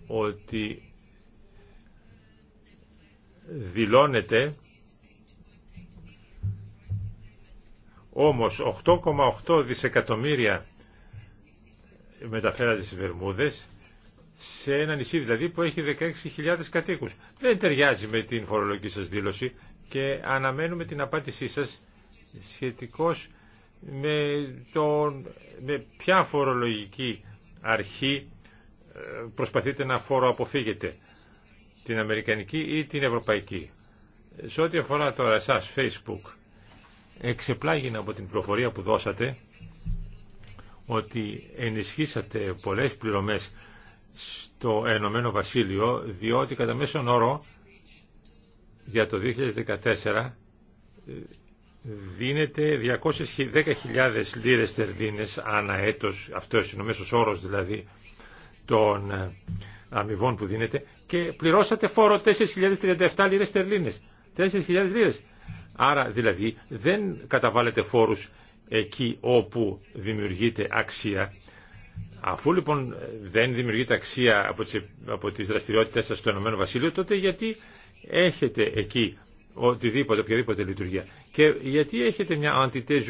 ότι δηλώνεται Όμως 8,8 δισεκατομμύρια μεταφέρατε στις Βερμούδες σε ένα νησί δηλαδή που έχει 16.000 κατοίκους. Δεν ταιριάζει με την φορολογική σας δήλωση και αναμένουμε την απάντησή σας σχετικώς με, τον, με ποια φορολογική αρχή ε, προσπαθείτε να φοροαποφύγετε την Αμερικανική ή την Ευρωπαϊκή. Σε ό,τι αφορά τώρα εσάς Facebook εξεπλάγει από την πληροφορία που δώσατε ότι ενισχύσατε πολλές πληρωμές στο Ενωμένο Βασίλειο διότι κατά μέσον όρο για το 2014 ε, δίνεται 210.000 λίρες τερλίνες ανά έτος, αυτός είναι ο μέσος όρος δηλαδή των ε, αμοιβών που δίνεται και πληρώσατε φόρο 4.037 λίρες τερλίνες. 4.000 λίρες. Άρα δηλαδή δεν καταβάλλετε φόρους εκεί όπου δημιουργείται αξία. Αφού λοιπόν δεν δημιουργείται αξία από τις, από τις δραστηριότητες σας στο Ηνωμένο Βασίλειο, τότε γιατί έχετε εκεί οτιδήποτε, οποιαδήποτε λειτουργία. Και γιατί έχετε μια αντιτέ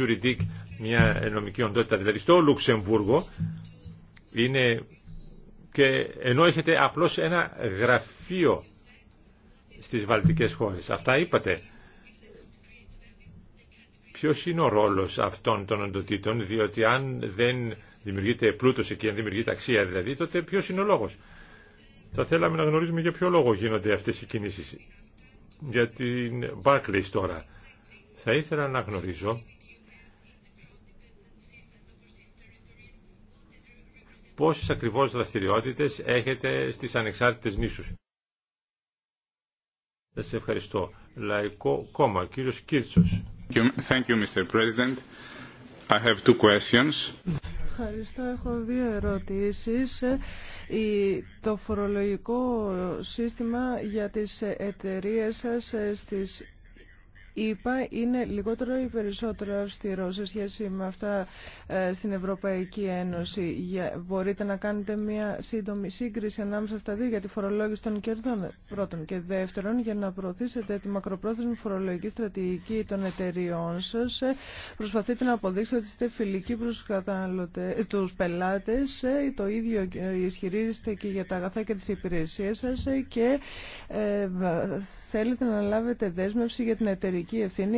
μια νομική οντότητα, δηλαδή στο Λουξεμβούργο είναι και ενώ έχετε απλώς ένα γραφείο στις βαλτικές χώρες. Αυτά είπατε ποιος είναι ο ρόλος αυτών των οντοτήτων, διότι αν δεν δημιουργείται πλούτος εκεί, αν δημιουργείται αξία δηλαδή, τότε ποιος είναι ο λόγος. Θα θέλαμε να γνωρίζουμε για ποιο λόγο γίνονται αυτές οι κινήσεις. Για την Barclays τώρα. Θα ήθελα να γνωρίζω πόσες ακριβώς δραστηριότητες έχετε στις ανεξάρτητες νήσους. Σας ευχαριστώ. Λαϊκό κόμμα, κύριος Κίρτσος. President. Ευχαριστώ. Έχω δύο ερωτήσεις. Το φορολογικό σύστημα για τις εταιρείες σας ε, στις Είπα, είναι λιγότερο ή περισσότερο αυστηρό σε σχέση με αυτά ε, στην Ευρωπαϊκή Ένωση. μπορείτε να κάνετε μια σύντομη σύγκριση ανάμεσα στα δύο για τη φορολόγηση των κερδών πρώτων και δεύτερον για να προωθήσετε τη μακροπρόθεσμη φορολογική στρατηγική των εταιριών σας. Ε, προσπαθείτε να αποδείξετε ότι είστε φιλικοί προς τους ε, πελάτες. Το ίδιο ισχυρίζεστε και για τα αγαθά και τις υπηρεσίες σας και θέλετε να λάβετε δέσμευση για την εταιρική κοινωνική ευθύνη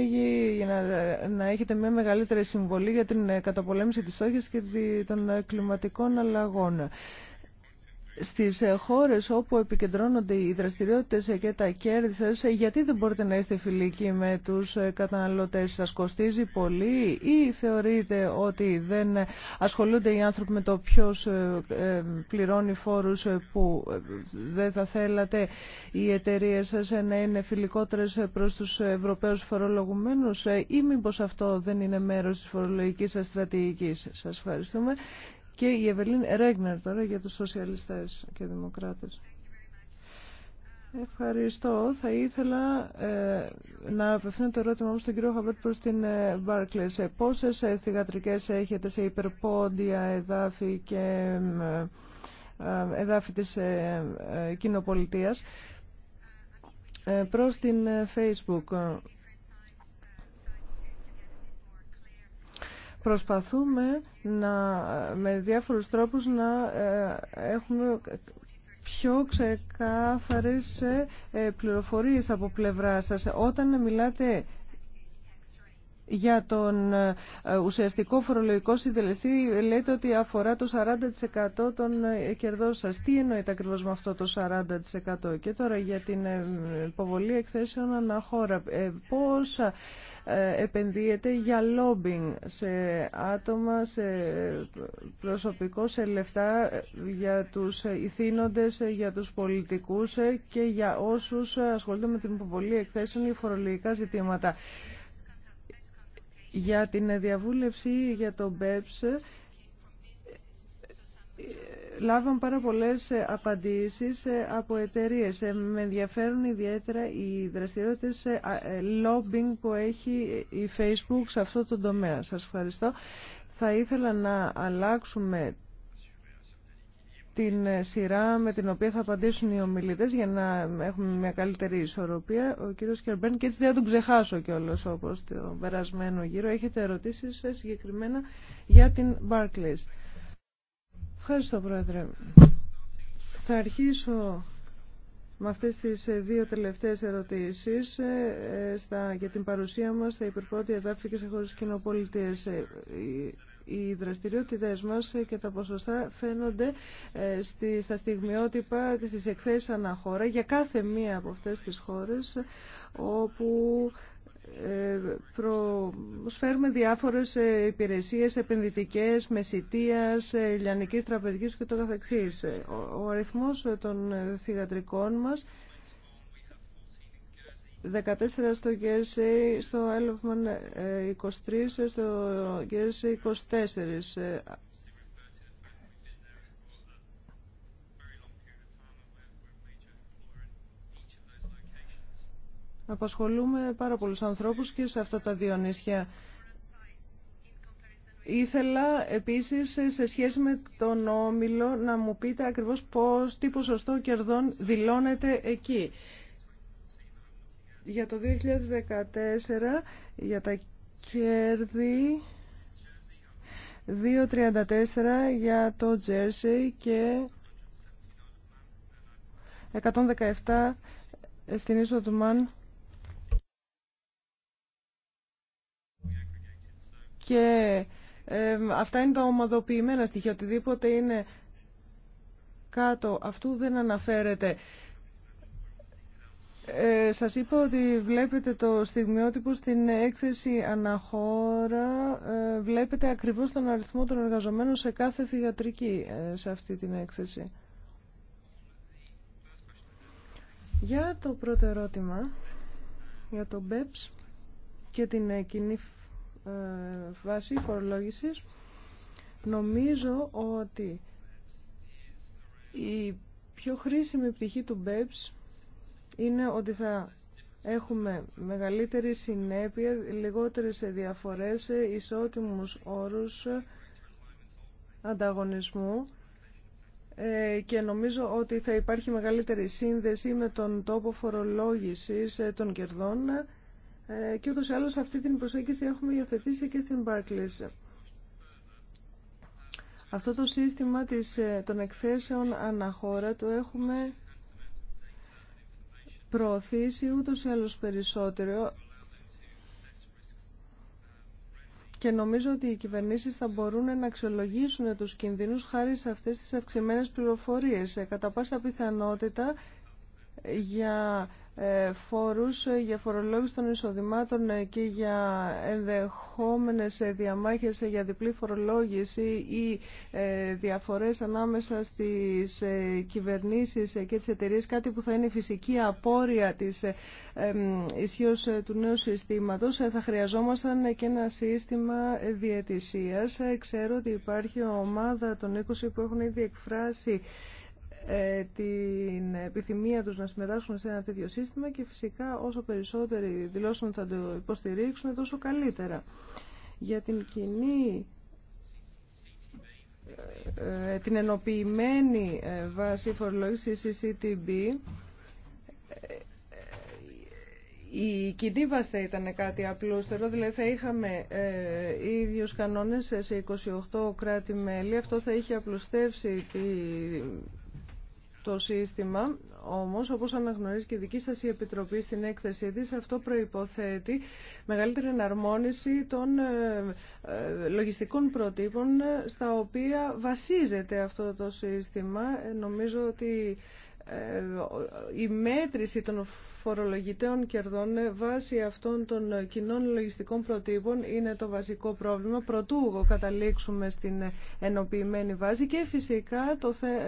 για να, να έχετε μια μεγαλύτερη συμβολή για την καταπολέμηση της στόχης και των κλιματικών αλλαγών στις ε, χώρες όπου επικεντρώνονται οι δραστηριότητες ε, και τα κέρδη σας, ε, γιατί δεν μπορείτε να είστε φιλικοί με τους καταναλωτές σας, κοστίζει πολύ ή θεωρείτε ότι δεν ασχολούνται οι άνθρωποι με το ποιος πληρώνει φόρους που δεν θα θέλατε οι εταιρείε σας να είναι φιλικότερες προς τους Ευρωπαίους φορολογουμένους ή μήπως αυτό δεν είναι μέρος της φορολογικής σας στρατηγικής. Σας ευχαριστούμε. Και η Ευελίν Ρέγνερ τώρα για τους σοσιαλιστές και δημοκράτες. Ευχαριστώ. Θα ήθελα ε, να απευθύνω το ερώτημά μου στον κύριο Χαβέρτ προς την Βάρκλε. Ε, πόσες ε, έχετε σε υπερπόντια εδάφη και ε, ε, εδάφη της κοινοπολιτείας προς την Facebook. Προσπαθούμε να, με διάφορους τρόπους να ε, έχουμε πιο ξεκάθαρες ε, ε, πληροφορίες από πλευρά σας. Όταν μιλάτε για τον ουσιαστικό φορολογικό συντελεστή λέτε ότι αφορά το 40% των κερδών σας. Τι εννοείται ακριβώς με αυτό το 40% και τώρα για την υποβολή εκθέσεων αναχώρα. Πόσα ε, επενδύεται για λόμπινγκ σε άτομα, σε προσωπικό, σε λεφτά ε, για τους ηθήνοντες, ε, για τους πολιτικούς και για όσους ασχολούνται με την υποβολή εκθέσεων ή φορολογικά ζητήματα. Για την διαβούλευση για το BEPS λάβαμε πάρα πολλές ε, απαντήσεις ε, από εταιρείες. Ε, με ενδιαφέρουν ιδιαίτερα οι δραστηριότητες lobbying που έχει η Facebook σε αυτό το τομέα. Σας ευχαριστώ. Θα ήθελα να αλλάξουμε την σειρά με την οποία θα απαντήσουν οι ομιλητές για να έχουμε μια καλύτερη ισορροπία. Ο κύριος Κερμπέν και έτσι δεν θα τον ξεχάσω κιόλας όπως το περασμένο γύρο. Έχετε ερωτήσεις συγκεκριμένα για την Barclays. Ευχαριστώ, Πρόεδρε. Θα αρχίσω με αυτές τις ε, δύο τελευταίες ερωτήσεις ε, ε, στα, για την παρουσία μας στα υπερπότια εδάφη και σε χώρες κοινοπολιτείες. Οι δραστηριότητες μας και τα ποσοστά φαίνονται στη, στα στιγμιότυπα στις εκθέσεις αναχώρα για κάθε μία από αυτές τις χώρες όπου προσφέρουμε διάφορες ε, υπηρεσίες επενδυτικές, μεσητείας, ε, λιανικής, τραπεζικής και το καθεξής. Ε, ο αριθμός των θηγατρικών μας 14 στο Γκέρσι, στο ΕΛΟΦΜΑΝ 23, στο Γκέρσι 24. Απασχολούμε πάρα πολλούς ανθρώπους και σε αυτά τα δύο νησιά. Ήθελα επίσης σε σχέση με τον Όμιλο να μου πείτε ακριβώς πώς, τι ποσοστό κερδών δηλώνεται εκεί. Για το 2014, για τα κέρδη 2.34 για το Jersey και 117 στην είσοδο του Μαν Και αυτά είναι τα ομαδοποιημένα στοιχεία. Οτιδήποτε είναι κάτω αυτού δεν αναφέρεται. Ε, σας είπα ότι βλέπετε το στιγμιότυπο στην έκθεση αναχώρα. Ε, βλέπετε ακριβώς τον αριθμό των εργαζομένων σε κάθε θηγατρική ε, σε αυτή την έκθεση. Για το πρώτο ερώτημα, για το BEPS και την ε, κοινή βάση φορολόγησης. Νομίζω ότι η πιο χρήσιμη πτυχή του BEPS είναι ότι θα έχουμε μεγαλύτερη συνέπεια, λιγότερες διαφορές, ισότιμους όρους ανταγωνισμού ε, και νομίζω ότι θα υπάρχει μεγαλύτερη σύνδεση με τον τόπο φορολόγησης ε, των κερδών ε, και ούτως ή άλλως αυτή την προσέγγιση έχουμε υιοθετήσει και στην Barclays. Αυτό το σύστημα της, ε, των εκθέσεων αναχώρα το έχουμε προωθήσει ούτως ή άλλως περισσότερο και νομίζω ότι οι κυβερνήσεις θα μπορούν να αξιολογήσουν τους κινδύνους χάρη σε αυτές τις αυξημένες πληροφορίες. Ε, κατά πάσα πιθανότητα για ε, φόρους ε, για φορολόγηση των εισοδημάτων ε, και για ενδεχόμενες διαμάχες για διπλή φορολόγηση ή διαφορές ανάμεσα στις κυβερνήσεις και τις εταιρείες, κάτι που θα είναι φυσική απόρρια της ισχύω του νέου συστήματος, θα χρειαζόμασταν και ένα σύστημα διαιτησίας. Ξέρω ότι υπάρχει ομάδα των 20 που έχουν ήδη εκφράσει ε, την επιθυμία τους να συμμετάσχουν σε ένα τέτοιο σύστημα και φυσικά όσο περισσότεροι δηλώσουν θα το υποστηρίξουν τόσο καλύτερα. Για την κοινή ε, ε, την ενοποιημένη βάση φορολόγηση CCTB η κοινή βάση θα ήταν κάτι απλούστερο, δηλαδή θα είχαμε ε, ίδιους κανόνες σε 28 κράτη-μέλη. Αυτό θα είχε απλουστεύσει τη το σύστημα. Όμως, όπως αναγνωρίζει και η δική σας η Επιτροπή στην έκθεσή της, αυτό προϋποθέτει μεγαλύτερη εναρμόνιση των ε, ε, λογιστικών προτύπων ε, στα οποία βασίζεται αυτό το σύστημα. Νομίζω ότι ε, η μέτρηση των φορολογητέων κερδών βάσει αυτών των κοινών λογιστικών προτύπων είναι το βασικό πρόβλημα. Προτού καταλήξουμε στην ενοποιημένη βάση και φυσικά το,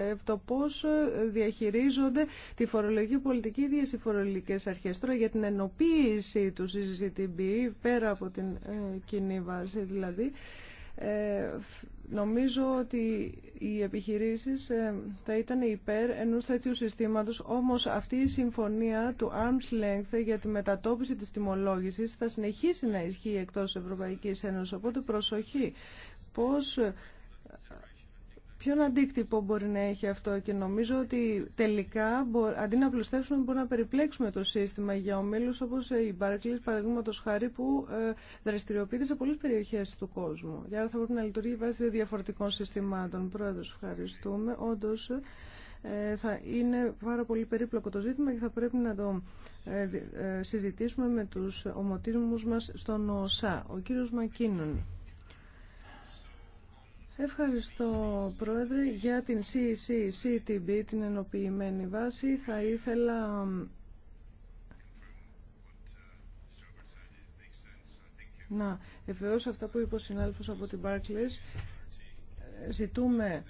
ε, το πώς διαχειρίζονται τη φορολογική πολιτική οι οι φορολογικές αρχές. Τώρα για την ενοποίηση του CCTB πέρα από την ε, κοινή βάση δηλαδή Νομίζω ότι οι επιχειρήσεις ε, θα ήταν υπέρ ενός τέτοιου συστήματος, όμως αυτή η συμφωνία του Arms Length για τη μετατόπιση της τιμολόγησης θα συνεχίσει να ισχύει εκτός Ευρωπαϊκής Ένωσης, οπότε προσοχή. Πώς ποιον αντίκτυπο μπορεί να έχει αυτό και νομίζω ότι τελικά αντί να πλουστεύσουμε μπορεί να περιπλέξουμε το σύστημα για ομίλους όπως η Barclays παραδείγματο χάρη που ε, δραστηριοποιείται σε πολλές περιοχές του κόσμου. Και άρα θα πρέπει να λειτουργεί βάσει διαφορετικών συστημάτων. πρόεδρο ευχαριστούμε. Όντως, ε, θα είναι πάρα πολύ περίπλοκο το ζήτημα και θα πρέπει να το ε, συζητήσουμε με τους ομοτήμους μας στον ΟΣΑ. Ο κύριος Μακίνων. Ευχαριστώ Πρόεδρε για την CCCTB, την ενοποιημένη βάση. Θα ήθελα να ευεώσω αυτά που είπε ο συνάδελφος από την Barclays. Ζητούμε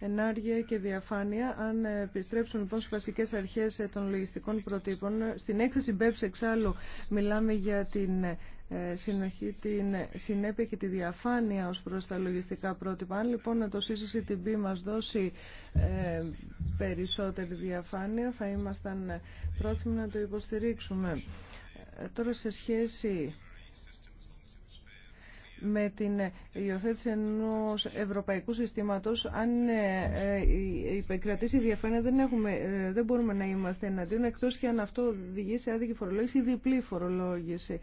ενάργεια και διαφάνεια. Αν επιστρέψουν λοιπόν στις βασικέ αρχέ των λογιστικών προτύπων, στην έκθεση BEPS εξάλλου μιλάμε για την ε, συνοχή, την συνέπεια και τη διαφάνεια ως προς τα λογιστικά πρότυπα. Αν λοιπόν το CCCTB μας δώσει ε, περισσότερη διαφάνεια θα ήμασταν πρόθυμοι να το υποστηρίξουμε. Ε, τώρα σε σχέση με την υιοθέτηση ενό ευρωπαϊκού συστήματο, αν υπεκρατήσει η διαφάνεια, δεν, έχουμε, δεν μπορούμε να είμαστε εναντίον, εκτό και αν αυτό οδηγεί σε άδικη φορολόγηση ή διπλή φορολόγηση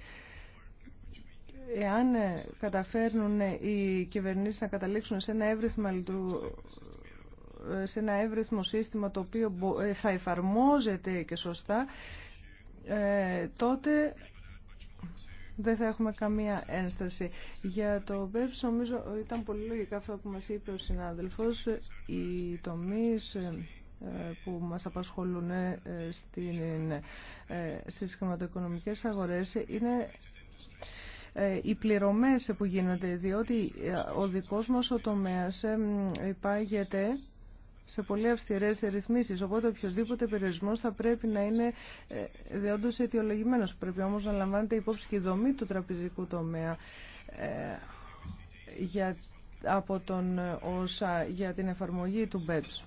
εάν ε, καταφέρνουν ε, οι κυβερνήσεις να καταλήξουν σε ένα εύρυθμα ε, σε ένα εύρυθμο σύστημα το οποίο θα εφαρμόζεται και σωστά, τότε δεν θα έχουμε καμία ένσταση. Για το BEPS νομίζω ήταν πολύ λογικά αυτό που μας είπε ο συνάδελφος. Οι τομείς που μας απασχολούν στην, στις χρηματοοικονομικές αγορές είναι ε, οι πληρωμές που γίνονται, διότι ε, ο δικός μας ο τομέας υπάγεται σε πολύ αυστηρές ρυθμίσεις Οπότε οποιοδήποτε περιορισμό θα πρέπει να είναι ε, διόντως αιτιολογημένος. Πρέπει όμως να λαμβάνεται υπόψη και η δομή του τραπεζικού τομέα. για, από τον ΩΣΑ για την εφαρμογή του BEPS.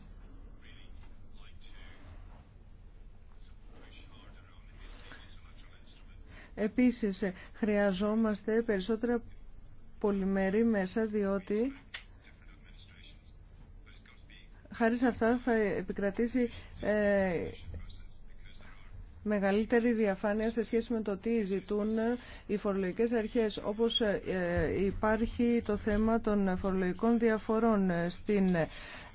Επίσης, χρειαζόμαστε περισσότερα πολυμερή μέσα, διότι χάρη σε αυτά θα επικρατήσει ε, μεγαλύτερη διαφάνεια σε σχέση με το τι ζητούν ε, οι φορολογικές αρχές, όπως ε, υπάρχει το θέμα των φορολογικών διαφορών στην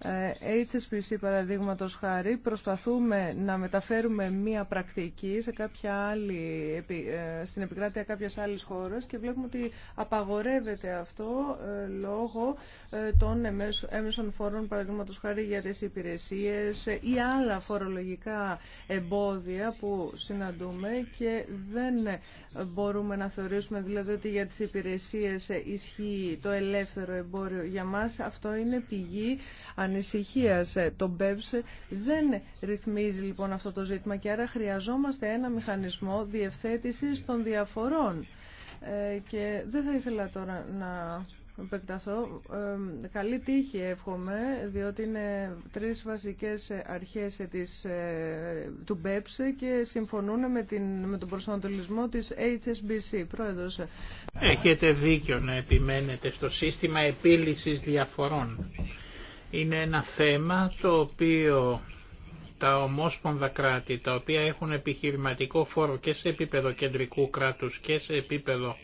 HSBC παραδείγματος χάρη προσπαθούμε να μεταφέρουμε μία πρακτική σε κάποια άλλη, ε, στην επικράτεια κάποιας άλλης χώρας και βλέπουμε ότι απαγορεύεται αυτό ε, λόγω ε, των έμεσων φόρων παραδείγματος χάρη για τις υπηρεσίες ή άλλα φορολογικά εμπόδια που συναντούμε και δεν μπορούμε να θεωρήσουμε δηλαδή ότι για τις υπηρεσίες ισχύει το ελεύθερο εμπόριο για μας αυτό είναι πηγή ανησυχίας. Ε, το BEPS δεν ρυθμίζει λοιπόν αυτό το ζήτημα και άρα χρειαζόμαστε ένα μηχανισμό διευθέτησης των διαφορών. Ε, και δεν θα ήθελα τώρα να επεκταθώ. Ε, καλή τύχη εύχομαι, διότι είναι τρεις βασικές αρχές της, του BEPS και συμφωνούν με, την, με τον προσανατολισμό της HSBC. Πρόεδρος. Έχετε δίκιο να επιμένετε στο σύστημα επίλυσης διαφορών είναι ένα θέμα το οποίο τα ομόσπονδα κράτη, τα οποία έχουν επιχειρηματικό φόρο και σε επίπεδο κεντρικού κράτους και σε επίπεδο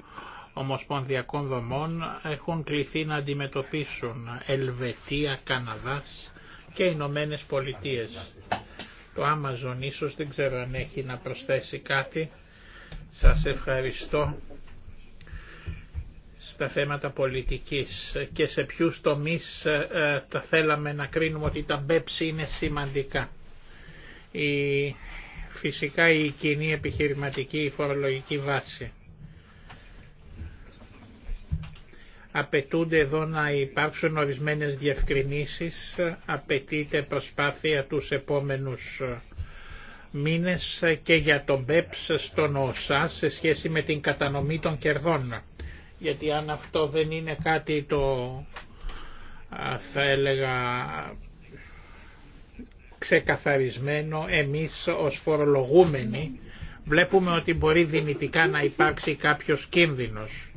ομοσπονδιακών δομών, έχουν κληθεί να αντιμετωπίσουν Ελβετία, Καναδάς και Ηνωμένε Πολιτείε. Το Amazon ίσως δεν ξέρω αν έχει να προσθέσει κάτι. Σας ευχαριστώ στα θέματα πολιτικής και σε ποιους τομείς τα ε, ε, θέλαμε να κρίνουμε ότι τα BEPS είναι σημαντικά. Η, φυσικά η κοινή επιχειρηματική η φορολογική βάση. Απαιτούνται εδώ να υπάρξουν ορισμένες διευκρινήσεις, απαιτείται προσπάθεια τους επόμενους ε, μήνες και για τον ΠΕΠΣ στον ΟΣΑ σε σχέση με την κατανομή των κερδών γιατί αν αυτό δεν είναι κάτι το θα έλεγα ξεκαθαρισμένο εμείς ως φορολογούμενοι βλέπουμε ότι μπορεί δυνητικά να υπάρξει κάποιος κίνδυνος.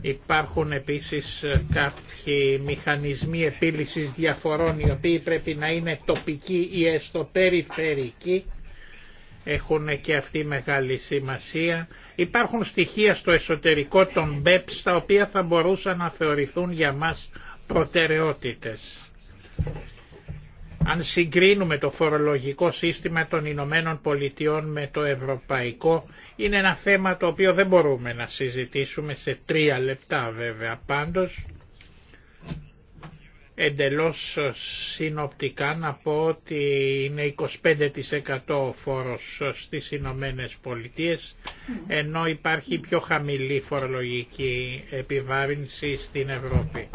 Υπάρχουν επίσης κάποιοι μηχανισμοί επίλυσης διαφορών οι οποίοι πρέπει να είναι τοπικοί ή έστω περιφερικοί έχουν και αυτή μεγάλη σημασία. Υπάρχουν στοιχεία στο εσωτερικό των BEPS ε τα οποία θα μπορούσαν να θεωρηθούν για μας προτεραιότητες. Αν συγκρίνουμε το φορολογικό σύστημα των Ηνωμένων Πολιτειών με το ευρωπαϊκό, είναι ένα θέμα το οποίο δεν μπορούμε να συζητήσουμε σε τρία λεπτά βέβαια. Πάντως, Εντελώς συνοπτικά να πω ότι είναι 25% ο φόρος στις Ηνωμένε Πολιτείες, ενώ υπάρχει πιο χαμηλή φορολογική επιβάρυνση στην Ευρώπη.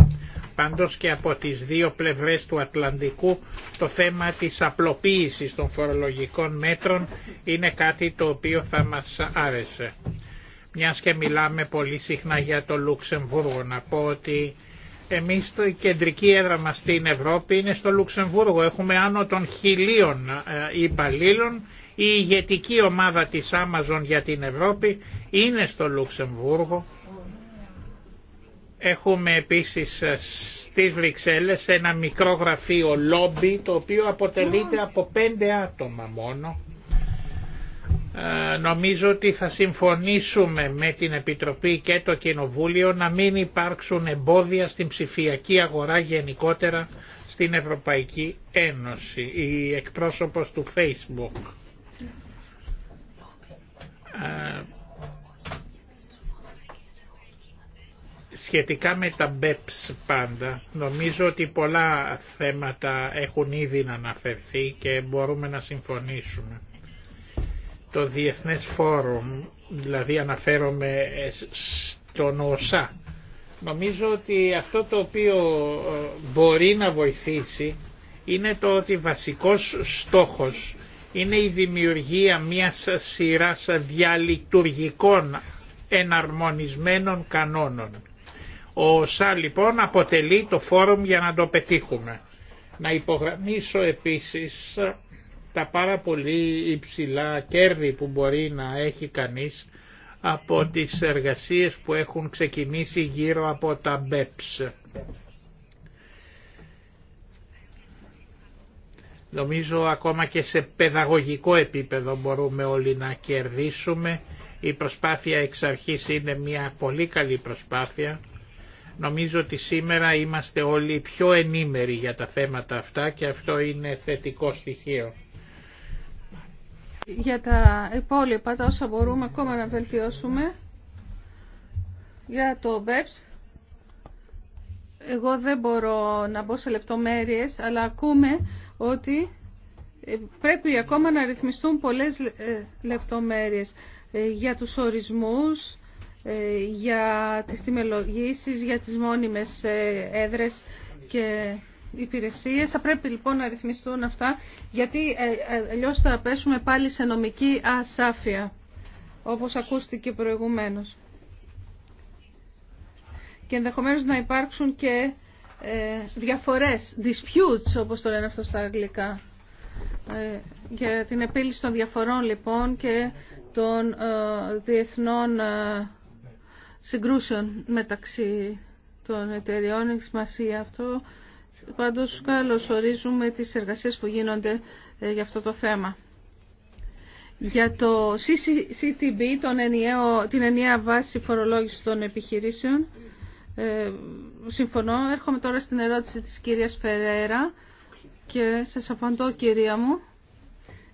Πάντως και από τις δύο πλευρές του Ατλαντικού το θέμα της απλοποίησης των φορολογικών μέτρων είναι κάτι το οποίο θα μας άρεσε. Μιας και μιλάμε πολύ συχνά για το Λουξεμβούργο, να πω ότι εμείς το κεντρική έδρα μας στην Ευρώπη είναι στο Λουξεμβούργο. Έχουμε άνω των χιλίων ε, υπαλλήλων. Η ηγετική ομάδα της Amazon για την Ευρώπη είναι στο Λουξεμβούργο. Έχουμε επίσης ε, στις Βρυξέλλες ένα μικρό γραφείο λόμπι το οποίο αποτελείται από πέντε άτομα μόνο ε, νομίζω ότι θα συμφωνήσουμε με την Επιτροπή και το Κοινοβούλιο να μην υπάρξουν εμπόδια στην ψηφιακή αγορά γενικότερα στην Ευρωπαϊκή Ένωση. Η εκπρόσωπος του Facebook. Ε, σχετικά με τα BEPS πάντα, νομίζω ότι πολλά θέματα έχουν ήδη να αναφερθεί και μπορούμε να συμφωνήσουμε το Διεθνές Φόρουμ, δηλαδή αναφέρομαι στον ΟΣΑ, νομίζω ότι αυτό το οποίο ε, μπορεί να βοηθήσει είναι το ότι βασικός στόχος είναι η δημιουργία μιας σειράς διαλειτουργικών εναρμονισμένων κανόνων. Ο ΣΑ λοιπόν αποτελεί το φόρουμ για να το πετύχουμε. Να υπογραμμίσω επίσης τα πάρα πολύ υψηλά κέρδη που μπορεί να έχει κανείς από τις εργασίες που έχουν ξεκινήσει γύρω από τα BEPS. Νομίζω ακόμα και σε παιδαγωγικό επίπεδο μπορούμε όλοι να κερδίσουμε. Η προσπάθεια εξ αρχής είναι μια πολύ καλή προσπάθεια. Νομίζω ότι σήμερα είμαστε όλοι πιο ενήμεροι για τα θέματα αυτά και αυτό είναι θετικό στοιχείο. Για τα υπόλοιπα, τα όσα μπορούμε ακόμα να βελτιώσουμε, για το BEPS, εγώ δεν μπορώ να μπω σε λεπτομέρειες, αλλά ακούμε ότι ε, πρέπει ακόμα να ρυθμιστούν πολλές ε, λεπτομέρειες ε, για τους ορισμούς, για τις τιμελογήσεις, για τις μόνιμες έδρες και θα πρέπει λοιπόν να ρυθμιστούν αυτά, γιατί ε, ε, αλλιώ θα πέσουμε πάλι σε νομική ασάφεια, όπως ακούστηκε προηγουμένως. Και ενδεχομένως να υπάρξουν και ε, διαφορές, disputes όπως το λένε αυτό στα αγγλικά. για την επίλυση των διαφορών λοιπόν και των διεθνών συγκρούσεων μεταξύ των εταιριών. Έχει σημασία αυτό Πάντως καλώς ορίζουμε τις εργασίες που γίνονται ε, για αυτό το θέμα. Για το CCTB, τον ενιαίο, την ενιαία βάση φορολόγησης των επιχειρήσεων, ε, συμφωνώ. Έρχομαι τώρα στην ερώτηση της κυρίας Φερέρα και σας απαντώ κυρία μου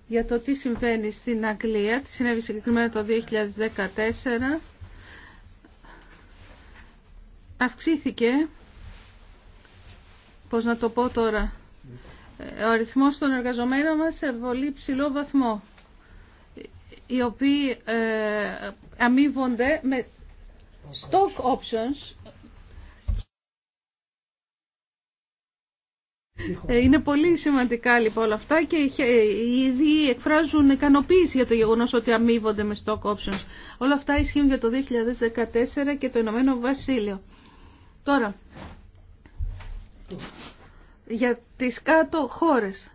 για το τι συμβαίνει στην Αγγλία. Τι συνέβη συγκεκριμένα το 2014. Αυξήθηκε πώς να το πω τώρα, ε, ο αριθμός των εργαζομένων μας σε πολύ ψηλό βαθμό, οι οποίοι ε, αμείβονται με stock options. Ε, είναι πολύ σημαντικά λοιπόν όλα αυτά και οι ίδιοι εκφράζουν ικανοποίηση για το γεγονός ότι αμείβονται με stock options. Όλα αυτά ισχύουν για το 2014 και το Ηνωμένο Βασίλειο. Τώρα, για τις κάτω χώρες.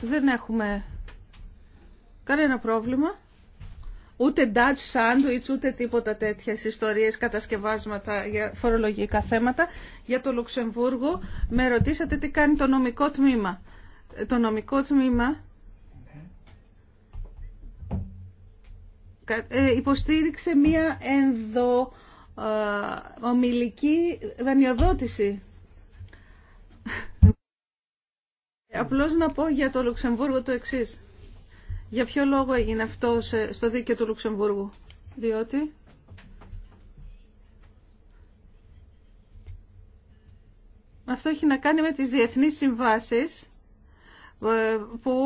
Δεν έχουμε κανένα πρόβλημα. Ούτε Dutch sandwich, ούτε τίποτα τέτοιες ιστορίες, κατασκευάσματα για φορολογικά θέματα. Για το Λουξεμβούργο με ρωτήσατε τι κάνει το νομικό τμήμα. Το νομικό τμήμα ε, υποστήριξε μία ενδο ομιλική δανειοδότηση. Απλώς να πω για το Λουξεμβούργο το εξής. Για ποιο λόγο έγινε αυτό στο δίκαιο του Λουξεμβούργου. Διότι... Αυτό έχει να κάνει με τις διεθνείς συμβάσεις που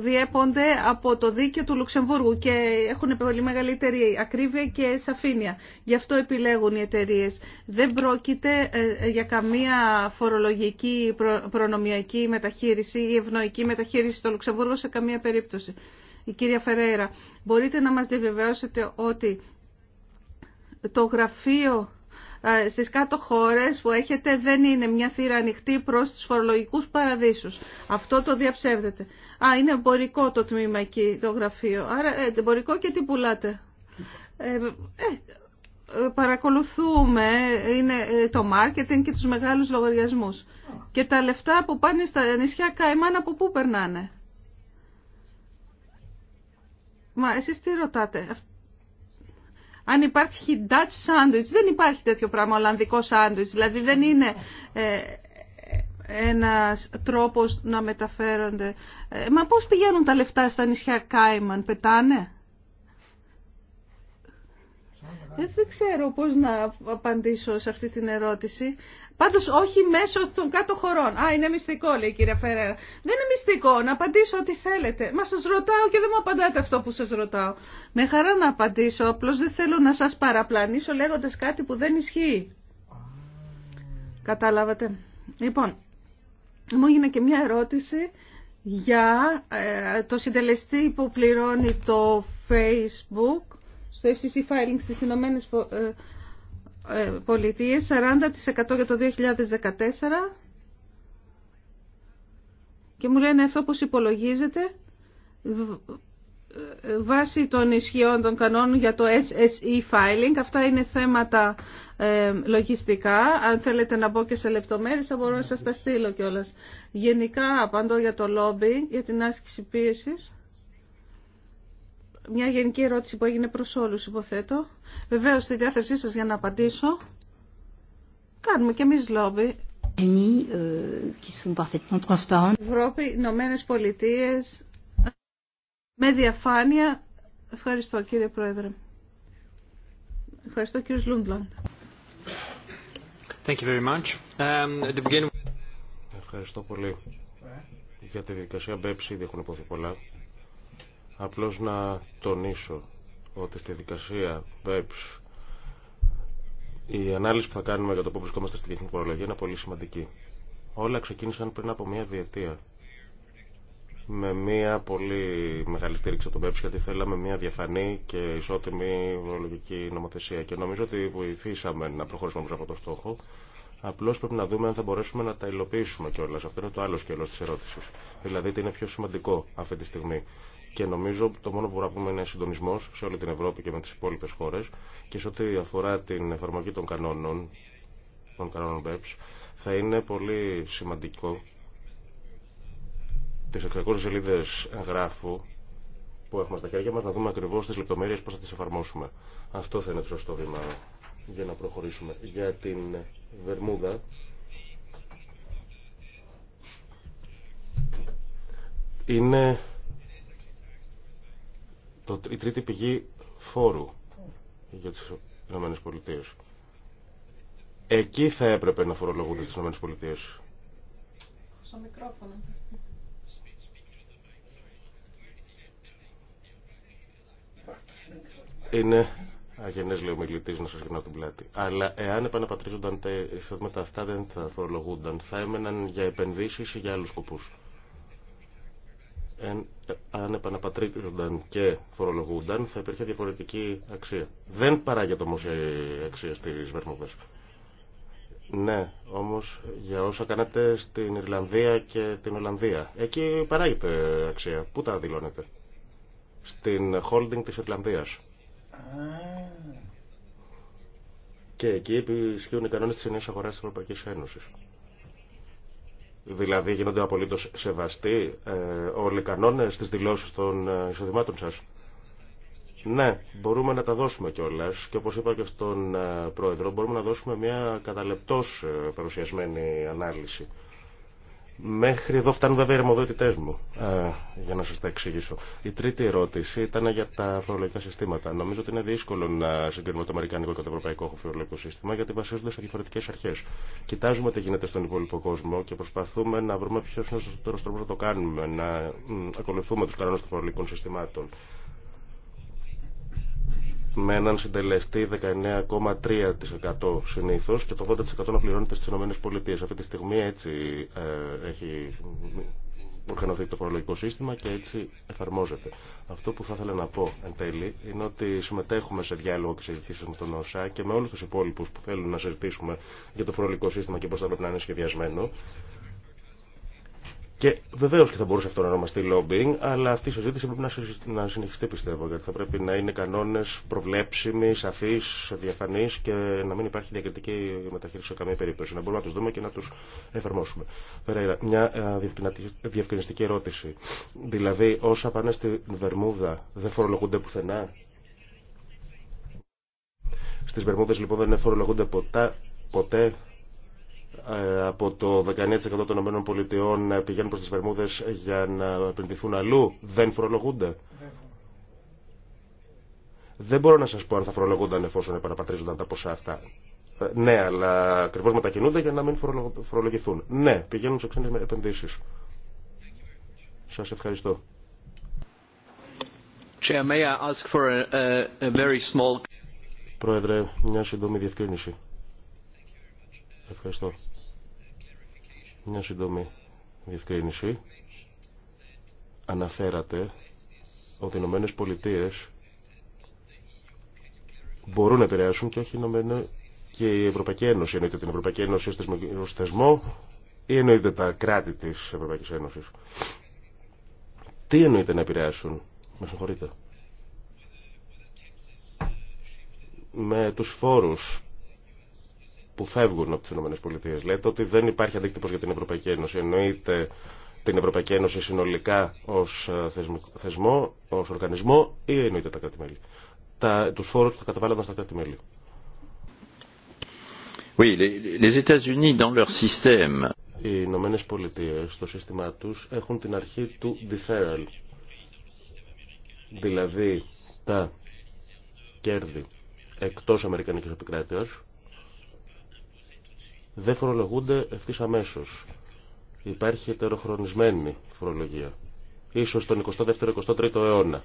διέπονται από το δίκαιο του Λουξεμβούργου και έχουν πολύ μεγαλύτερη ακρίβεια και σαφήνεια. Γι' αυτό επιλέγουν οι εταιρείε. Δεν πρόκειται ε, για καμία φορολογική προνομιακή μεταχείριση ή ευνοϊκή μεταχείριση στο Λουξεμβούργο σε καμία περίπτωση. Η κυρία Φερέιρα, μπορείτε να μας διαβεβαιώσετε ότι το γραφείο στις κάτω χώρες που έχετε δεν είναι μια θύρα ανοιχτή προς τους φορολογικούς παραδείσους. Αυτό το διαψεύδεται. Α, είναι εμπορικό το τμήμα εκεί, το γραφείο. Άρα ε, εμπορικό και τι πουλάτε. Ε, ε, παρακολουθούμε είναι ε, το μάρκετινγκ και τους μεγάλους λογαριασμούς. Και τα λεφτά που πάνε στα νησιά Καϊμάν από πού περνάνε. Μα εσείς τι ρωτάτε. Αν υπάρχει Dutch sandwich, δεν υπάρχει τέτοιο πράγμα, Ολλανδικό sandwich. Δηλαδή δεν είναι ε, ένας τρόπος να μεταφέρονται. Ε, μα πώς πηγαίνουν τα λεφτά στα νησιά Κάιμαν, πετάνε. Ε, δεν ξέρω πώς να απαντήσω σε αυτή την ερώτηση. Πάντω όχι μέσω των κάτω χωρών. Α, είναι μυστικό, λέει η κυρία Φεραίρα. Δεν είναι μυστικό, να απαντήσω ό,τι θέλετε. Μα σα ρωτάω και δεν μου απαντάτε αυτό που σα ρωτάω. Με χαρά να απαντήσω, απλώ δεν θέλω να σας παραπλανήσω λέγοντας κάτι που δεν ισχύει. Κατάλαβατε. Λοιπόν, μου έγινε και μια ερώτηση για ε, το συντελεστή που πληρώνει το Facebook στο FCC Filing στις Ηνωμένες ε, ε, πολιτείες, 40% για το 2014 και μου λένε αυτό πως υπολογίζεται ε, βάσει των ισχυών των κανόνων για το SSE filing. Αυτά είναι θέματα ε, λογιστικά. Αν θέλετε να μπω και σε λεπτομέρειες θα μπορώ να σας τα στείλω κιόλας. Γενικά, απαντώ για το lobbying, για την άσκηση πίεσης μια γενική ερώτηση που έγινε προς όλους, υποθέτω. Βεβαίως, στη διάθεσή σας για να απαντήσω. Κάνουμε και εμείς λόμπι. Ε, Ευρώπη, Ηνωμένε Πολιτείε, με διαφάνεια. Ευχαριστώ κύριε Πρόεδρε. Ευχαριστώ κύριε Λούντλαντ. Thank you very much. Um, Ευχαριστώ πολύ. Για τη διαδικασία Μπέψη, ήδη έχουν υποθεί πολλά. Απλώς να τονίσω ότι στη δικασία BEPS η ανάλυση που θα κάνουμε για το πού βρισκόμαστε στη διεθνή φορολογία είναι πολύ σημαντική. Όλα ξεκίνησαν πριν από μία διετία με μια πολύ μεγάλη στήριξη από τον ΠΕΠΣ γιατί θέλαμε μια διαφανή και ισότιμη φορολογική νομοθεσία και νομίζω ότι βοηθήσαμε να προχωρήσουμε όμως από το στόχο. Απλώ πρέπει να δούμε αν θα μπορέσουμε να τα υλοποιήσουμε κιόλα. Αυτό είναι το άλλο σκέλο τη ερώτηση. Δηλαδή, τι είναι πιο σημαντικό αυτή τη στιγμή και νομίζω το μόνο που μπορούμε να πούμε είναι συντονισμό σε όλη την Ευρώπη και με τι υπόλοιπε χώρε και σε ό,τι αφορά την εφαρμογή των κανόνων, των κανόνων BEPS, θα είναι πολύ σημαντικό τι 600 σελίδε γράφου που έχουμε στα χέρια μα να δούμε ακριβώ τι λεπτομέρειε πώ θα τι εφαρμόσουμε. Αυτό θα είναι το σωστό βήμα για να προχωρήσουμε. Για την Βερμούδα. Είναι το, η τρίτη πηγή φόρου για τις Ηνωμένες Πολιτείες. Εκεί θα έπρεπε να φορολογούνται στις Ηνωμένες Πολιτείες. Στο μικρόφωνο. Είναι αγενές λέει ο μιλητής να σας γυρνάω την πλάτη. Αλλά εάν επαναπατρίζονταν τα εισόδηματα αυτά δεν θα φορολογούνταν. Θα έμεναν για επενδύσεις ή για άλλους σκοπούς αν επαναπατρίζονταν και φορολογούνταν, θα υπήρχε διαφορετική αξία. Δεν παράγεται όμω η αξία στι Βερμούδε. Ναι, όμω για όσα κάνετε στην Ιρλανδία και την Ολλανδία. Εκεί παράγεται αξία. Πού τα δηλώνετε, Στην holding τη Ιρλανδία. Και εκεί επισχύουν οι κανόνε τη ενιαία αγορά τη Ευρωπαϊκή Ένωση. Δηλαδή γίνονται απολύτως σεβαστοί ε, όλοι οι κανόνες στις δηλώσεις των ε, εισοδημάτων σας. Ναι, μπορούμε να τα δώσουμε κιόλα και όπως είπα και στον ε, Πρόεδρο, μπορούμε να δώσουμε μια καταλεπτός παρουσιασμένη ανάλυση. Μέχρι εδώ φτάνουν βέβαια οι ερμοδότητέ μου, ε, για να σα τα εξηγήσω. Η τρίτη ερώτηση ήταν για τα φορολογικά συστήματα. Νομίζω ότι είναι δύσκολο να συγκρίνουμε το αμερικανικό και το ευρωπαϊκό φορολογικό σύστημα, γιατί βασίζονται σε διαφορετικέ αρχέ. Κοιτάζουμε τι γίνεται στον υπόλοιπο κόσμο και προσπαθούμε να βρούμε ποιο είναι ο σωστό τρόπο να το κάνουμε, να ακολουθούμε του κανόνε των φορολογικών συστημάτων με έναν συντελεστή 19,3% συνήθως και το 80% να πληρώνεται στις ΗΠΑ. Αυτή τη στιγμή έτσι ε, έχει οργανωθεί το φορολογικό σύστημα και έτσι εφαρμόζεται. Αυτό που θα ήθελα να πω εν τέλει είναι ότι συμμετέχουμε σε διάλογο και συζητήσεις με τον ΩΣΑ και με όλους τους υπόλοιπου που θέλουν να συζητήσουμε για το φορολογικό σύστημα και πώ θα πρέπει να είναι σχεδιασμένο. Και βεβαίω και θα μπορούσε αυτό να ονομαστεί lobbying, αλλά αυτή η συζήτηση πρέπει να συνεχιστεί πιστεύω, γιατί θα πρέπει να είναι κανόνε προβλέψιμοι, σαφεί, διαφανεί και να μην υπάρχει διακριτική μεταχείριση σε καμία περίπτωση. Να μπορούμε να του δούμε και να του εφαρμόσουμε. μια ε, διευκρινιστική ερώτηση. Δηλαδή, όσα πάνε στην Βερμούδα δεν φορολογούνται πουθενά. Στι Βερμούδε λοιπόν δεν φορολογούνται ποτέ, ποτέ ε, από το 19% των ΗΠΑ ε, πηγαίνουν προς τις Βερμούδες για να επενδυθούν αλλού, δεν φορολογούνται. Δεν μπορώ να σας πω αν θα φορολογούνταν εφόσον επαναπατρίζονταν τα ποσά αυτά. Ε, ναι, αλλά ακριβώ μετακινούνται για να μην φορολογηθούν. Ναι, πηγαίνουν σε ξένες επενδύσεις. Σας ευχαριστώ. Πρόεδρε, μια σύντομη διευκρίνηση. Ευχαριστώ. Μια σύντομη διευκρίνηση. Αναφέρατε ότι οι Ηνωμένε Πολιτείε μπορούν να επηρεάσουν και όχι και η Ευρωπαϊκή Ένωση. Εννοείται την Ευρωπαϊκή Ένωση ως θεσμό ή εννοείται τα κράτη της Ευρωπαϊκής Ένωση. Τι εννοείται να επηρεάσουν. Με συγχωρείτε. Με τους φόρους που φεύγουν από τι ΗΠΑ. Λέτε ότι δεν υπάρχει αντίκτυπο για την Ευρωπαϊκή Ένωση. Εννοείται την Ευρωπαϊκή Ένωση συνολικά ω ε, θεσμό, ω οργανισμό ή εννοείται τα κράτη-μέλη. Του τους φόρους που θα καταβάλλονταν στα κράτη-μέλη. Οι Ηνωμένε Πολιτείε στο σύστημά του, έχουν την αρχή του deferral. Δηλαδή τα κέρδη εκτό Αμερικανική επικράτεια δεν φορολογούνται ευθύ αμέσω. Υπάρχει ετεροχρονισμένη φορολογία. Ίσως τον 22ο-23ο αιώνα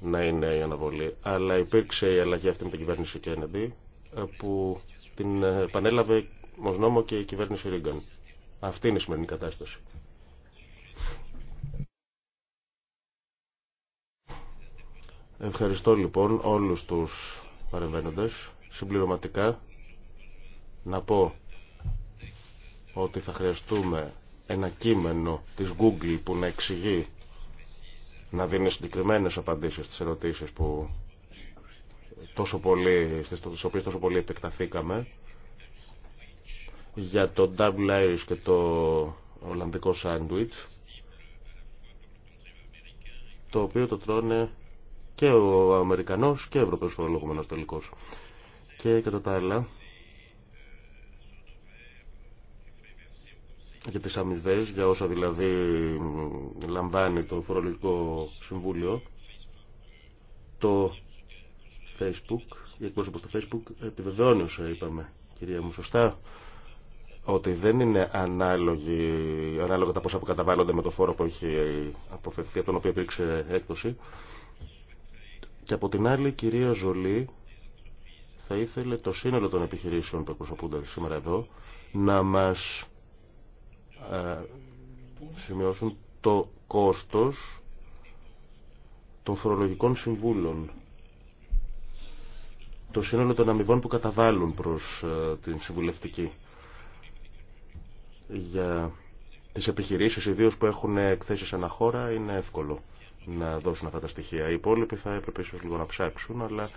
να είναι η αναβολή. Αλλά υπήρξε η αλλαγή αυτή με την κυβέρνηση Κέννεντι που την επανέλαβε ω νόμο και η κυβέρνηση Ρίγκαν. Αυτή είναι η σημερινή κατάσταση. Ευχαριστώ λοιπόν όλους τους παρεμβαίνοντες συμπληρωματικά να πω ότι θα χρειαστούμε ένα κείμενο της Google που να εξηγεί, να δίνει συγκεκριμένες απαντήσεις στις ερωτήσεις που τόσο πολύ, στις οποίες τόσο πολύ επεκταθήκαμε για το Double Irish και το Ολλανδικό sandwich το οποίο το τρώνε και ο Αμερικανός και ο Ευρωπαίος φορολογούμενος τελικός και κατά τα άλλα για τις αμοιβέ, για όσα δηλαδή λαμβάνει το Φορολογικό Συμβούλιο, το Facebook, η εκπρόσωπος του Facebook επιβεβαιώνει είπαμε, κυρία μου, σωστά, ότι δεν είναι ανάλογη, ανάλογα τα ποσά που καταβάλλονται με το φόρο που έχει αποφευθεί, από τον οποίο υπήρξε έκδοση. Και από την άλλη, κυρία Ζολή θα ήθελε το σύνολο των επιχειρήσεων που εκπροσωπούνται σήμερα εδώ να μας ε, σημειώσουν το κόστος των φορολογικών συμβούλων το σύνολο των αμοιβών που καταβάλουν προς ε, την συμβουλευτική για τις επιχειρήσεις ιδίω που έχουν εκθέσεις χώρα, είναι εύκολο να δώσουν αυτά τα στοιχεία. Οι υπόλοιποι θα έπρεπε ίσως λίγο να ψάξουν, αλλά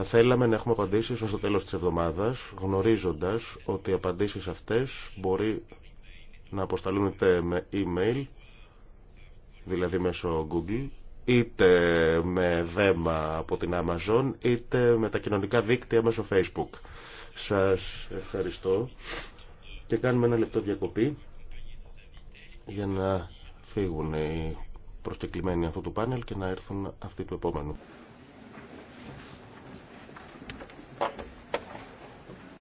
θα θέλαμε να έχουμε απαντήσεις ως το τέλος της εβδομάδας, γνωρίζοντας ότι οι απαντήσεις αυτές μπορεί να αποσταλούνται με email, δηλαδή μέσω Google, είτε με δέμα από την Amazon, είτε με τα κοινωνικά δίκτυα μέσω Facebook. Σας ευχαριστώ και κάνουμε ένα λεπτό διακοπή για να φύγουν οι προσκεκλημένοι αυτού του πάνελ και να έρθουν αυτοί του επόμενου.